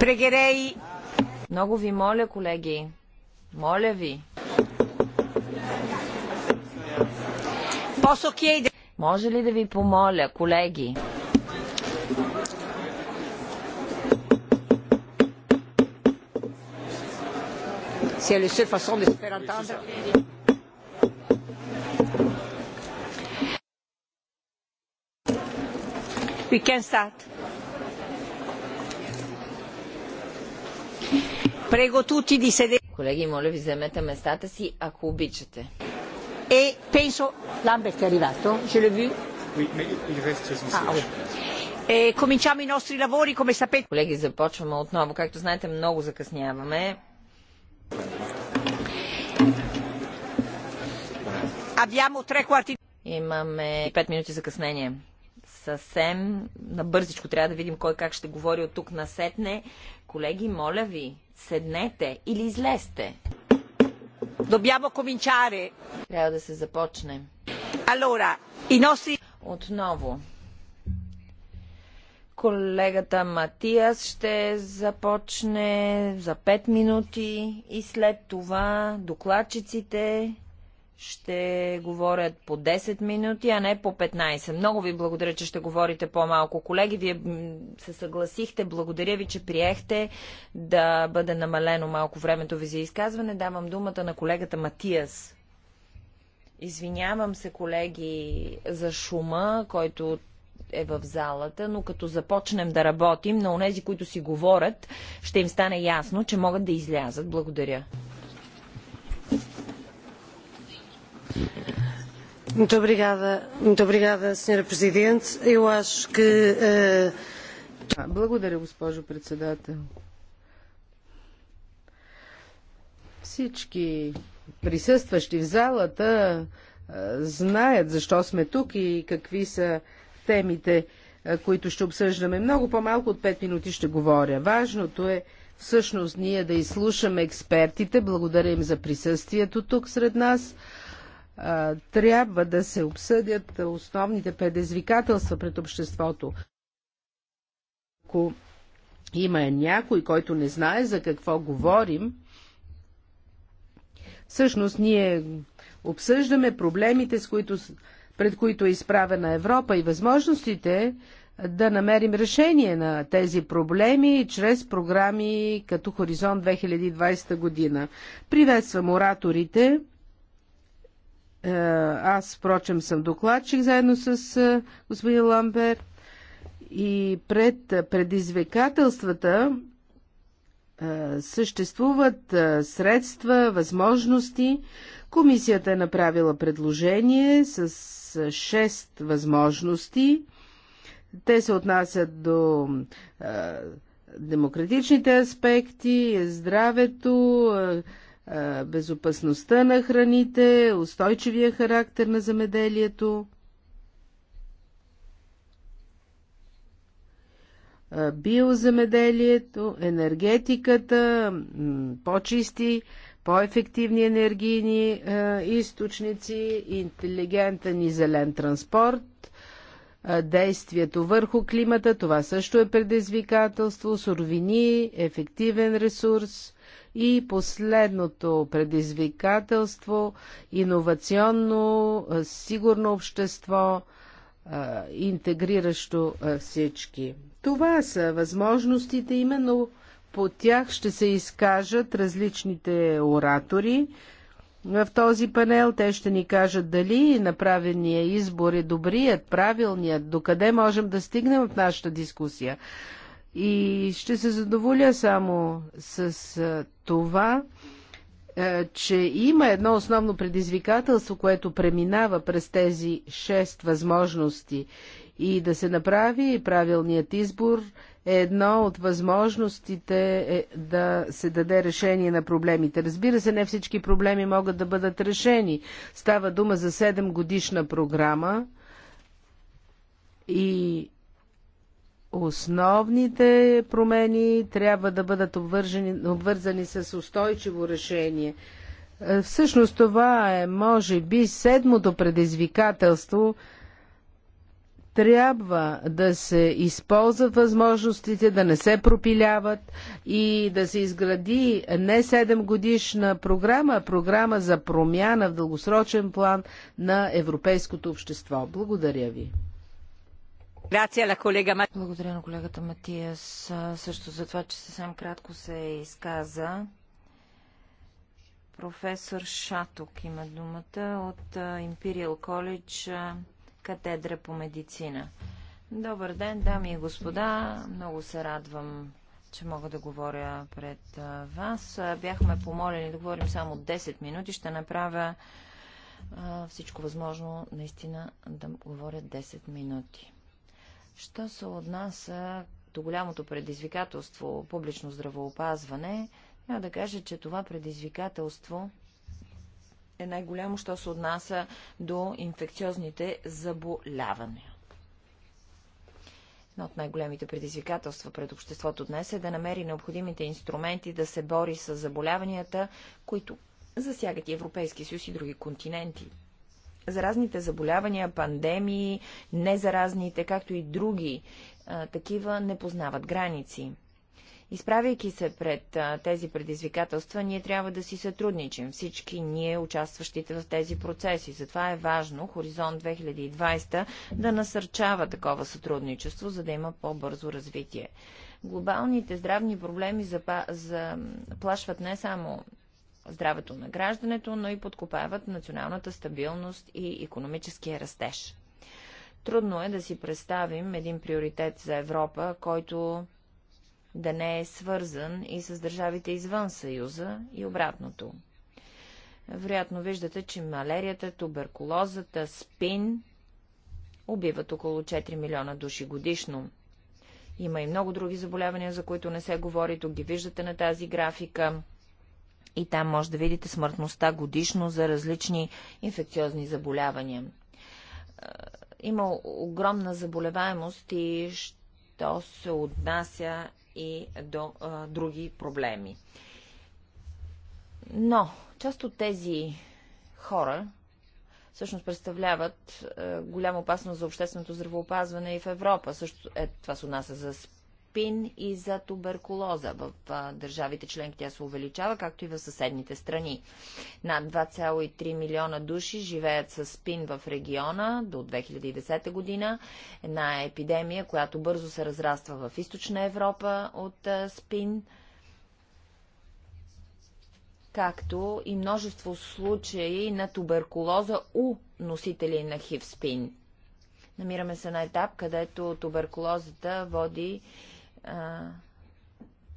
Прегерей! Много ви моля, колеги. Моля ви. Може ли да ви помоля, колеги? C'est la seule façon de se faire entendre. We can start. Prego tutti di sedere. Колеги, моля ви, вземете местата sì, a cubicete. E penso Lambert è arrivato, ce l'ho vu. Oui, mais il reste sur ah, oui. E, cominciamo i nostri lavori, come sapete. Колеги, започваме отново. Както знаете, много закъсняваме. Abbiamo tre quarti. Имаме 5 минути закъснение съвсем набързичко трябва да видим кой как ще говори от тук насетне. Колеги, моля ви, седнете или излезте. Добяво коминчаре. Трябва да се започне. Алора, и носи... Отново. Колегата Матиас ще започне за 5 минути и след това докладчиците ще говорят по 10 минути, а не по 15. Много ви благодаря, че ще говорите по-малко. Колеги, вие се съгласихте. Благодаря ви, че приехте да бъде намалено малко времето ви за изказване. Давам думата на колегата Матиас. Извинявам се, колеги, за шума, който е в залата, но като започнем да работим, на онези, които си говорят, ще им стане ясно, че могат да излязат. Благодаря. Muito obrigada, Sra. Presidente. Eu acho que. Eh, Благодаря, госпожо председател. Всички присъстващи в залата знаят защо сме тук и какви са темите, които ще обсъждаме. Много по-малко от 5 минути ще говоря. Важното е всъщност ние да изслушаме експертите. Благодаря им за присъствието тук сред нас трябва да се обсъдят основните предизвикателства пред обществото. Ако има някой, който не знае за какво говорим, всъщност ние обсъждаме проблемите, с които, пред които е изправена Европа и възможностите да намерим решение на тези проблеми чрез програми като Хоризонт 2020 година. Приветствам ораторите е, аз, впрочем, съм докладчик заедно с е, господин Ламбер и пред предизвикателствата е, съществуват средства, възможности. Комисията е направила предложение с 6 възможности. Те се отнасят до демократичните аспекти, здравето, безопасността на храните, устойчивия характер на земеделието. биоземеделието, енергетиката, по-чисти, по-ефективни енергийни е, източници, интелигентен и зелен транспорт, е, действието върху климата, това също е предизвикателство, суровини, ефективен ресурс, и последното предизвикателство иновационно, сигурно общество, интегриращо всички. Това са възможностите, именно по тях ще се изкажат различните оратори в този панел. Те ще ни кажат дали направения избор е добрият, правилният, докъде можем да стигнем в нашата дискусия. И ще се задоволя само с това, че има едно основно предизвикателство, което преминава през тези шест възможности и да се направи правилният избор е едно от възможностите е да се даде решение на проблемите. Разбира се, не всички проблеми могат да бъдат решени. Става дума за 7 годишна програма и Основните промени трябва да бъдат обвържени, обвързани с устойчиво решение. Е, всъщност това е, може би, седмото предизвикателство. Трябва да се използват възможностите, да не се пропиляват и да се изгради не 7 годишна програма, а програма за промяна в дългосрочен план на европейското общество. Благодаря ви. Благодаря на колегата Матиас също за това, че съвсем кратко се изказа. Професор Шаток има думата от Imperial College, катедра по медицина. Добър ден, дами и господа. Много се радвам, че мога да говоря пред вас. Бяхме помолени да говорим само 10 минути. Ще направя всичко възможно наистина да говоря 10 минути. Що се отнася до голямото предизвикателство публично здравоопазване, трябва да кажа, че това предизвикателство е най-голямо, що се отнася до инфекциозните заболявания. Едно от най-големите предизвикателства пред обществото днес е да намери необходимите инструменти да се бори с заболяванията, които засягат и Европейски съюз и други континенти заразните заболявания, пандемии, незаразните, както и други а, такива, не познават граници. Изправяйки се пред а, тези предизвикателства, ние трябва да си сътрудничим, всички ние, участващите в тези процеси. Затова е важно Хоризонт 2020 да насърчава такова сътрудничество, за да има по-бързо развитие. Глобалните здравни проблеми заплашват не само здравето на граждането, но и подкопават националната стабилност и економическия растеж. Трудно е да си представим един приоритет за Европа, който да не е свързан и с държавите извън Съюза и обратното. Вероятно виждате, че малерията, туберкулозата, спин убиват около 4 милиона души годишно. Има и много други заболявания, за които не се говори. Тук ги виждате на тази графика и там може да видите смъртността годишно за различни инфекциозни заболявания. Е, има огромна заболеваемост и то се отнася и до а, е, други проблеми. Но част от тези хора всъщност представляват а, е, голяма опасност за общественото здравеопазване и в Европа. Също е, това се отнася за СПИН и за туберкулоза. В държавите членки тя се увеличава, както и в съседните страни. Над 2,3 милиона души живеят с СПИН в региона до 2010 година. Една епидемия, която бързо се разраства в източна Европа от СПИН както и множество случаи на туберкулоза у носители на хивспин. Намираме се на етап, където туберкулозата води а,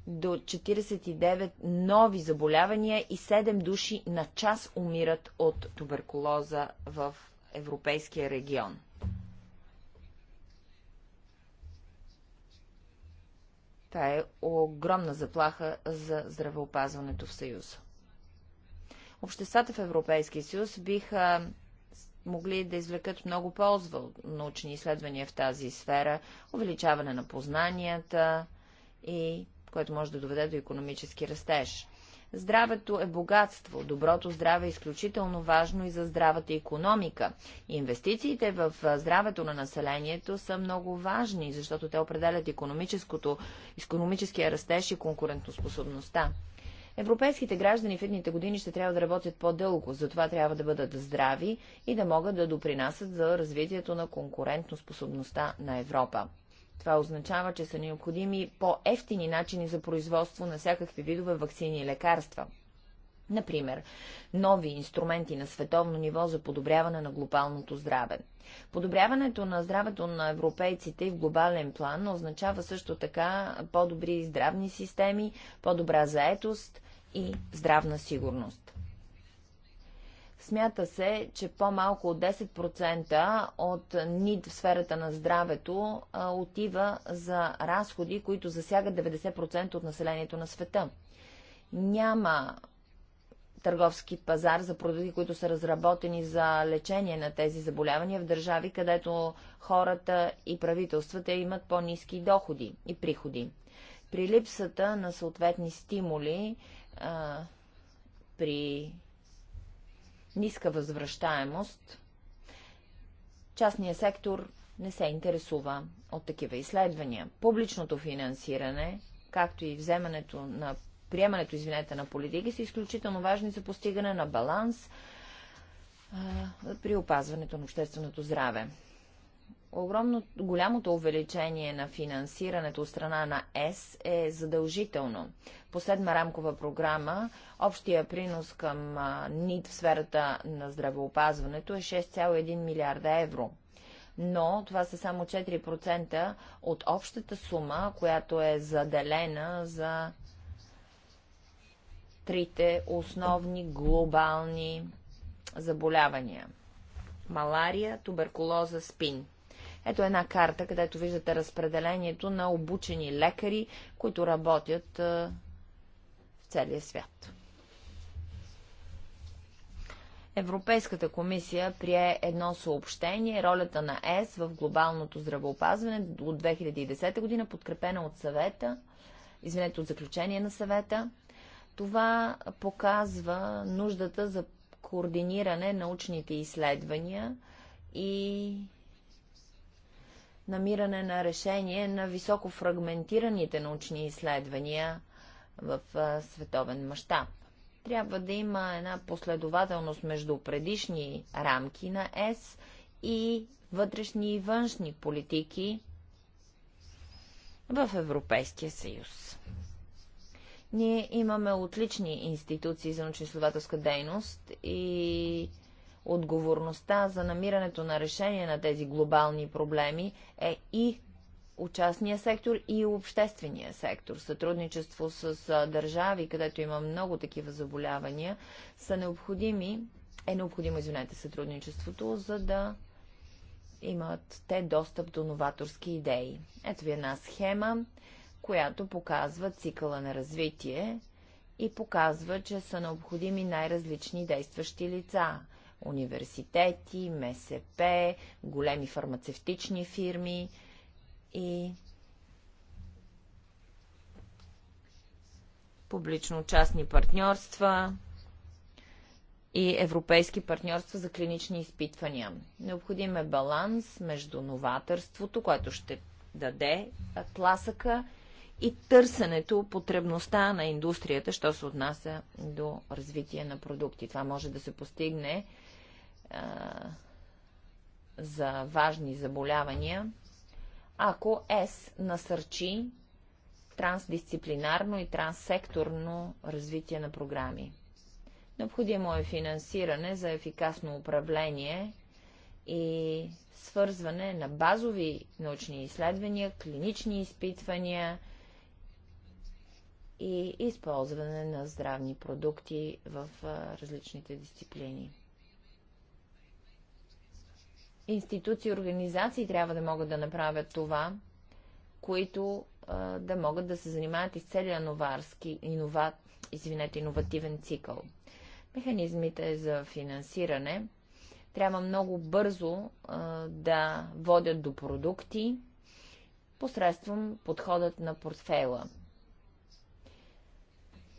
до 49 нови заболявания и 7 души на час умират от туберкулоза в Европейския регион. Та е огромна заплаха за здравеопазването в Съюза. Обществата в Европейския съюз биха могли да извлекат много ползва от научни изследвания в тази сфера, увеличаване на познанията и което може да доведе до економически растеж. Здравето е богатство. Доброто здраве е изключително важно и за здравата економика. Инвестициите в здравето на населението са много важни, защото те определят економическия растеж и конкурентоспособността. Европейските граждани в едните години ще трябва да работят по-дълго, затова трябва да бъдат здрави и да могат да допринасят за развитието на способността на Европа. Това означава, че са необходими по-ефтини начини за производство на всякакви видове вакцини и лекарства – Например, нови инструменти на световно ниво за подобряване на глобалното здраве. Подобряването на здравето на европейците и в глобален план означава също така по-добри здравни системи, по-добра заетост и здравна сигурност. Смята се, че по-малко от 10% от НИД в сферата на здравето а, отива за разходи, които засягат 90% от населението на света. Няма търговски пазар за продукти, които са разработени за лечение на тези заболявания в държави, където хората и правителствата имат по-низки доходи и приходи. При липсата на съответни стимули, а, при ниска възвръщаемост, частният сектор не се интересува от такива изследвания. Публичното финансиране, както и вземането на приемането, извинете, на политики са изключително важни за постигане на баланс а, при опазването на общественото здраве. Огромно, голямото увеличение на финансирането от страна на ЕС е задължително. Последна рамкова програма, общия принос към а, НИД в сферата на здравеопазването е 6,1 милиарда евро но това са само 4% от общата сума, която е заделена за трите основни глобални заболявания. Малария, туберкулоза, спин. Ето една карта, където виждате разпределението на обучени лекари, които работят в целия свят. Европейската комисия прие едно съобщение ролята на ЕС в глобалното здравеопазване от 2010 година, подкрепена от съвета, извинете, от заключение на съвета. Това показва нуждата за координиране на научните изследвания и намиране на решение на високо фрагментираните научни изследвания в световен мащаб. Трябва да има една последователност между предишни рамки на ЕС и вътрешни и външни политики в Европейския съюз. Ние имаме отлични институции за научно-изследователска дейност и отговорността за намирането на решение на тези глобални проблеми е и участния сектор и обществения сектор. Сътрудничество с държави, където има много такива заболявания, са необходими, е необходимо, извинете, сътрудничеството, за да имат те достъп до новаторски идеи. Ето ви една схема която показва цикъла на развитие и показва, че са необходими най-различни действащи лица – университети, МСП, големи фармацевтични фирми и публично-частни партньорства и европейски партньорства за клинични изпитвания. Необходим е баланс между новаторството, което ще даде тласъка и търсенето, потребността на индустрията, що се отнася до развитие на продукти. Това може да се постигне а, за важни заболявания, ако С насърчи трансдисциплинарно и транссекторно развитие на програми. Необходимо е финансиране за ефикасно управление и свързване на базови научни изследвания, клинични изпитвания, и използване на здравни продукти в различните дисциплини. Институции и организации трябва да могат да направят това, които а, да могат да се занимават и с целия новарски, инова, извинете, иновативен цикъл. Механизмите за финансиране трябва много бързо а, да водят до продукти посредством подходът на портфейла –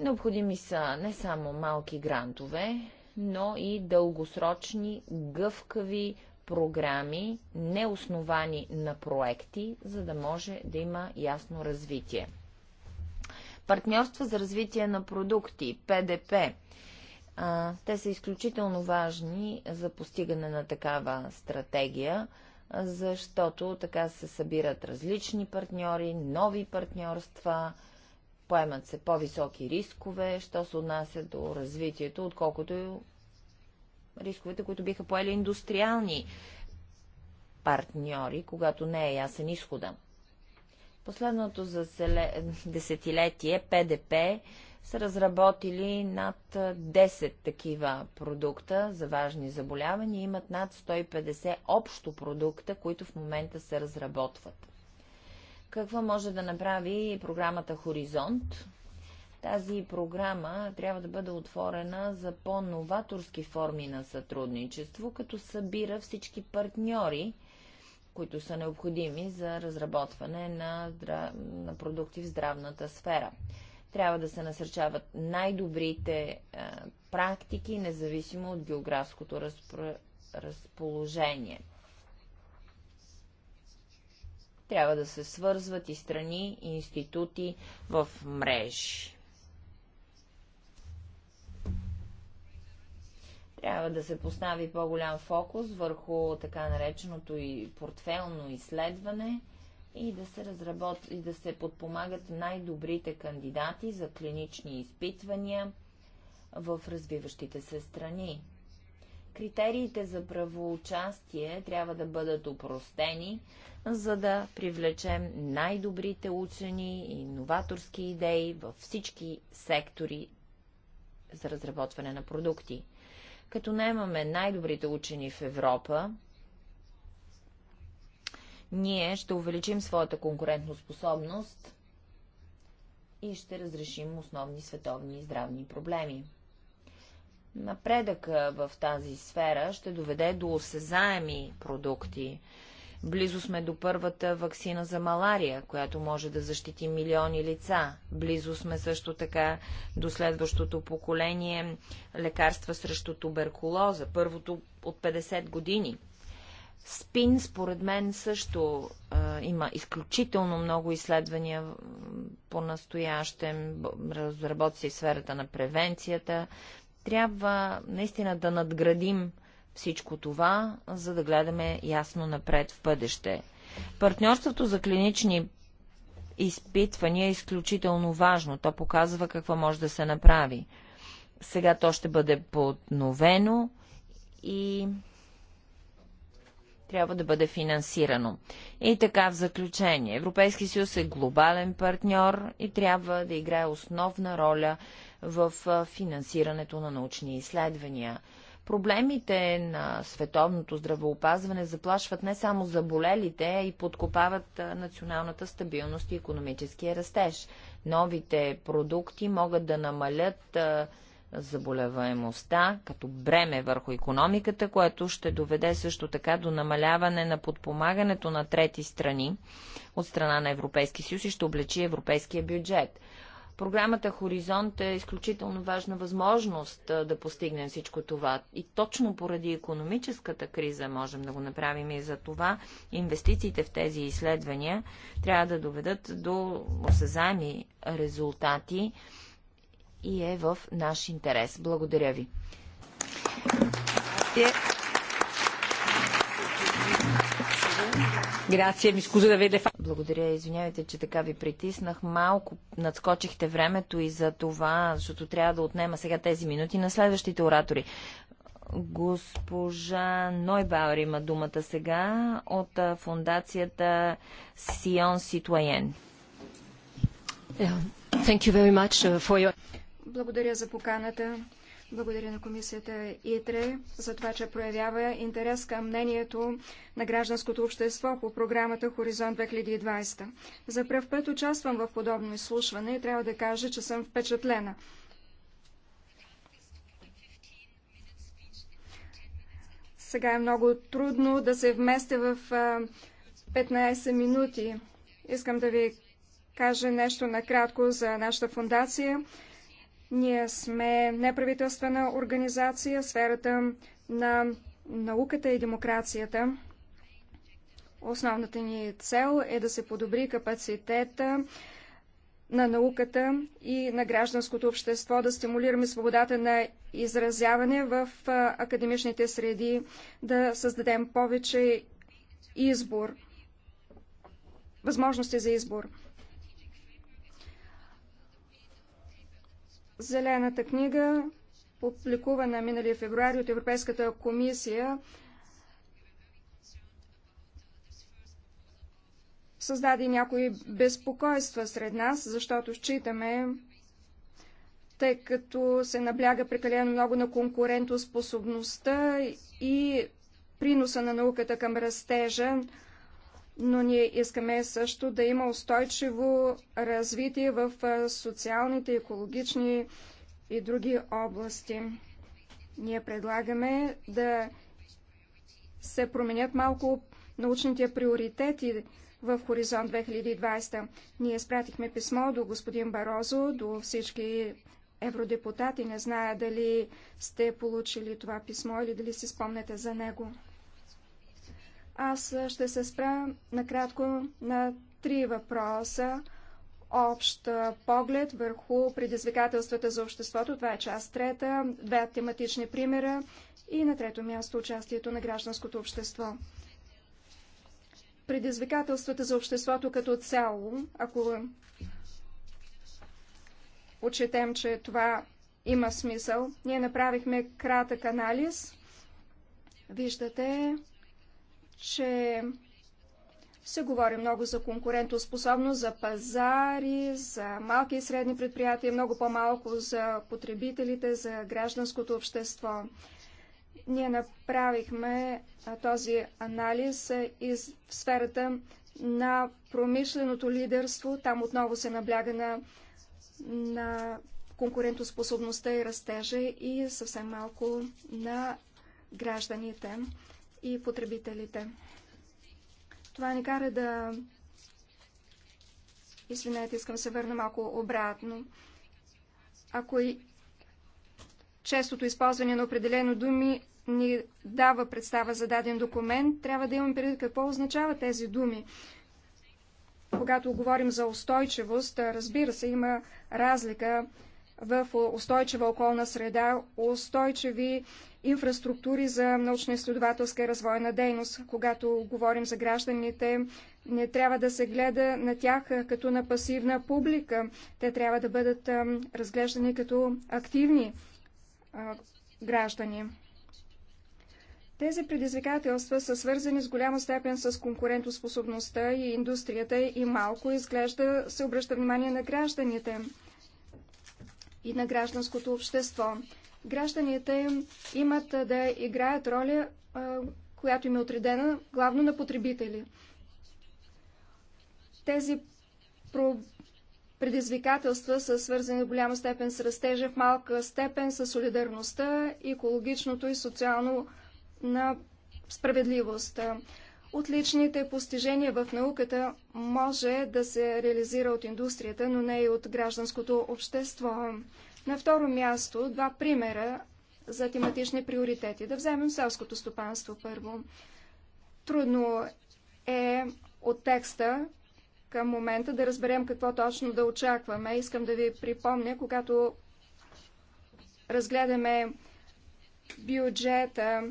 Необходими са не само малки грантове, но и дългосрочни, гъвкави програми, неосновани на проекти, за да може да има ясно развитие. Партньорства за развитие на продукти, ПДП. те са изключително важни за постигане на такава стратегия, защото така се събират различни партньори, нови партньорства, поемат се по-високи рискове, що се отнася до развитието, отколкото рисковете, които биха поели индустриални партньори, когато не е ясен изхода. Последното за десетилетие ПДП са разработили над 10 такива продукта за важни заболявания. и Имат над 150 общо продукта, които в момента се разработват. Какво може да направи програмата Хоризонт? Тази програма трябва да бъде отворена за по-новаторски форми на сътрудничество, като събира всички партньори, които са необходими за разработване на, на продукти в здравната сфера. Трябва да се насърчават най-добрите е, практики, независимо от географското разпро... разположение. Трябва да се свързват и страни, и институти в мрежи. трябва да се постави по-голям фокус върху така нареченото и портфелно изследване и да се и да се подпомагат най-добрите кандидати за клинични изпитвания в развиващите се страни. Критериите за правоучастие трябва да бъдат упростени, за да привлечем най-добрите учени и новаторски идеи във всички сектори за разработване на продукти. Като имаме най-добрите учени в Европа, ние ще увеличим своята конкурентоспособност и ще разрешим основни световни и здравни проблеми. Напредъка в тази сфера ще доведе до осезаеми продукти, Близо сме до първата вакцина за малария, която може да защити милиони лица. Близо сме също така до следващото поколение лекарства срещу туберкулоза, първото от 50 години. Спин, според мен, също а, е, има изключително много изследвания по-настоящем, разработци в сферата на превенцията. Трябва наистина да надградим всичко това, за да гледаме ясно напред в бъдеще. Партньорството за клинични изпитвания е изключително важно. То показва какво може да се направи. Сега то ще бъде подновено и трябва да бъде финансирано. И така в заключение. Европейски съюз е глобален партньор и трябва да играе основна роля в финансирането на научни изследвания. Проблемите на световното здравеопазване заплашват не само заболелите и подкопават националната стабилност и економическия растеж. Новите продукти могат да намалят заболеваемостта като бреме върху економиката, което ще доведе също така до намаляване на подпомагането на трети страни от страна на Европейски съюз и ще облечи европейския бюджет. Програмата Хоризонт е изключително важна възможност да постигнем всичко това. И точно поради економическата криза можем да го направим и за това инвестициите в тези изследвания трябва да доведат до осезаеми резултати и е в наш интерес. Благодаря ви. Е, благодаря. Извинявайте, че така ви притиснах. Малко надскочихте времето и за това, защото трябва да отнема сега тези минути на следващите оратори. Госпожа Нойбауер има думата сега от фундацията Сион Ситуаен. Uh, Благодаря за поканата. Благодаря на комисията ИТРЕ за това, че проявява интерес към мнението на гражданското общество по програмата Хоризонт 2020. За пръв път участвам в подобно изслушване и трябва да кажа, че съм впечатлена. Сега е много трудно да се вместя в 15 минути. Искам да ви кажа нещо накратко за нашата фундация. Ние сме неправителствена организация в сферата на науката и демокрацията. Основната ни цел е да се подобри капацитета на науката и на гражданското общество, да стимулираме свободата на изразяване в академичните среди, да създадем повече избор, възможности за избор. Зелената книга, публикувана миналия февруари от Европейската комисия, създаде някои безпокойства сред нас, защото считаме, тъй като се набляга прекалено много на конкурентоспособността и приноса на науката към растежа, но ние искаме също да има устойчиво развитие в социалните, екологични и други области. Ние предлагаме да се променят малко научните приоритети в Хоризонт 2020. Ние спратихме писмо до господин Барозо, до всички евродепутати. Не зная дали сте получили това писмо или дали си спомнете за него. Аз ще се спра накратко на три въпроса. Общ поглед върху предизвикателствата за обществото, това е част трета, две тематични примера и на трето място участието на гражданското общество. Предизвикателствата за обществото като цяло, ако отчетем, че това има смисъл, ние направихме кратък анализ. Виждате, че се говори много за конкурентоспособност, за пазари, за малки и средни предприятия, много по-малко за потребителите, за гражданското общество. Ние направихме този анализ и в сферата на промишленото лидерство. Там отново се набляга на, на конкурентоспособността и растежа и съвсем малко на гражданите и потребителите. Това ни кара да... Извинете, искам се върна малко обратно. Ако и честото използване на определено думи ни дава представа за даден документ, трябва да имаме предвид какво означават тези думи. Когато говорим за устойчивост, разбира се, има разлика в устойчива околна среда, устойчиви инфраструктури за научно-изследователска и развойна дейност. Когато говорим за гражданите, не трябва да се гледа на тях като на пасивна публика. Те трябва да бъдат разглеждани като активни граждани. Тези предизвикателства са свързани с голяма степен с конкурентоспособността и индустрията и малко изглежда се обръща внимание на гражданите и на гражданското общество. Гражданите имат да играят роля, която им е отредена главно на потребители. Тези предизвикателства са свързани в голяма степен с растежа, в малка степен с солидарността, екологичното и социално на справедливост. Отличните постижения в науката може да се реализира от индустрията, но не и от гражданското общество. На второ място, два примера за тематични приоритети. Да вземем селското стопанство първо. Трудно е от текста към момента да разберем какво точно да очакваме. Искам да ви припомня, когато разгледаме бюджета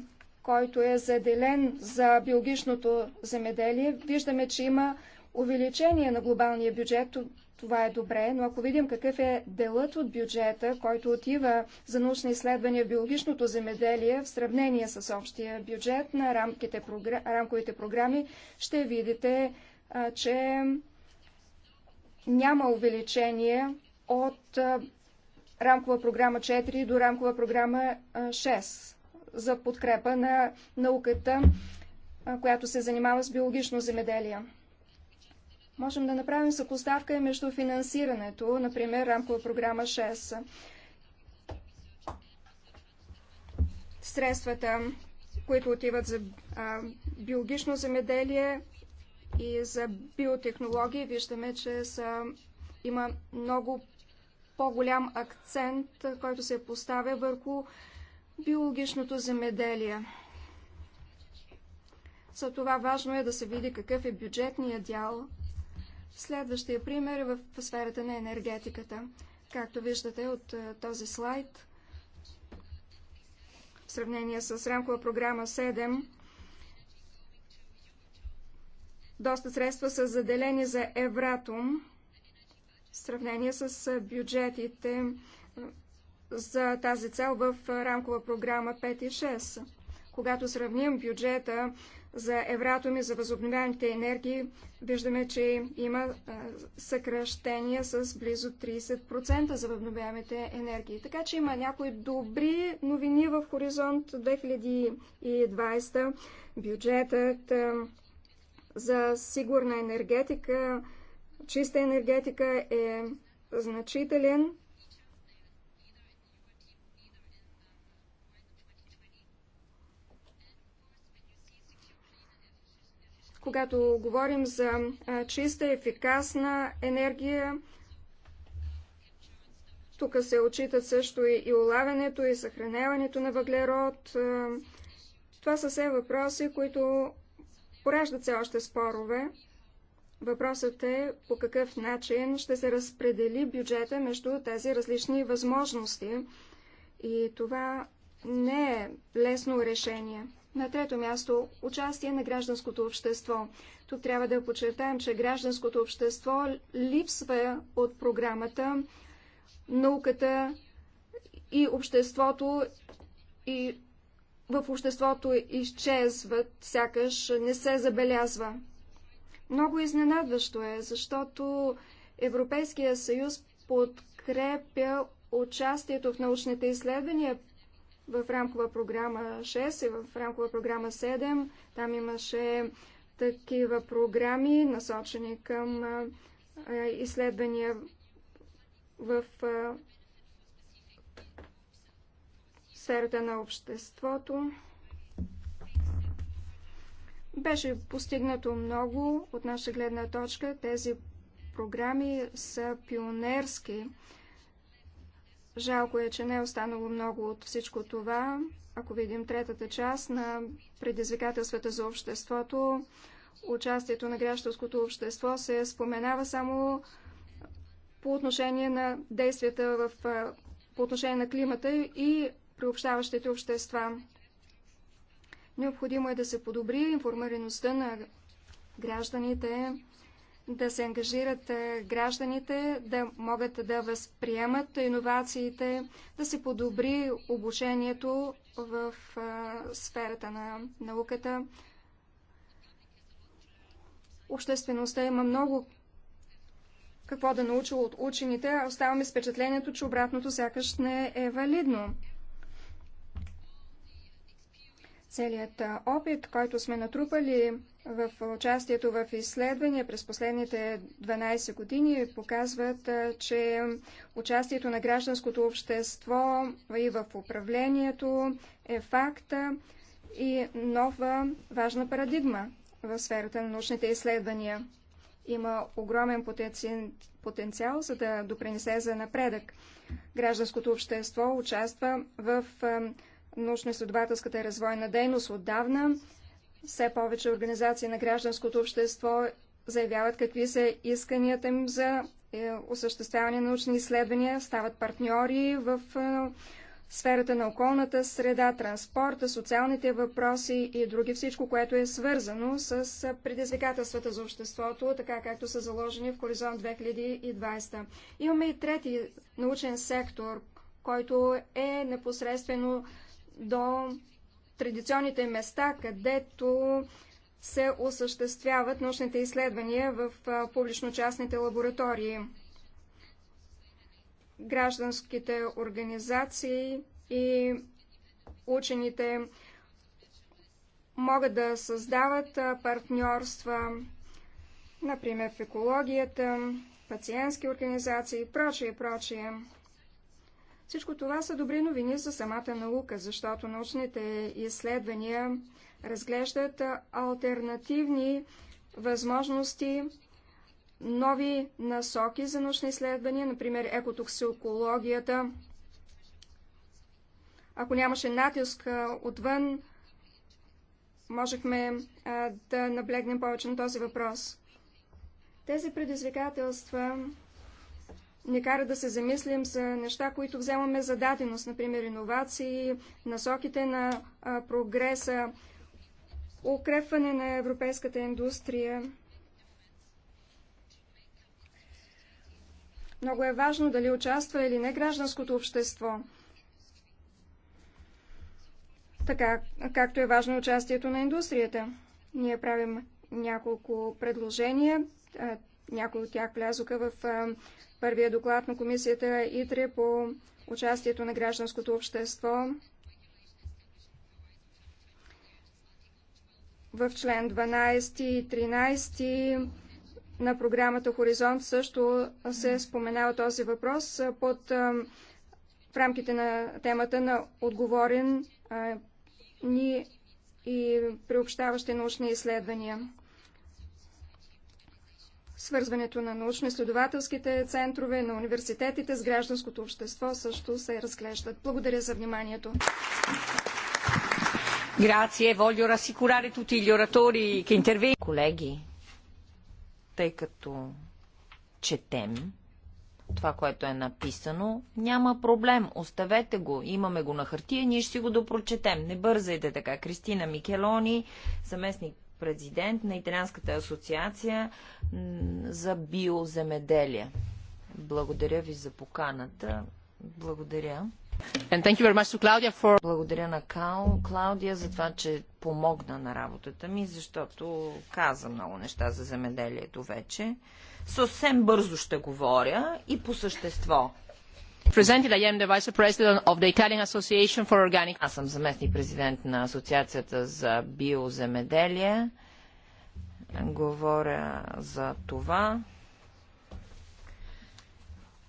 който е заделен за биологичното земеделие, виждаме, че има увеличение на глобалния бюджет. Това е добре, но ако видим какъв е делът от бюджета, който отива за научни изследвания в биологичното земеделие в сравнение с общия бюджет на рамките, рамковите програми, ще видите, че няма увеличение от рамкова програма 4 до рамкова програма 6 за подкрепа на науката, която се занимава с биологично земеделие. Можем да направим съпоставка и между финансирането, например, рамкова програма 6. Средствата, които отиват за биологично земеделие и за биотехнологии, виждаме, че са, има много по-голям акцент, който се поставя върху биологичното земеделие. За това важно е да се види какъв е бюджетният дял. Следващия пример е в сферата на енергетиката. Както виждате от е, този слайд, в сравнение с рамкова програма 7, доста средства са заделени за Евратум, в сравнение с е, бюджетите за тази цел в рамкова програма 5 и 6. Когато сравним бюджета за евратоми за възобновяемите енергии, виждаме, че има съкръщение с близо 30% за възобновяемите енергии. Така че има някои добри новини в хоризонт 2020. Бюджетът за сигурна енергетика, чиста енергетика е значителен когато говорим за чиста, ефикасна енергия, тук се отчитат също и улавянето, и съхраняването на въглерод. Това са все въпроси, които пораждат се още спорове. Въпросът е по какъв начин ще се разпредели бюджета между тези различни възможности. И това не е лесно решение. На трето място – участие на гражданското общество. Тук трябва да подчертаем, че гражданското общество липсва от програмата, науката и обществото и в обществото изчезват, сякаш не се забелязва. Много изненадващо е, защото Европейския съюз подкрепя участието в научните изследвания в рамкова програма 6 и в рамкова програма 7. Там имаше такива програми, насочени към изследвания в сферата на обществото. Беше постигнато много от наша гледна точка. Тези програми са пионерски. Жалко е, че не е останало много от всичко това. Ако видим третата част на предизвикателствата за обществото, участието на гражданското общество се споменава само по отношение на действията в, по отношение на климата и приобщаващите общества. Необходимо е да се подобри информираността на гражданите да се ангажират е, гражданите, да могат да възприемат иновациите, да се подобри обучението в е, сферата на науката. Обществеността има много какво да научи от учените, а оставаме с впечатлението, че обратното сякаш не е валидно. Целият опит, който сме натрупали в участието в изследвания през последните 12 години, показват, че участието на гражданското общество и в управлението е факта и нова важна парадигма в сферата на научните изследвания. Има огромен потенциал, за да допринесе за напредък. Гражданското общество участва в научно-изследователската и развойна дейност отдавна. Все повече организации на гражданското общество заявяват какви са исканията им за е, осъществяване на научни изследвания, стават партньори в е, сферата на околната среда, транспорта, социалните въпроси и други, всичко, което е свързано с е, предизвикателствата за обществото, така както са заложени в Хоризонт 2020. Имаме и трети научен сектор, който е непосредствено до традиционните места, където се осъществяват научните изследвания в публично-частните лаборатории. Гражданските организации и учените могат да създават партньорства, например в екологията, пациентски организации и прочие, прочие. Всичко това са добри новини за самата наука, защото научните изследвания разглеждат альтернативни възможности, нови насоки за научни изследвания, например екотоксикологията. Ако нямаше натиск отвън, можехме да наблегнем повече на този въпрос. Тези предизвикателства ни кара да се замислим за неща, които вземаме за даденост, например иновации, насоките на а, прогреса, укрепване на европейската индустрия. Много е важно дали участва или не гражданското общество. Така, както е важно участието на индустрията. Ние правим няколко предложения. Някои от тях влязоха в първия доклад на комисията ИТРЕ по участието на гражданското общество. В член 12 и 13 на програмата Хоризонт също се споменава този въпрос под в рамките на темата на отговорен ни и приобщаващи научни изследвания. Свързването на научно-изследователските центрове на университетите с гражданското общество също се разглеждат. Благодаря за вниманието. оратори Колеги, тъй като четем това, което е написано, няма проблем. Оставете го. Имаме го на хартия, ние ще си го допрочетем. Не бързайте така. Кристина Микелони, заместник президент на Италианската асоциация за биоземеделие. Благодаря ви за поканата. Благодаря. And thank you very much to Claudia for... Благодаря на Као, Клаудия за това, че помогна на работата ми, защото каза много неща за земеделието вече. Съвсем бързо ще говоря и по същество presented. I am the vice president of the Italian Association for Organic. Аз съм заместник президент на Асоциацията за биоземеделие. Говоря за това.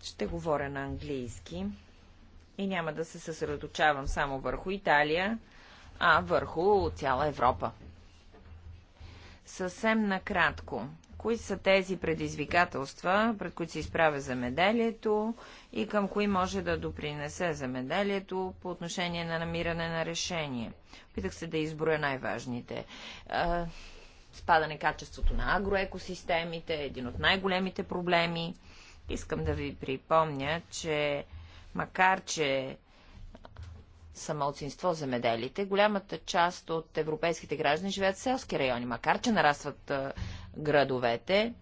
Ще говоря на английски и няма да се съсредоточавам само върху Италия, а върху цяла Европа. Съвсем накратко Кои са тези предизвикателства, пред които се изправя замеделието и към кои може да допринесе замеделието по отношение на намиране на решение? Питах се да изброя най-важните. Спадане качеството на агроекосистемите е един от най-големите проблеми. Искам да ви припомня, че макар, че са малцинство земеделите, голямата част от европейските граждани живеят в селски райони, макар че нарастват градовете,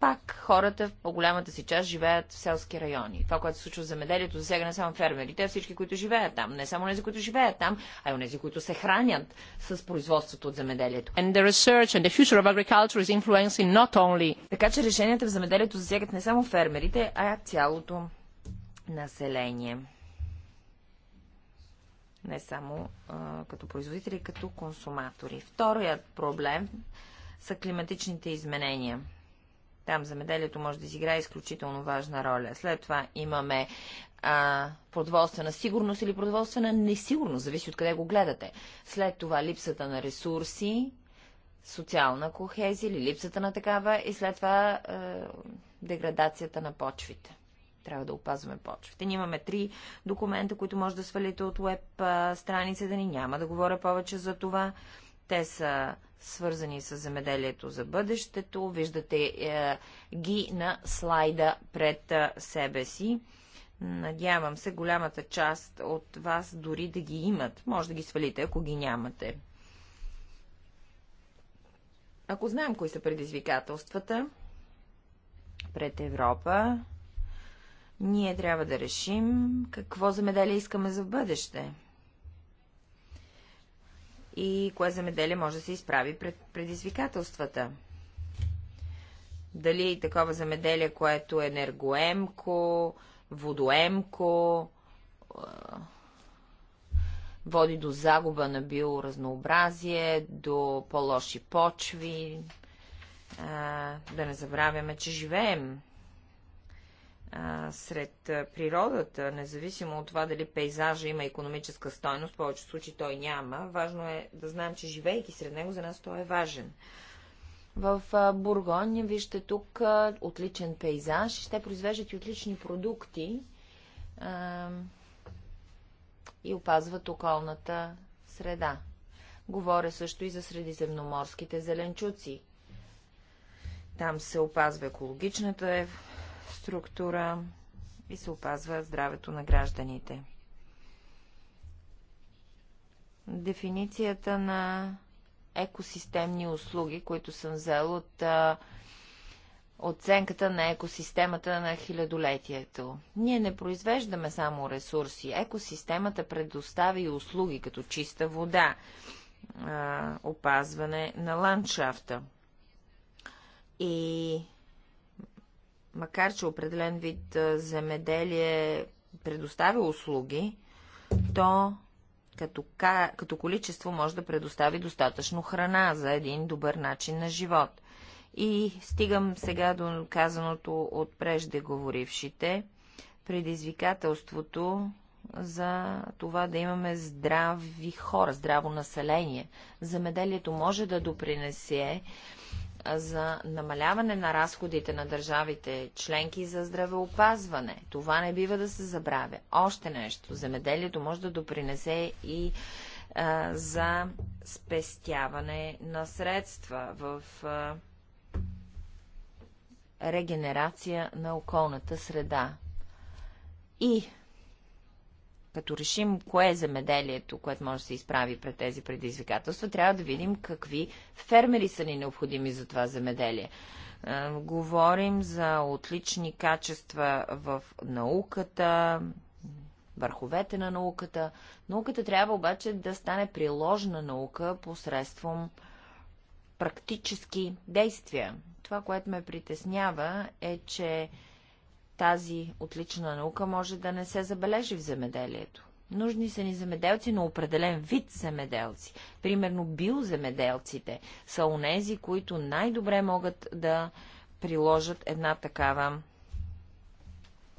пак хората в по-голямата си част живеят в селски райони. Това, което се случва в земеделието, засяга не само фермерите, а всички, които живеят там. Не само тези, които живеят там, а и тези, които се хранят с производството от земеделието. And the research and the future of agriculture is influencing not only... Така че решенията в земеделието засягат не само фермерите, а и цялото население. Не само а, като производители, като консуматори. Вторият проблем са климатичните изменения. Там замеделието може да изиграе изключително важна роля. След това имаме а, продоволствена сигурност или продоволствена несигурност, зависи от къде го гледате. След това липсата на ресурси, социална кохезия или липсата на такава и след това а, деградацията на почвите. Трябва да опазваме почвите. Ние имаме три документа, които може да свалите от веб страница да ни няма да говоря повече за това. Те са свързани с земеделието за бъдещето. Виждате е, ги на слайда пред е, себе си. Надявам се, голямата част от вас дори да ги имат. Може да ги свалите, ако ги нямате. Ако знаем кои са предизвикателствата пред Европа, ние трябва да решим какво замеделие искаме за бъдеще и кое земеделие може да се изправи пред предизвикателствата. Дали такова земеделие, което е енергоемко, водоемко, е, води до загуба на биоразнообразие, до по-лоши почви. Е, да не забравяме, че живеем а, сред природата, независимо от това дали пейзажа има економическа стойност, в повечето случаи той няма, важно е да знаем, че живейки сред него, за нас той е важен. В Бургония, вижте тук отличен пейзаж, ще произвеждат и отлични продукти а, и опазват околната среда. Говоря също и за средиземноморските зеленчуци. Там се опазва екологичната структура и се опазва здравето на гражданите. Дефиницията на екосистемни услуги, които съм взел от а, оценката на екосистемата на хилядолетието. Ние не произвеждаме само ресурси. Екосистемата предоставя и услуги, като чиста вода, а, опазване на ландшафта. И макар че определен вид земеделие предоставя услуги, то като, като количество може да предостави достатъчно храна за един добър начин на живот. И стигам сега до казаното от преждеговорившите, предизвикателството за това да имаме здрави хора, здраво население. Замеделието може да допринесе за намаляване на разходите на държавите членки за здравеопазване. Това не бива да се забравя. Още нещо. Земеделието може да допринесе и а, за спестяване на средства в а, регенерация на околната среда. И като решим кое е земеделието, което може да се изправи пред тези предизвикателства, трябва да видим какви фермери са ни необходими за това земеделие. Говорим за отлични качества в науката, върховете на науката. Науката трябва обаче да стане приложна наука посредством практически действия. Това, което ме притеснява е, че тази отлична наука може да не се забележи в земеделието. Нужни са ни земеделци, но определен вид земеделци. Примерно биоземеделците са онези, които най-добре могат да приложат една такава,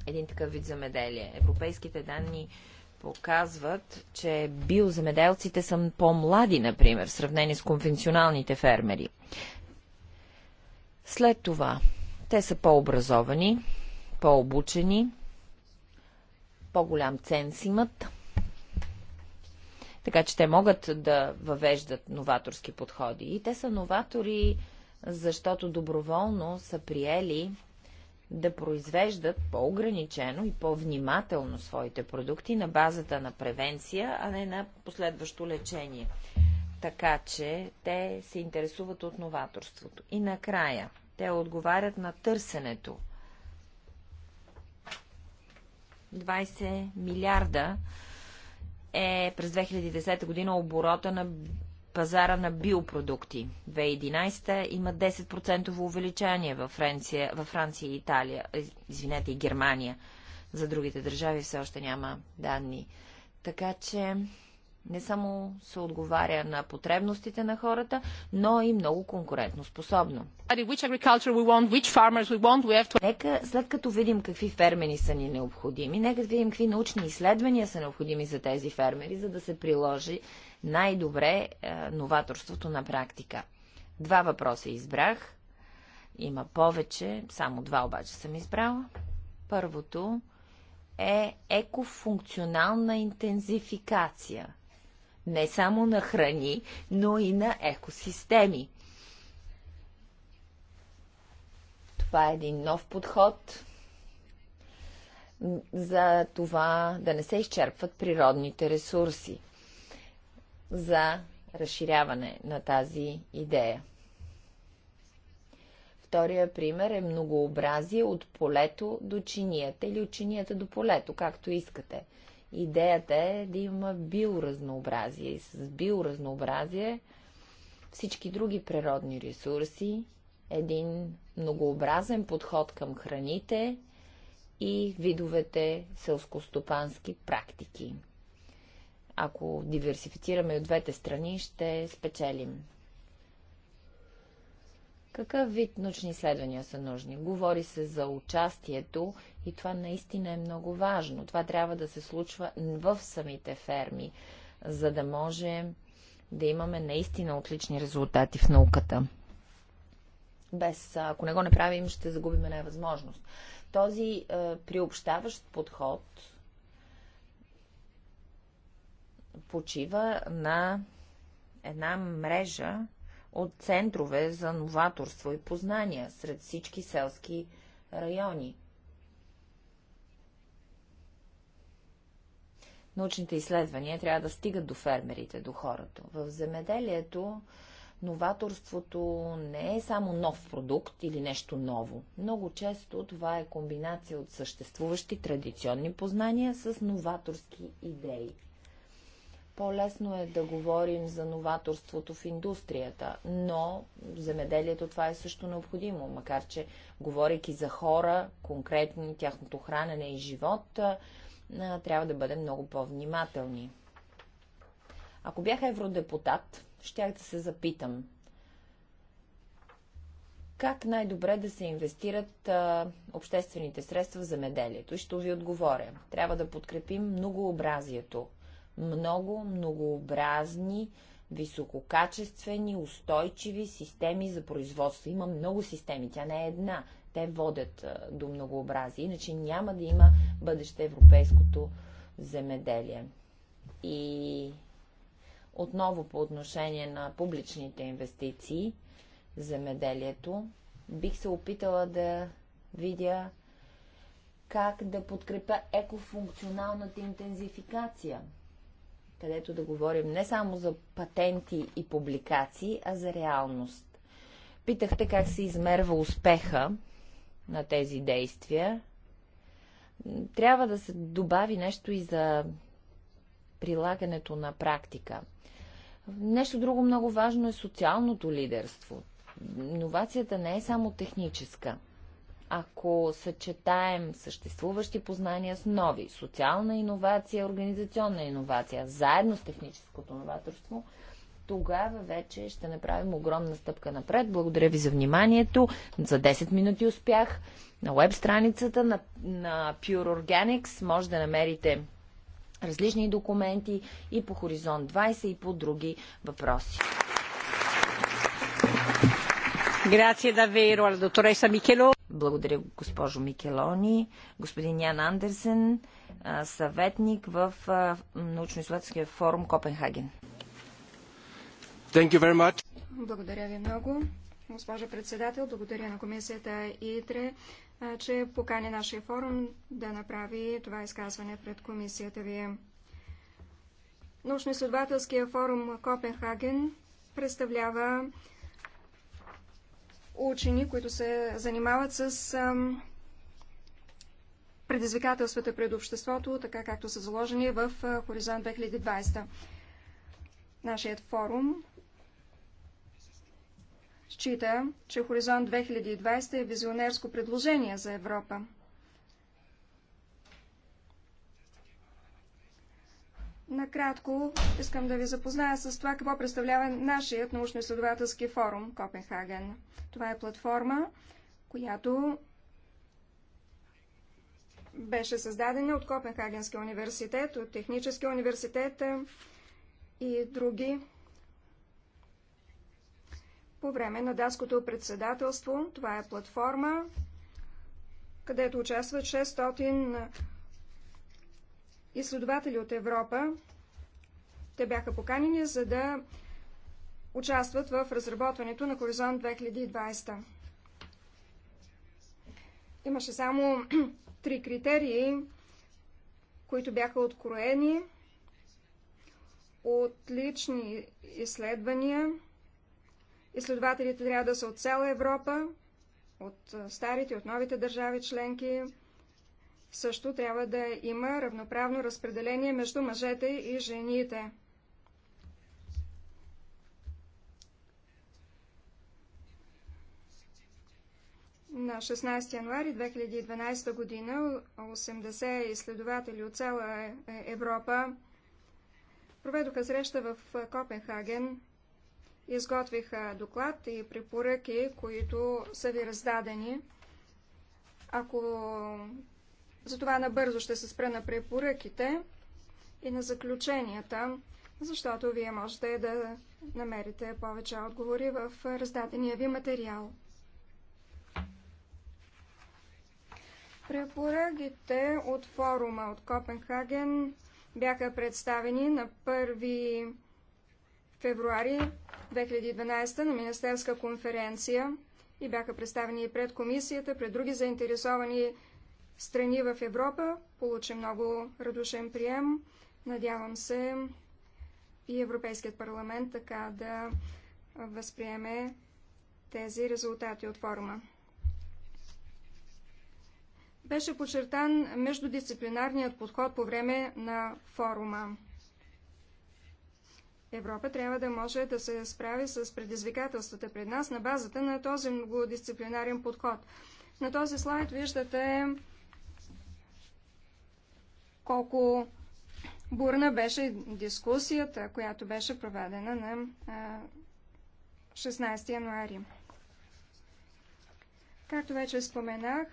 един такъв вид земеделие. Европейските данни показват, че биоземеделците са по-млади, например, в сравнение с конвенционалните фермери. След това те са по-образовани, по-обучени, по-голям ценз имат, така че те могат да въвеждат новаторски подходи. И те са новатори, защото доброволно са приели да произвеждат по-ограничено и по-внимателно своите продукти на базата на превенция, а не на последващо лечение. Така че те се интересуват от новаторството. И накрая, те отговарят на търсенето. 20 милиарда е през 2010 година оборота на пазара на биопродукти. 2011 има 10% увеличение във Франция, във Франция и Италия, извинете, и Германия. За другите държави все още няма данни. Така че не само се отговаря на потребностите на хората, но и много конкурентно способно. Нека след като видим какви фермери са ни необходими, нека видим какви научни изследвания са необходими за тези фермери, за да се приложи най-добре е, новаторството на практика. Два въпроса избрах. Има повече, само два обаче съм избрала. Първото е екофункционална интензификация не само на храни, но и на екосистеми. Това е един нов подход за това да не се изчерпват природните ресурси за разширяване на тази идея. Втория пример е многообразие от полето до чинията или от чинията до полето, както искате. Идеята е да има биоразнообразие и с биоразнообразие всички други природни ресурси, един многообразен подход към храните и видовете селскостопански практики. Ако диверсифицираме от двете страни, ще спечелим. Какъв вид научни изследвания са нужни? Говори се за участието и това наистина е много важно. Това трябва да се случва в самите ферми, за да може да имаме наистина отлични резултати в науката. Без, ако не го направим, ще загубим една възможност. Този е, приобщаващ подход почива на една мрежа от центрове за новаторство и познания сред всички селски райони. научните изследвания трябва да стигат до фермерите, до хората. В земеделието новаторството не е само нов продукт или нещо ново. Много често това е комбинация от съществуващи традиционни познания с новаторски идеи. По-лесно е да говорим за новаторството в индустрията, но в земеделието това е също необходимо, макар че, говорейки за хора, конкретни, тяхното хранене и живот, трябва да бъдем много по-внимателни. Ако бях евродепутат, щях да се запитам. Как най-добре да се инвестират а, обществените средства в земеделието? И ще ви отговоря. Трябва да подкрепим многообразието. Много многообразни, висококачествени, устойчиви системи за производство. Има много системи, тя не е една. Те водят до многообразие, иначе няма да има бъдеще европейското земеделие. И отново по отношение на публичните инвестиции, земеделието, бих се опитала да видя как да подкрепя екофункционалната интензификация, където да говорим не само за патенти и публикации, а за реалност. Питахте как се измерва успеха на тези действия. Трябва да се добави нещо и за прилагането на практика. Нещо друго много важно е социалното лидерство. Иновацията не е само техническа. Ако съчетаем съществуващи познания с нови, социална иновация, организационна иновация, заедно с техническото новаторство, тогава вече ще направим огромна стъпка напред. Благодаря ви за вниманието. За 10 минути успях. На веб страницата на, на Pure Organics може да намерите различни документи и по Хоризонт 20 и по други въпроси. Благодаря, госпожо Микелони. Господин Ян Андерсен, съветник в научно-изследователския форум Копенхаген. Thank you very much. Благодаря ви много, госпожа председател. Благодаря на комисията ИТРЕ, че покани нашия форум да направи това изказване пред комисията ви. Научно-изследователския форум Копенхаген представлява учени, които се занимават с предизвикателствата пред обществото, така както са заложени в Хоризонт 2020. Нашият форум счита, че Хоризонт 2020 е визионерско предложение за Европа. Накратко искам да ви запозная с това, какво представлява нашият научно-изследователски форум Копенхаген. Това е платформа, която беше създадена от Копенхагенския университет, от Техническия университет и други по време на датското председателство. Това е платформа, където участват 600 изследователи от Европа. Те бяха поканени, за да участват в разработването на Хоризонт 2020. Имаше само три критерии, които бяха откроени от лични изследвания – Изследователите трябва да са от цяла Европа, от старите, от новите държави членки. Също трябва да има равноправно разпределение между мъжете и жените. На 16 януари 2012 година 80 изследователи от цяла е, Европа проведоха среща в Копенхаген Изготвиха доклад и препоръки, които са ви раздадени. Ако за това набързо ще се спра на препоръките и на заключенията, защото вие можете да намерите повече отговори в раздадения ви материал. Препоръките от форума от Копенхаген бяха представени на 1 февруари 2012 на Министерска конференция и бяха представени и пред комисията, пред други заинтересовани страни в Европа. Получи много радушен прием. Надявам се и Европейският парламент така да възприеме тези резултати от форума. Беше подчертан междудисциплинарният подход по време на форума. Европа трябва да може да се справи с предизвикателствата пред нас на базата на този многодисциплинарен подход. На този слайд виждате колко бурна беше дискусията, която беше проведена на 16 януари. Както вече споменах,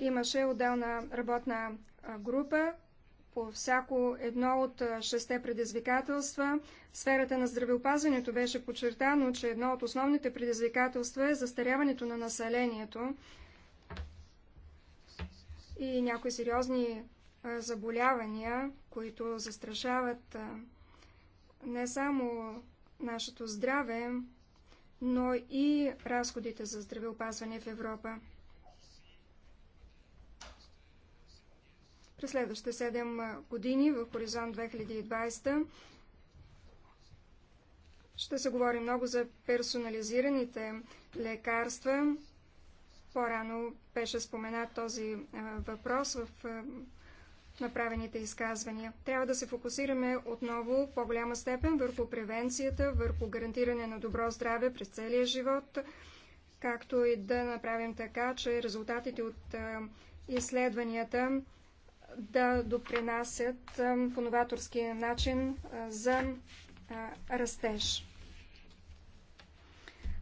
имаше отделна работна група, по всяко едно от шесте предизвикателства. В сферата на здравеопазването беше подчертано, че едно от основните предизвикателства е застаряването на населението и някои сериозни заболявания, които застрашават не само нашето здраве, но и разходите за здравеопазване в Европа. през следващите 7 години в Хоризонт 2020. Ще се говори много за персонализираните лекарства. По-рано беше споменат този въпрос в направените изказвания. Трябва да се фокусираме отново в по-голяма степен върху превенцията, върху гарантиране на добро здраве през целия живот, както и да направим така, че резултатите от изследванията да допринасят по новаторския начин за растеж.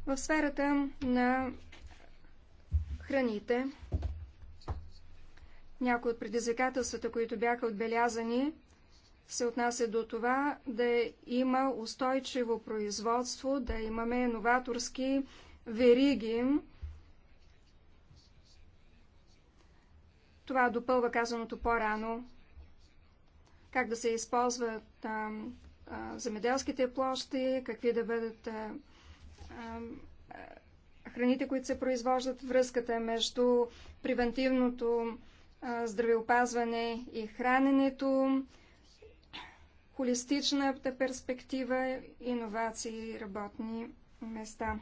В сферата на храните, някои от предизвикателствата, които бяха отбелязани, се отнася до това да има устойчиво производство, да имаме новаторски вериги, Това допълва казаното по-рано. Как да се използват а, а, земеделските площи, какви да бъдат а, а, храните, които се произвождат, връзката между превентивното а, здравеопазване и храненето, холистичната перспектива, иновации работни места.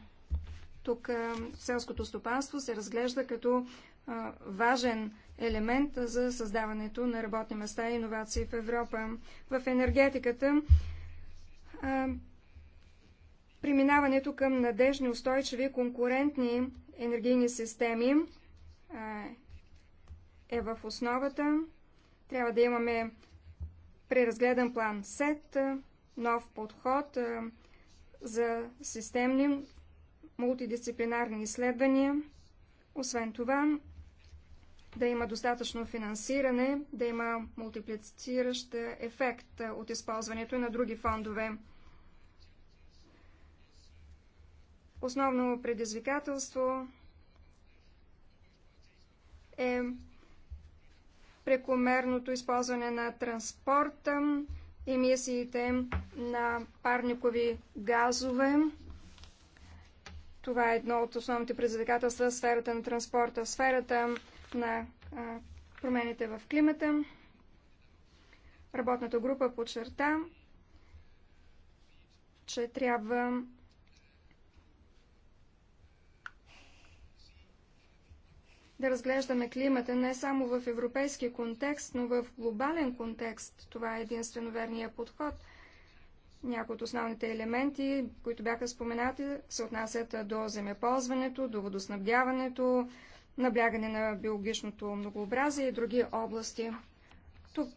Тук а, селското стопанство се разглежда като а, важен елемент за създаването на работни места и иновации в Европа. В енергетиката а, преминаването към надежни, устойчиви, конкурентни енергийни системи а, е в основата. Трябва да имаме преразгледан план СЕТ, нов подход а, за системни мултидисциплинарни изследвания. Освен това, да има достатъчно финансиране, да има мултиплициращ ефект от използването на други фондове. Основно предизвикателство е прекомерното използване на транспорта, емисиите на парникови газове. Това е едно от основните предизвикателства в сферата на транспорта. В сферата на промените в климата. Работната група подчерта, че трябва да разглеждаме климата не само в европейски контекст, но в глобален контекст. Това е единствено верният подход. Някои от основните елементи, които бяха споменати, се отнасят до земеползването, до водоснабдяването, наблягане на биологичното многообразие и други области. Тук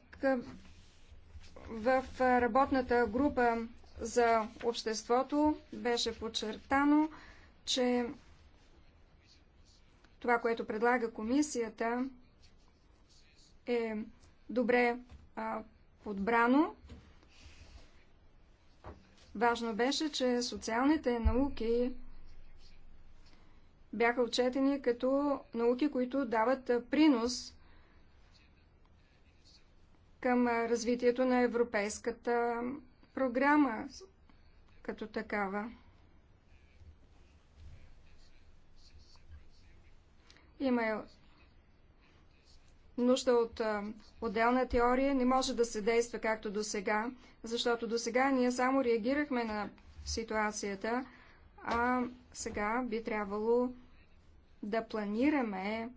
в работната група за обществото беше подчертано, че това, което предлага комисията, е добре а, подбрано. Важно беше, че социалните науки бяха отчетени като науки, които дават принос към развитието на европейската програма като такава. Има е нужда от отделна теория, не може да се действа както до сега, защото до сега ние само реагирахме на ситуацията, а сега би трябвало да планираме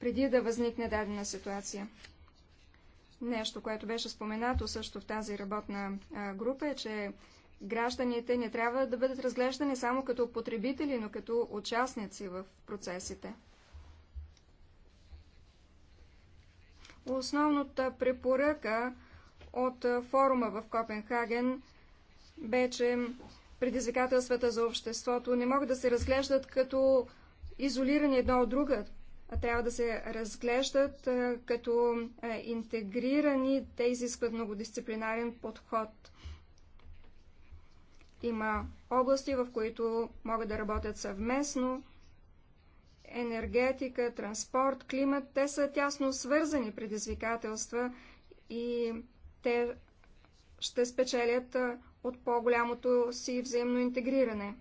преди да възникне дадена ситуация. Нещо, което беше споменато също в тази работна група е, че гражданите не трябва да бъдат разглеждани само като потребители, но като участници в процесите. Основната препоръка от форума в Копенхаген бе, че предизвикателствата за обществото не могат да се разглеждат като изолирани едно от друга, а трябва да се разглеждат като интегрирани. Те изискват многодисциплинарен подход. Има области, в които могат да работят съвместно. Енергетика, транспорт, климат, те са тясно свързани предизвикателства и те ще спечелят от по-голямото си взаимно интегриране.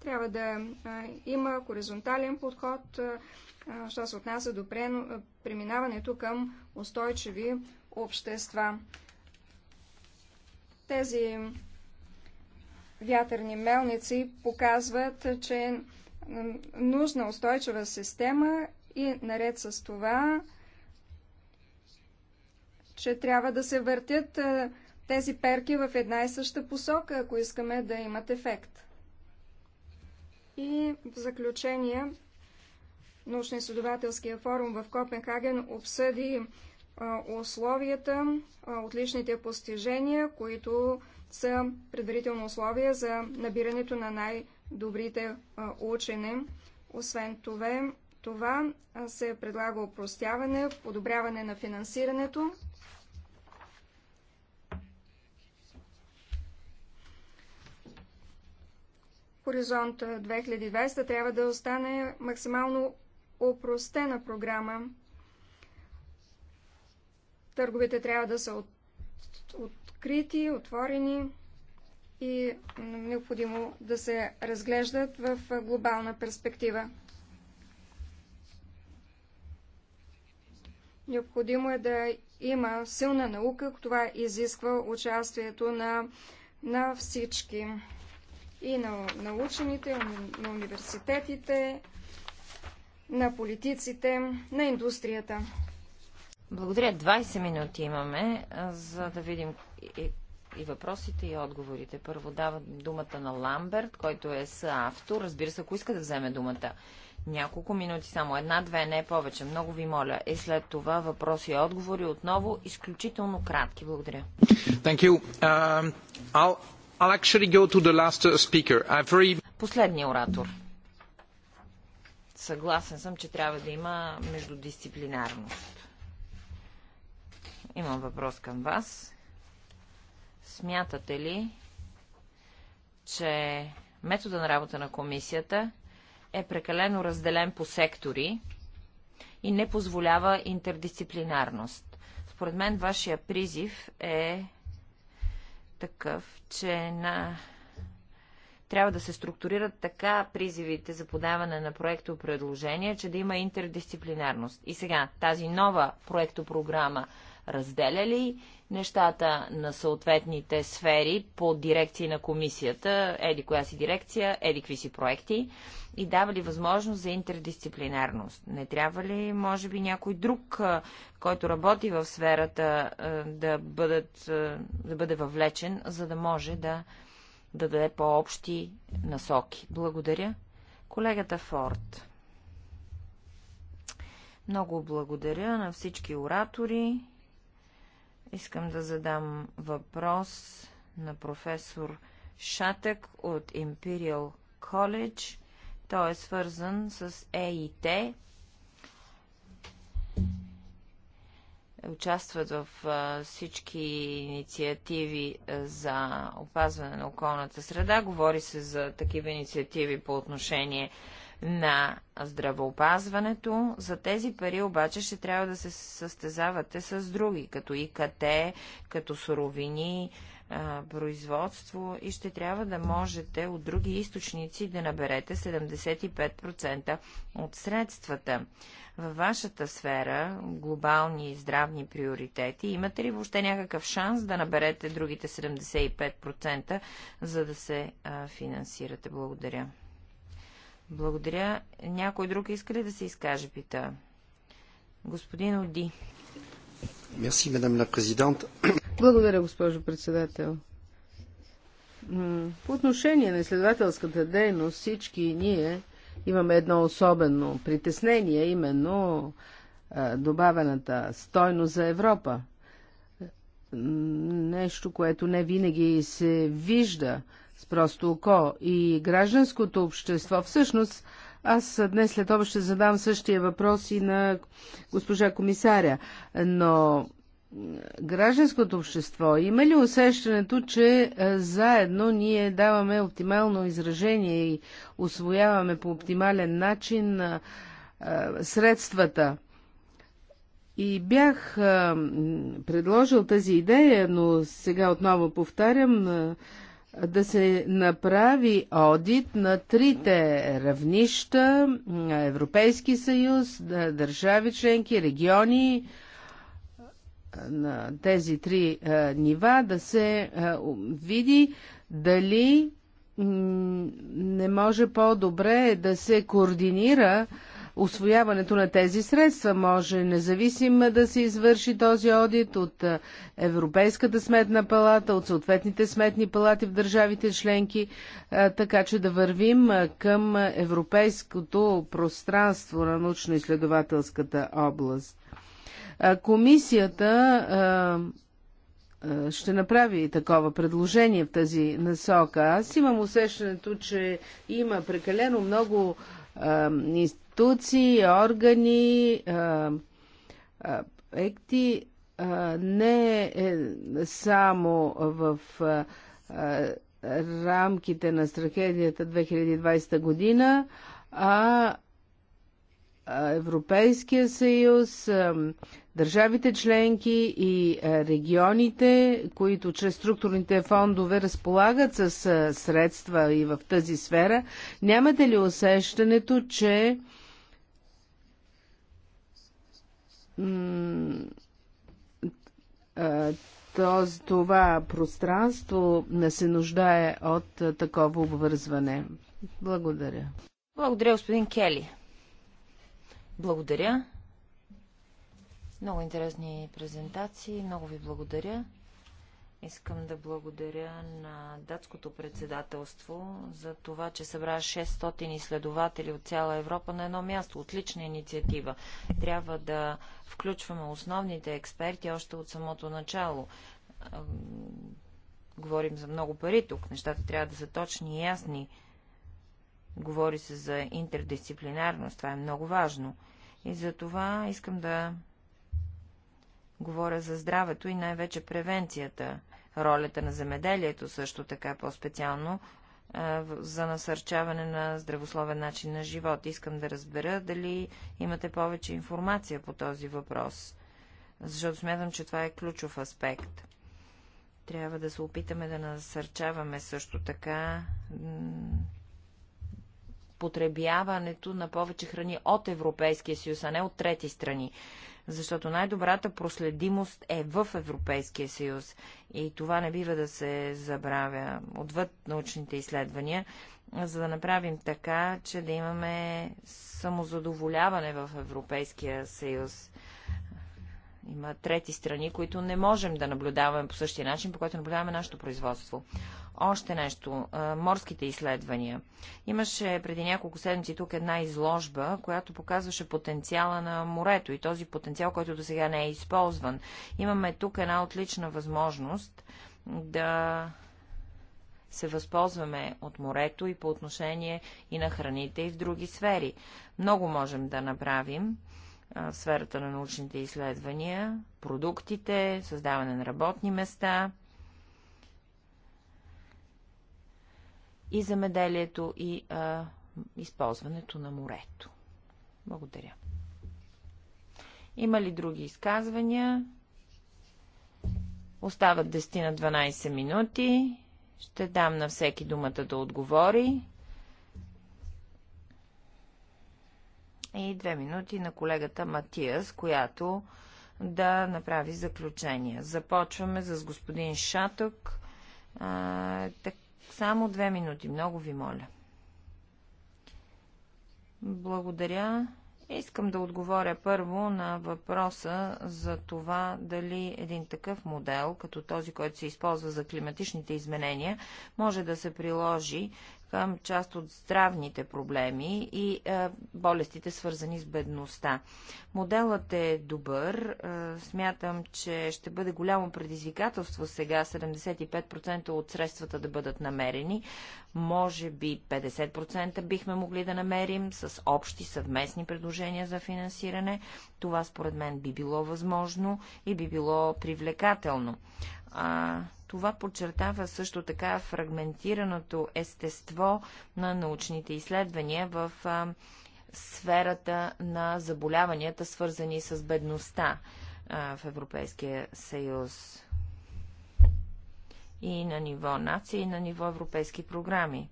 Трябва да има хоризонтален подход, що се отнася до преминаването към устойчиви общества. Тези вятърни мелници показват, че е нужна устойчива система и наред с това че трябва да се въртят тези перки в една и съща посока, ако искаме да имат ефект. И в заключение, научно-изследователския форум в Копенхаген обсъди условията, отличните постижения, които са предварително условия за набирането на най-добрите учени. Освен това, това се предлага упростяване, подобряване на финансирането. Хоризонт 2020 трябва да остане максимално опростена програма. Търговете трябва да са от, открити, отворени и необходимо да се разглеждат в глобална перспектива. Необходимо е да има силна наука, това изисква участието на, на всички и на, на учените, на университетите, на политиците, на индустрията. Благодаря. 20 минути имаме, за да видим и, и въпросите, и отговорите. Първо дава думата на Ламберт, който е съавтор. Разбира се, ако иска да вземе думата няколко минути, само една-две, не повече. Много ви моля. И след това въпроси и отговори отново изключително кратки. Благодаря. Thank you. Uh, I'll I'll actually go to the last uh, speaker. very... Последния оратор. Съгласен съм, че трябва да има междудисциплинарност. Имам въпрос към вас. Смятате ли, че метода на работа на комисията е прекалено разделен по сектори и не позволява интердисциплинарност? Според мен вашия призив е такъв, че на... трябва да се структурират така призивите за подаване на проекто предложения, че да има интердисциплинарност. И сега тази нова проектопрограма разделя ли нещата на съответните сфери по дирекции на комисията, еди коя си дирекция, еди какви си проекти, и дава ли възможност за интердисциплинарност? Не трябва ли, може би, някой друг, който работи в сферата, да, бъдат, да бъде въвлечен, за да може да, да даде по-общи насоки? Благодаря. Колегата Форд. Много благодаря на всички оратори. Искам да задам въпрос на професор Шатък от Imperial College той е свързан с ЕИТ. Участват в всички инициативи за опазване на околната среда. Говори се за такива инициативи по отношение на здравеопазването. За тези пари обаче ще трябва да се състезавате с други, като ИКТ, като суровини, а, производство и ще трябва да можете от други източници да наберете 75% от средствата. Във вашата сфера, глобални и здравни приоритети, имате ли въобще някакъв шанс да наберете другите 75%, за да се а, финансирате? Благодаря. Благодаря. Някой друг иска ли да се изкаже, пита? Господин Оди. Мерси, мадам ла президент. Благодаря, госпожо председател. По отношение на изследователската дейност всички ние имаме едно особено притеснение, именно добавената стойност за Европа. Нещо, което не винаги се вижда с просто око. И гражданското общество, всъщност, аз днес след това ще задам същия въпрос и на госпожа комисаря, но гражданското общество има ли усещането, че е, заедно ние даваме оптимално изражение и освояваме по оптимален начин е, е, средствата? И бях предложил тази идея, но сега отново повтарям, да се направи одит на трите равнища Европейски съюз, държави членки, региони, на тези три е, нива да се е, види дали не може по-добре да се координира освояването на тези средства. Може независимо да се извърши този одит от е, Европейската сметна палата, от съответните сметни палати в държавите членки, така че да вървим към европейското пространство на научно-изследователската област. Комисията ще направи такова предложение в тази насока. Аз имам усещането, че има прекалено много институции, органи, екти, не е само в рамките на стратегията 2020 година, а Европейския съюз, държавите членки и е, регионите, които чрез структурните фондове разполагат с е, средства и в тази сфера, нямате ли усещането, че е, това пространство не се нуждае от такова обвързване. Благодаря. Благодаря, господин Кели. Благодаря. Много интересни презентации. Много ви благодаря. Искам да благодаря на датското председателство за това, че събра 600 изследователи от цяла Европа на едно място. Отлична инициатива. Трябва да включваме основните експерти още от самото начало. Говорим за много пари тук. Нещата трябва да са точни и ясни. Говори се за интердисциплинарност. Това е много важно. И за това искам да Говоря за здравето и най-вече превенцията, ролята на земеделието също така по-специално за насърчаване на здравословен начин на живот. Искам да разбера дали имате повече информация по този въпрос, защото смятам, че това е ключов аспект. Трябва да се опитаме да насърчаваме също така потребяването на повече храни от Европейския съюз, а не от трети страни. Защото най-добрата проследимост е в Европейския съюз. И това не бива да се забравя отвъд научните изследвания, за да направим така, че да имаме самозадоволяване в Европейския съюз има трети страни, които не можем да наблюдаваме по същия начин, по който наблюдаваме нашето производство. Още нещо. Морските изследвания. Имаше преди няколко седмици тук една изложба, която показваше потенциала на морето и този потенциал, който до сега не е използван. Имаме тук една отлична възможност да се възползваме от морето и по отношение и на храните и в други сфери. Много можем да направим в сферата на научните изследвания, продуктите, създаване на работни места и замеделието и а, използването на морето. Благодаря. Има ли други изказвания? Остават 10 на 12 минути. Ще дам на всеки думата да отговори. и две минути на колегата Матиас, която да направи заключение. Започваме с господин Шатък. А, так, само две минути, много ви моля. Благодаря. Искам да отговоря първо на въпроса за това дали един такъв модел, като този, който се използва за климатичните изменения, може да се приложи към част от здравните проблеми и а, болестите, свързани с бедността. Моделът е добър. А, смятам, че ще бъде голямо предизвикателство сега 75% от средствата да бъдат намерени. Може би 50% бихме могли да намерим с общи съвместни предложения за финансиране. Това според мен би било възможно и би било привлекателно. А, това подчертава също така фрагментираното естество на научните изследвания в а, сферата на заболяванията, свързани с бедността а, в Европейския съюз. И на ниво нации, и на ниво европейски програми.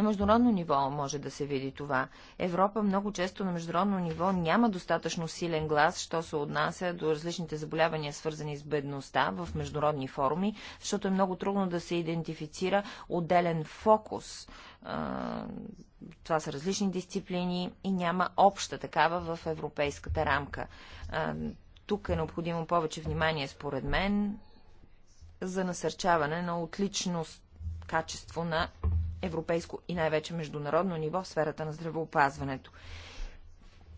На международно ниво може да се види това. Европа много често на международно ниво няма достатъчно силен глас, що се отнася до различните заболявания, свързани с бедността в международни форуми, защото е много трудно да се идентифицира отделен фокус. Това са различни дисциплини и няма обща такава в европейската рамка. Тук е необходимо повече внимание, според мен, за насърчаване на отличност качество на европейско и най-вече международно ниво в сферата на здравеопазването.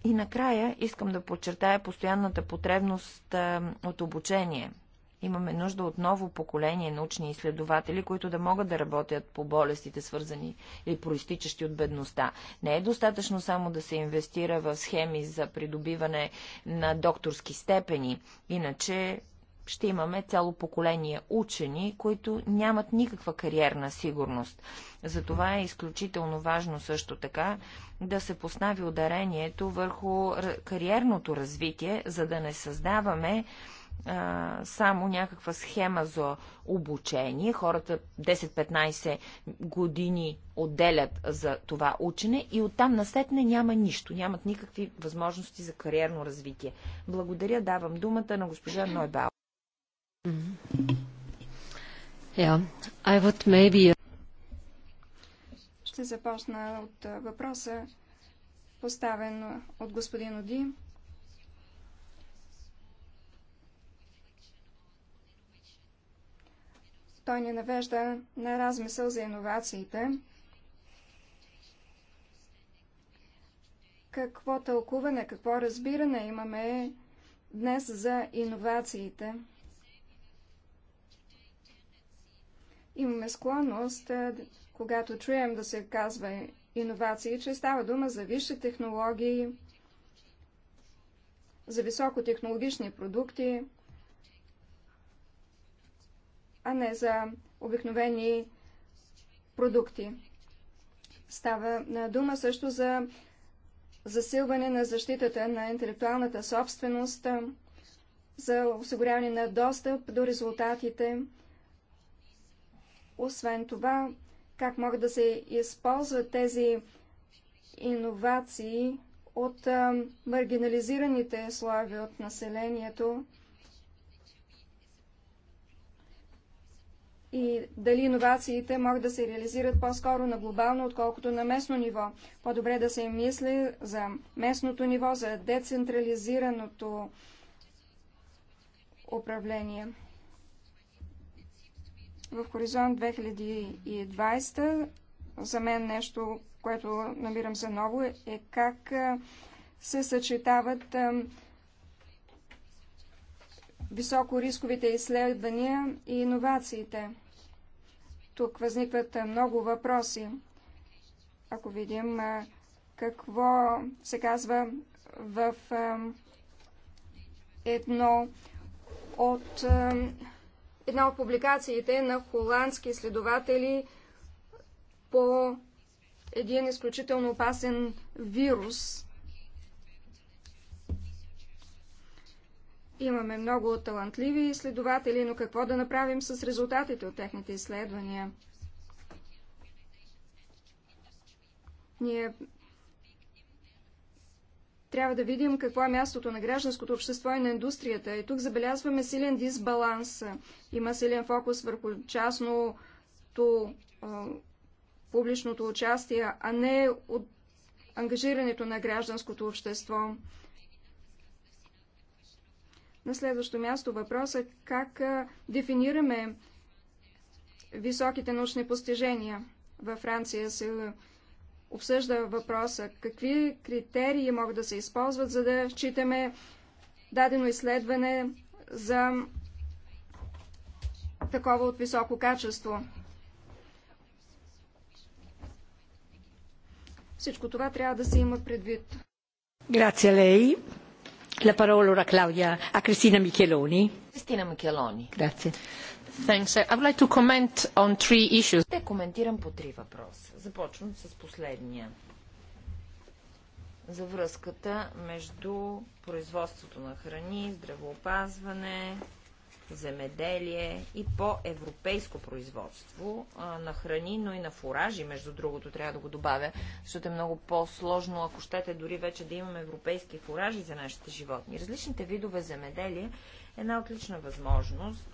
И накрая искам да подчертая постоянната потребност от обучение. Имаме нужда от ново поколение научни изследователи, които да могат да работят по болестите, свързани или проистичащи от бедността. Не е достатъчно само да се инвестира в схеми за придобиване на докторски степени, иначе ще имаме цяло поколение учени, които нямат никаква кариерна сигурност. Затова е изключително важно също така да се постави ударението върху кариерното развитие, за да не създаваме а, само някаква схема за обучение. Хората 10-15 години отделят за това учене и оттам насетне няма нищо, нямат никакви възможности за кариерно развитие. Благодаря, давам думата на госпожа Нойбал. Mm-hmm. Uh, Ще започна от въпроса, поставен от господин Оди. Той ни навежда на размисъл за иновациите. Какво тълкуване, какво разбиране имаме днес за иновациите? Имаме склонност, когато чуем да се казва иновации, че става дума за висши технологии, за високотехнологични продукти, а не за обикновени продукти. Става дума също за засилване на защитата на интелектуалната собственост, за осигуряване на достъп до резултатите, освен това, как могат да се използват тези иновации от а, маргинализираните слави от населението и дали иновациите могат да се реализират по-скоро на глобално, отколкото на местно ниво. По-добре да се мисли за местното ниво, за децентрализираното управление в Хоризонт 2020 за мен нещо, което намирам за ново е как се съчетават високорисковите изследвания и иновациите. Тук възникват много въпроси. Ако видим какво се казва в едно от една от публикациите на холандски изследователи по един изключително опасен вирус. Имаме много талантливи изследователи, но какво да направим с резултатите от техните изследвания? Ние трябва да видим какво е мястото на гражданското общество и на индустрията. И тук забелязваме силен дисбаланс. Има силен фокус върху частното публичното участие, а не от ангажирането на гражданското общество. На следващо място въпрос е как дефинираме високите научни постижения. Във Франция се обсъжда въпроса какви критерии могат да се използват, за да считаме дадено изследване за такова от високо качество. Всичко това трябва да се има предвид. Grazie a lei. La parola ora Claudia a Cristina Micheloni. Cristina Micheloni. Grazie. Thanks. I would like to comment on three issues. Те коментирам по три въпроса. Започвам с последния. За връзката между производството на храни, здравеопазване, земеделие и по-европейско производство а, на храни, но и на фуражи, между другото, трябва да го добавя, защото е много по-сложно, ако щете дори вече да имаме европейски фуражи за нашите животни. Различните видове земеделие е една отлична възможност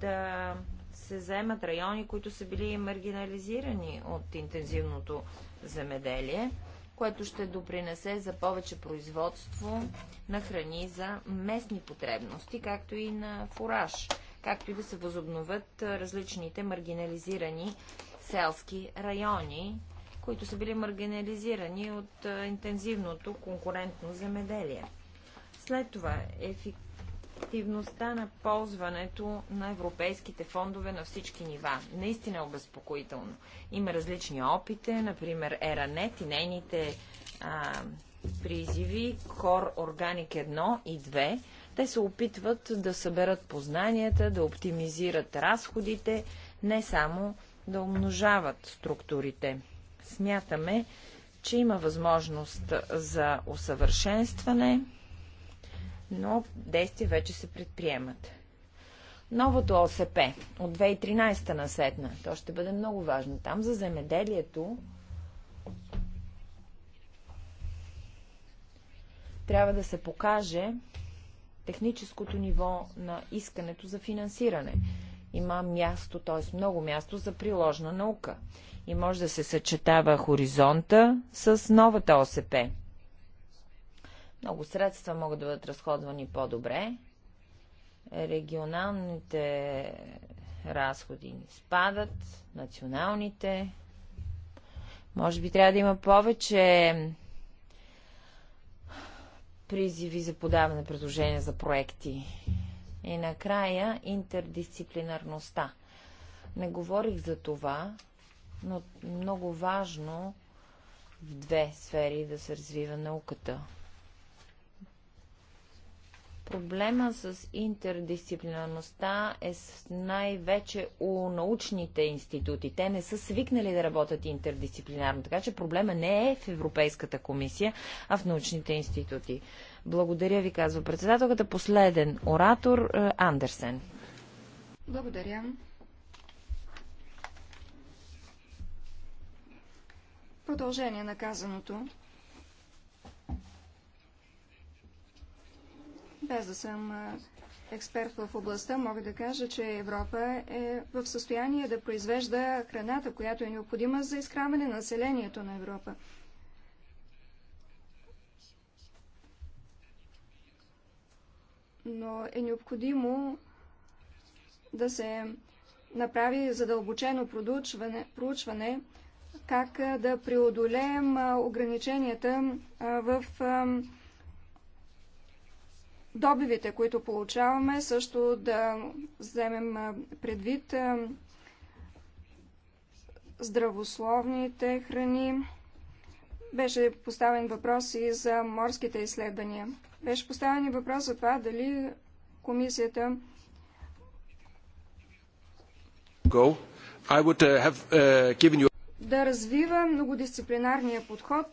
да се заемат райони, които са били маргинализирани от интензивното земеделие което ще допринесе за повече производство на храни за местни потребности, както и на фураж, както и да се възобновят различните маргинализирани селски райони, които са били маргинализирани от интензивното конкурентно земеделие. След това ефик ефективността на ползването на европейските фондове на всички нива. Наистина е обезпокоително. Има различни опите, например Еранет и нейните а, призиви Core Organic 1 и 2. Те се опитват да съберат познанията, да оптимизират разходите, не само да умножават структурите. Смятаме, че има възможност за усъвършенстване но действия вече се предприемат. Новото ОСП от 2013 на сетна, то ще бъде много важно. Там за земеделието трябва да се покаже техническото ниво на искането за финансиране. Има място, т.е. много място за приложна наука. И може да се съчетава хоризонта с новата ОСП. Много средства могат да бъдат разходвани по-добре. Регионалните разходи ни спадат, националните. Може би трябва да има повече призиви за подаване предложения за проекти. И накрая интердисциплинарността. Не говорих за това, но много важно в две сфери да се развива науката. Проблема с интердисциплинарността е най-вече у научните институти. Те не са свикнали да работят интердисциплинарно, така че проблема не е в Европейската комисия, а в научните институти. Благодаря ви, казва председателката. Последен оратор е, Андерсен. Благодаря. Продължение на казаното. Без да съм експерт в областта, мога да кажа, че Европа е в състояние да произвежда храната, която е необходима за изхранване на населението на Европа. Но е необходимо да се направи задълбочено проучване, как да преодолеем ограниченията в добивите, които получаваме, също да вземем предвид здравословните храни. Беше поставен въпрос и за морските изследвания. Беше поставен и въпрос за това дали комисията Go. I would uh, have uh, given you... да развива многодисциплинарния подход.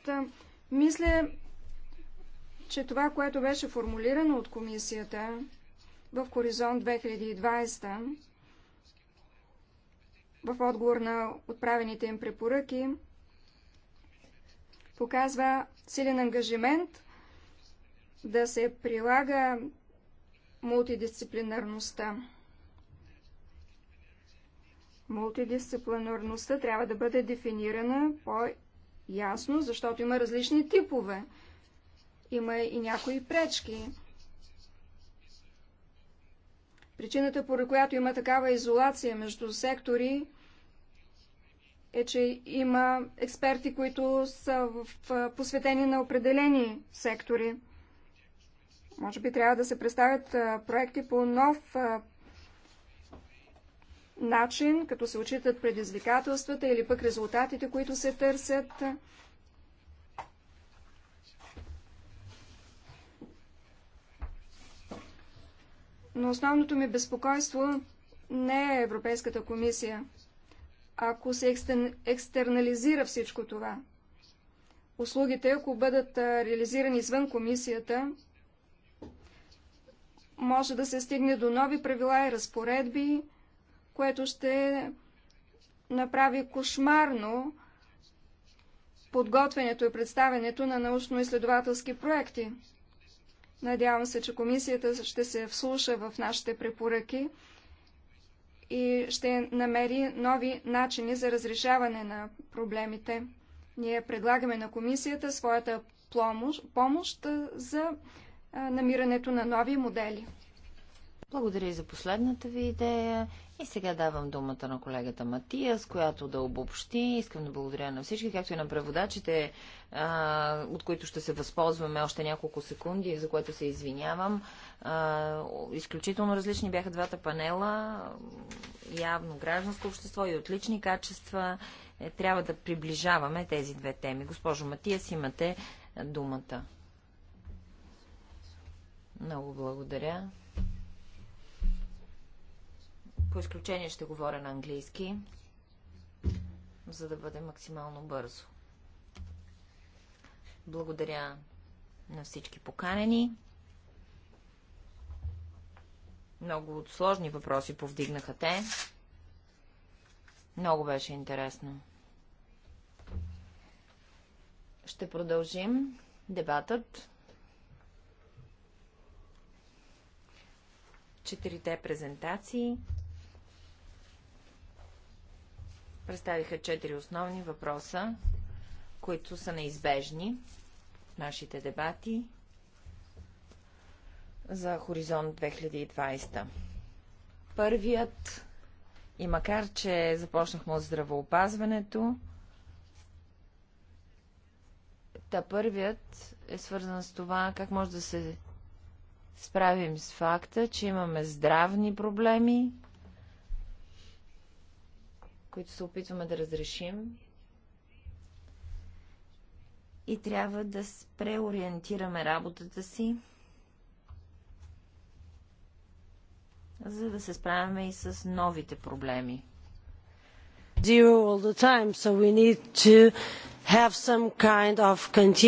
Мисля, че това, което беше формулирано от комисията в Хоризонт 2020, в отговор на отправените им препоръки, показва силен ангажимент да се прилага мултидисциплинарността. Мултидисциплинарността трябва да бъде дефинирана по-ясно, защото има различни типове има и някои пречки. Причината, поради която има такава изолация между сектори, е, че има експерти, които са в, посветени на определени сектори. Може би трябва да се представят проекти по нов начин, като се отчитат предизвикателствата или пък резултатите, които се търсят. Но основното ми безпокойство не е Европейската комисия, ако се екстен... екстернализира всичко това. Услугите, ако бъдат реализирани извън комисията, може да се стигне до нови правила и разпоредби, което ще направи кошмарно подготвянето и представянето на научно-изследователски проекти. Надявам се, че комисията ще се вслуша в нашите препоръки и ще намери нови начини за разрешаване на проблемите. Ние предлагаме на комисията своята помощ, за намирането на нови модели. Благодаря и за последната ви идея и сега давам думата на колегата Матия, с която да обобщи. Искам да благодаря на всички, както и на преводачите, а, от които ще се възползваме още няколко секунди, за което се извинявам. А, изключително различни бяха двата панела. Явно гражданско общество и отлични качества. Е, трябва да приближаваме тези две теми. Госпожо Матиас, имате думата. Много благодаря. По изключение ще говоря на английски, за да бъде максимално бързо. Благодаря на всички поканени. Много от сложни въпроси повдигнаха те. Много беше интересно. Ще продължим дебатът. Четирите презентации. представиха четири основни въпроса, които са неизбежни в нашите дебати за Хоризонт 2020. Първият, и макар, че започнахме от здравоопазването, та първият е свързан с това, как може да се справим с факта, че имаме здравни проблеми, които се опитваме да разрешим и трябва да преориентираме работата си, за да се справяме и с новите проблеми.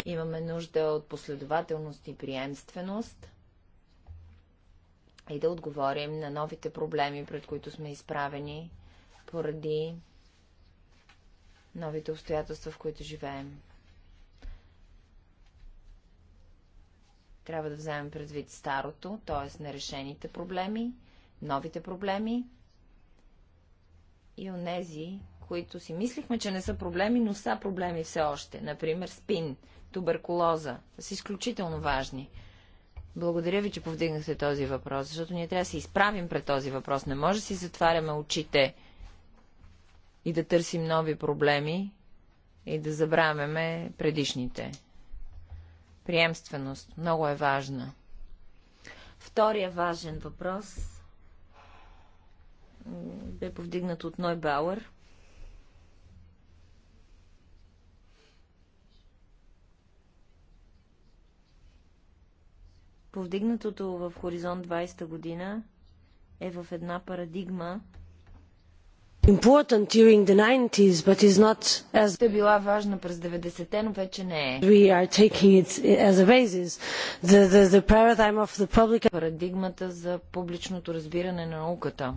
Имаме нужда от последователност и приемственост и да отговорим на новите проблеми, пред които сме изправени поради новите обстоятелства, в които живеем. Трябва да вземем предвид старото, т.е. нерешените проблеми, новите проблеми и онези, които си мислихме, че не са проблеми, но са проблеми все още. Например, спин, туберкулоза. Са изключително важни. Благодаря ви, че повдигнахте този въпрос, защото ние трябва да се изправим пред този въпрос. Не може да си затваряме очите и да търсим нови проблеми и да забравяме предишните. Приемственост много е важна. Втория важен въпрос бе повдигнат от Ной Бауър. Повдигнатото в Хоризонт 20 година е в една парадигма, important during the 90s, but is not as е била важна през 90-те, но вече не е. We are taking it as a basis. The, the, the paradigm of the public... Парадигмата за публичното разбиране на науката.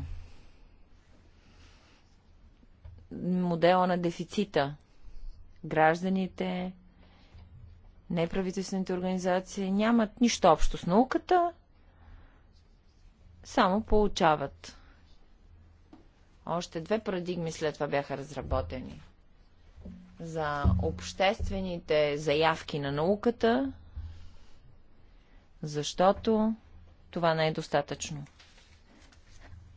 Модела на дефицита. Гражданите, неправителствените организации нямат нищо общо с науката, само получават. Още две парадигми след това бяха разработени. За обществените заявки на науката, защото това не е достатъчно.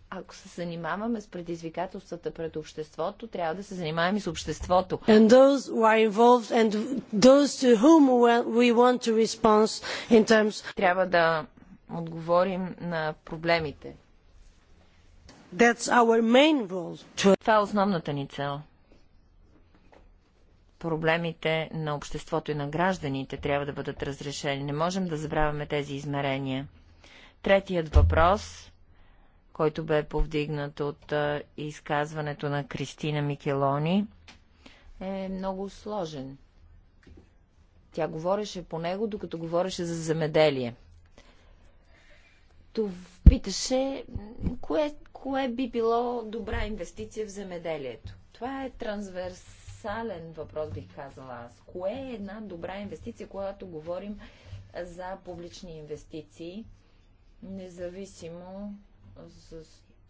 Ако се занимаваме с предизвикателствата пред обществото, трябва да се занимаваме и с обществото. And those who are involved and those to whom we want to in terms... Трябва да отговорим на проблемите. Това е основната ни цел. Проблемите на обществото и на гражданите трябва да бъдат разрешени. Не можем да забравяме тези измерения. Третият въпрос, който бе повдигнат от изказването на Кристина Микелони, е много сложен. Тя говореше по него, докато говореше за земеделие. питаше, кое, кое би било добра инвестиция в земеделието? Това е трансверсален въпрос, бих казала аз. Кое е една добра инвестиция, когато говорим за публични инвестиции, независимо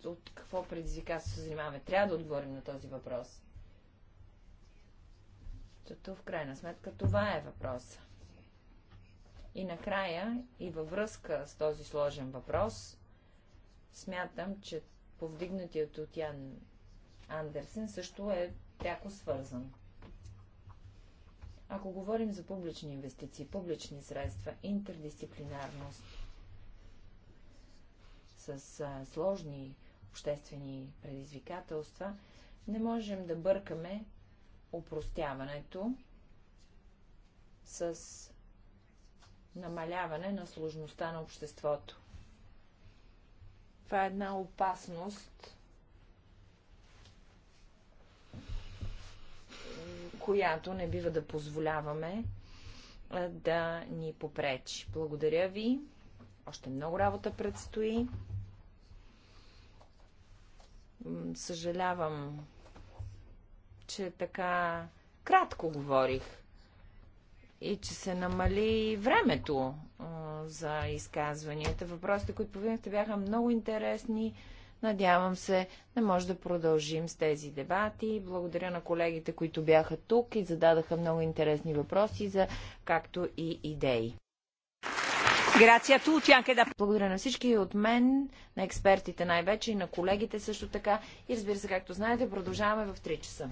от какво предизвикателство се занимаваме? Трябва да отговорим на този въпрос. Защото в крайна сметка това е въпроса. И накрая, и във връзка с този сложен въпрос, смятам, че повдигнатият от Ян Андерсен също е пряко свързан. Ако говорим за публични инвестиции, публични средства, интердисциплинарност с а, сложни обществени предизвикателства, не можем да бъркаме упростяването с намаляване на сложността на обществото. Това е една опасност, която не бива да позволяваме да ни попречи. Благодаря ви. Още много работа предстои. Съжалявам, че така кратко говорих и че се намали времето за изказванията. Въпросите, които повинахте, бяха много интересни. Надявам се да може да продължим с тези дебати. Благодаря на колегите, които бяха тук и зададаха много интересни въпроси, за, както и идеи. Благодаря на всички от мен, на експертите най-вече и на колегите също така. И разбира се, както знаете, продължаваме в 3 часа.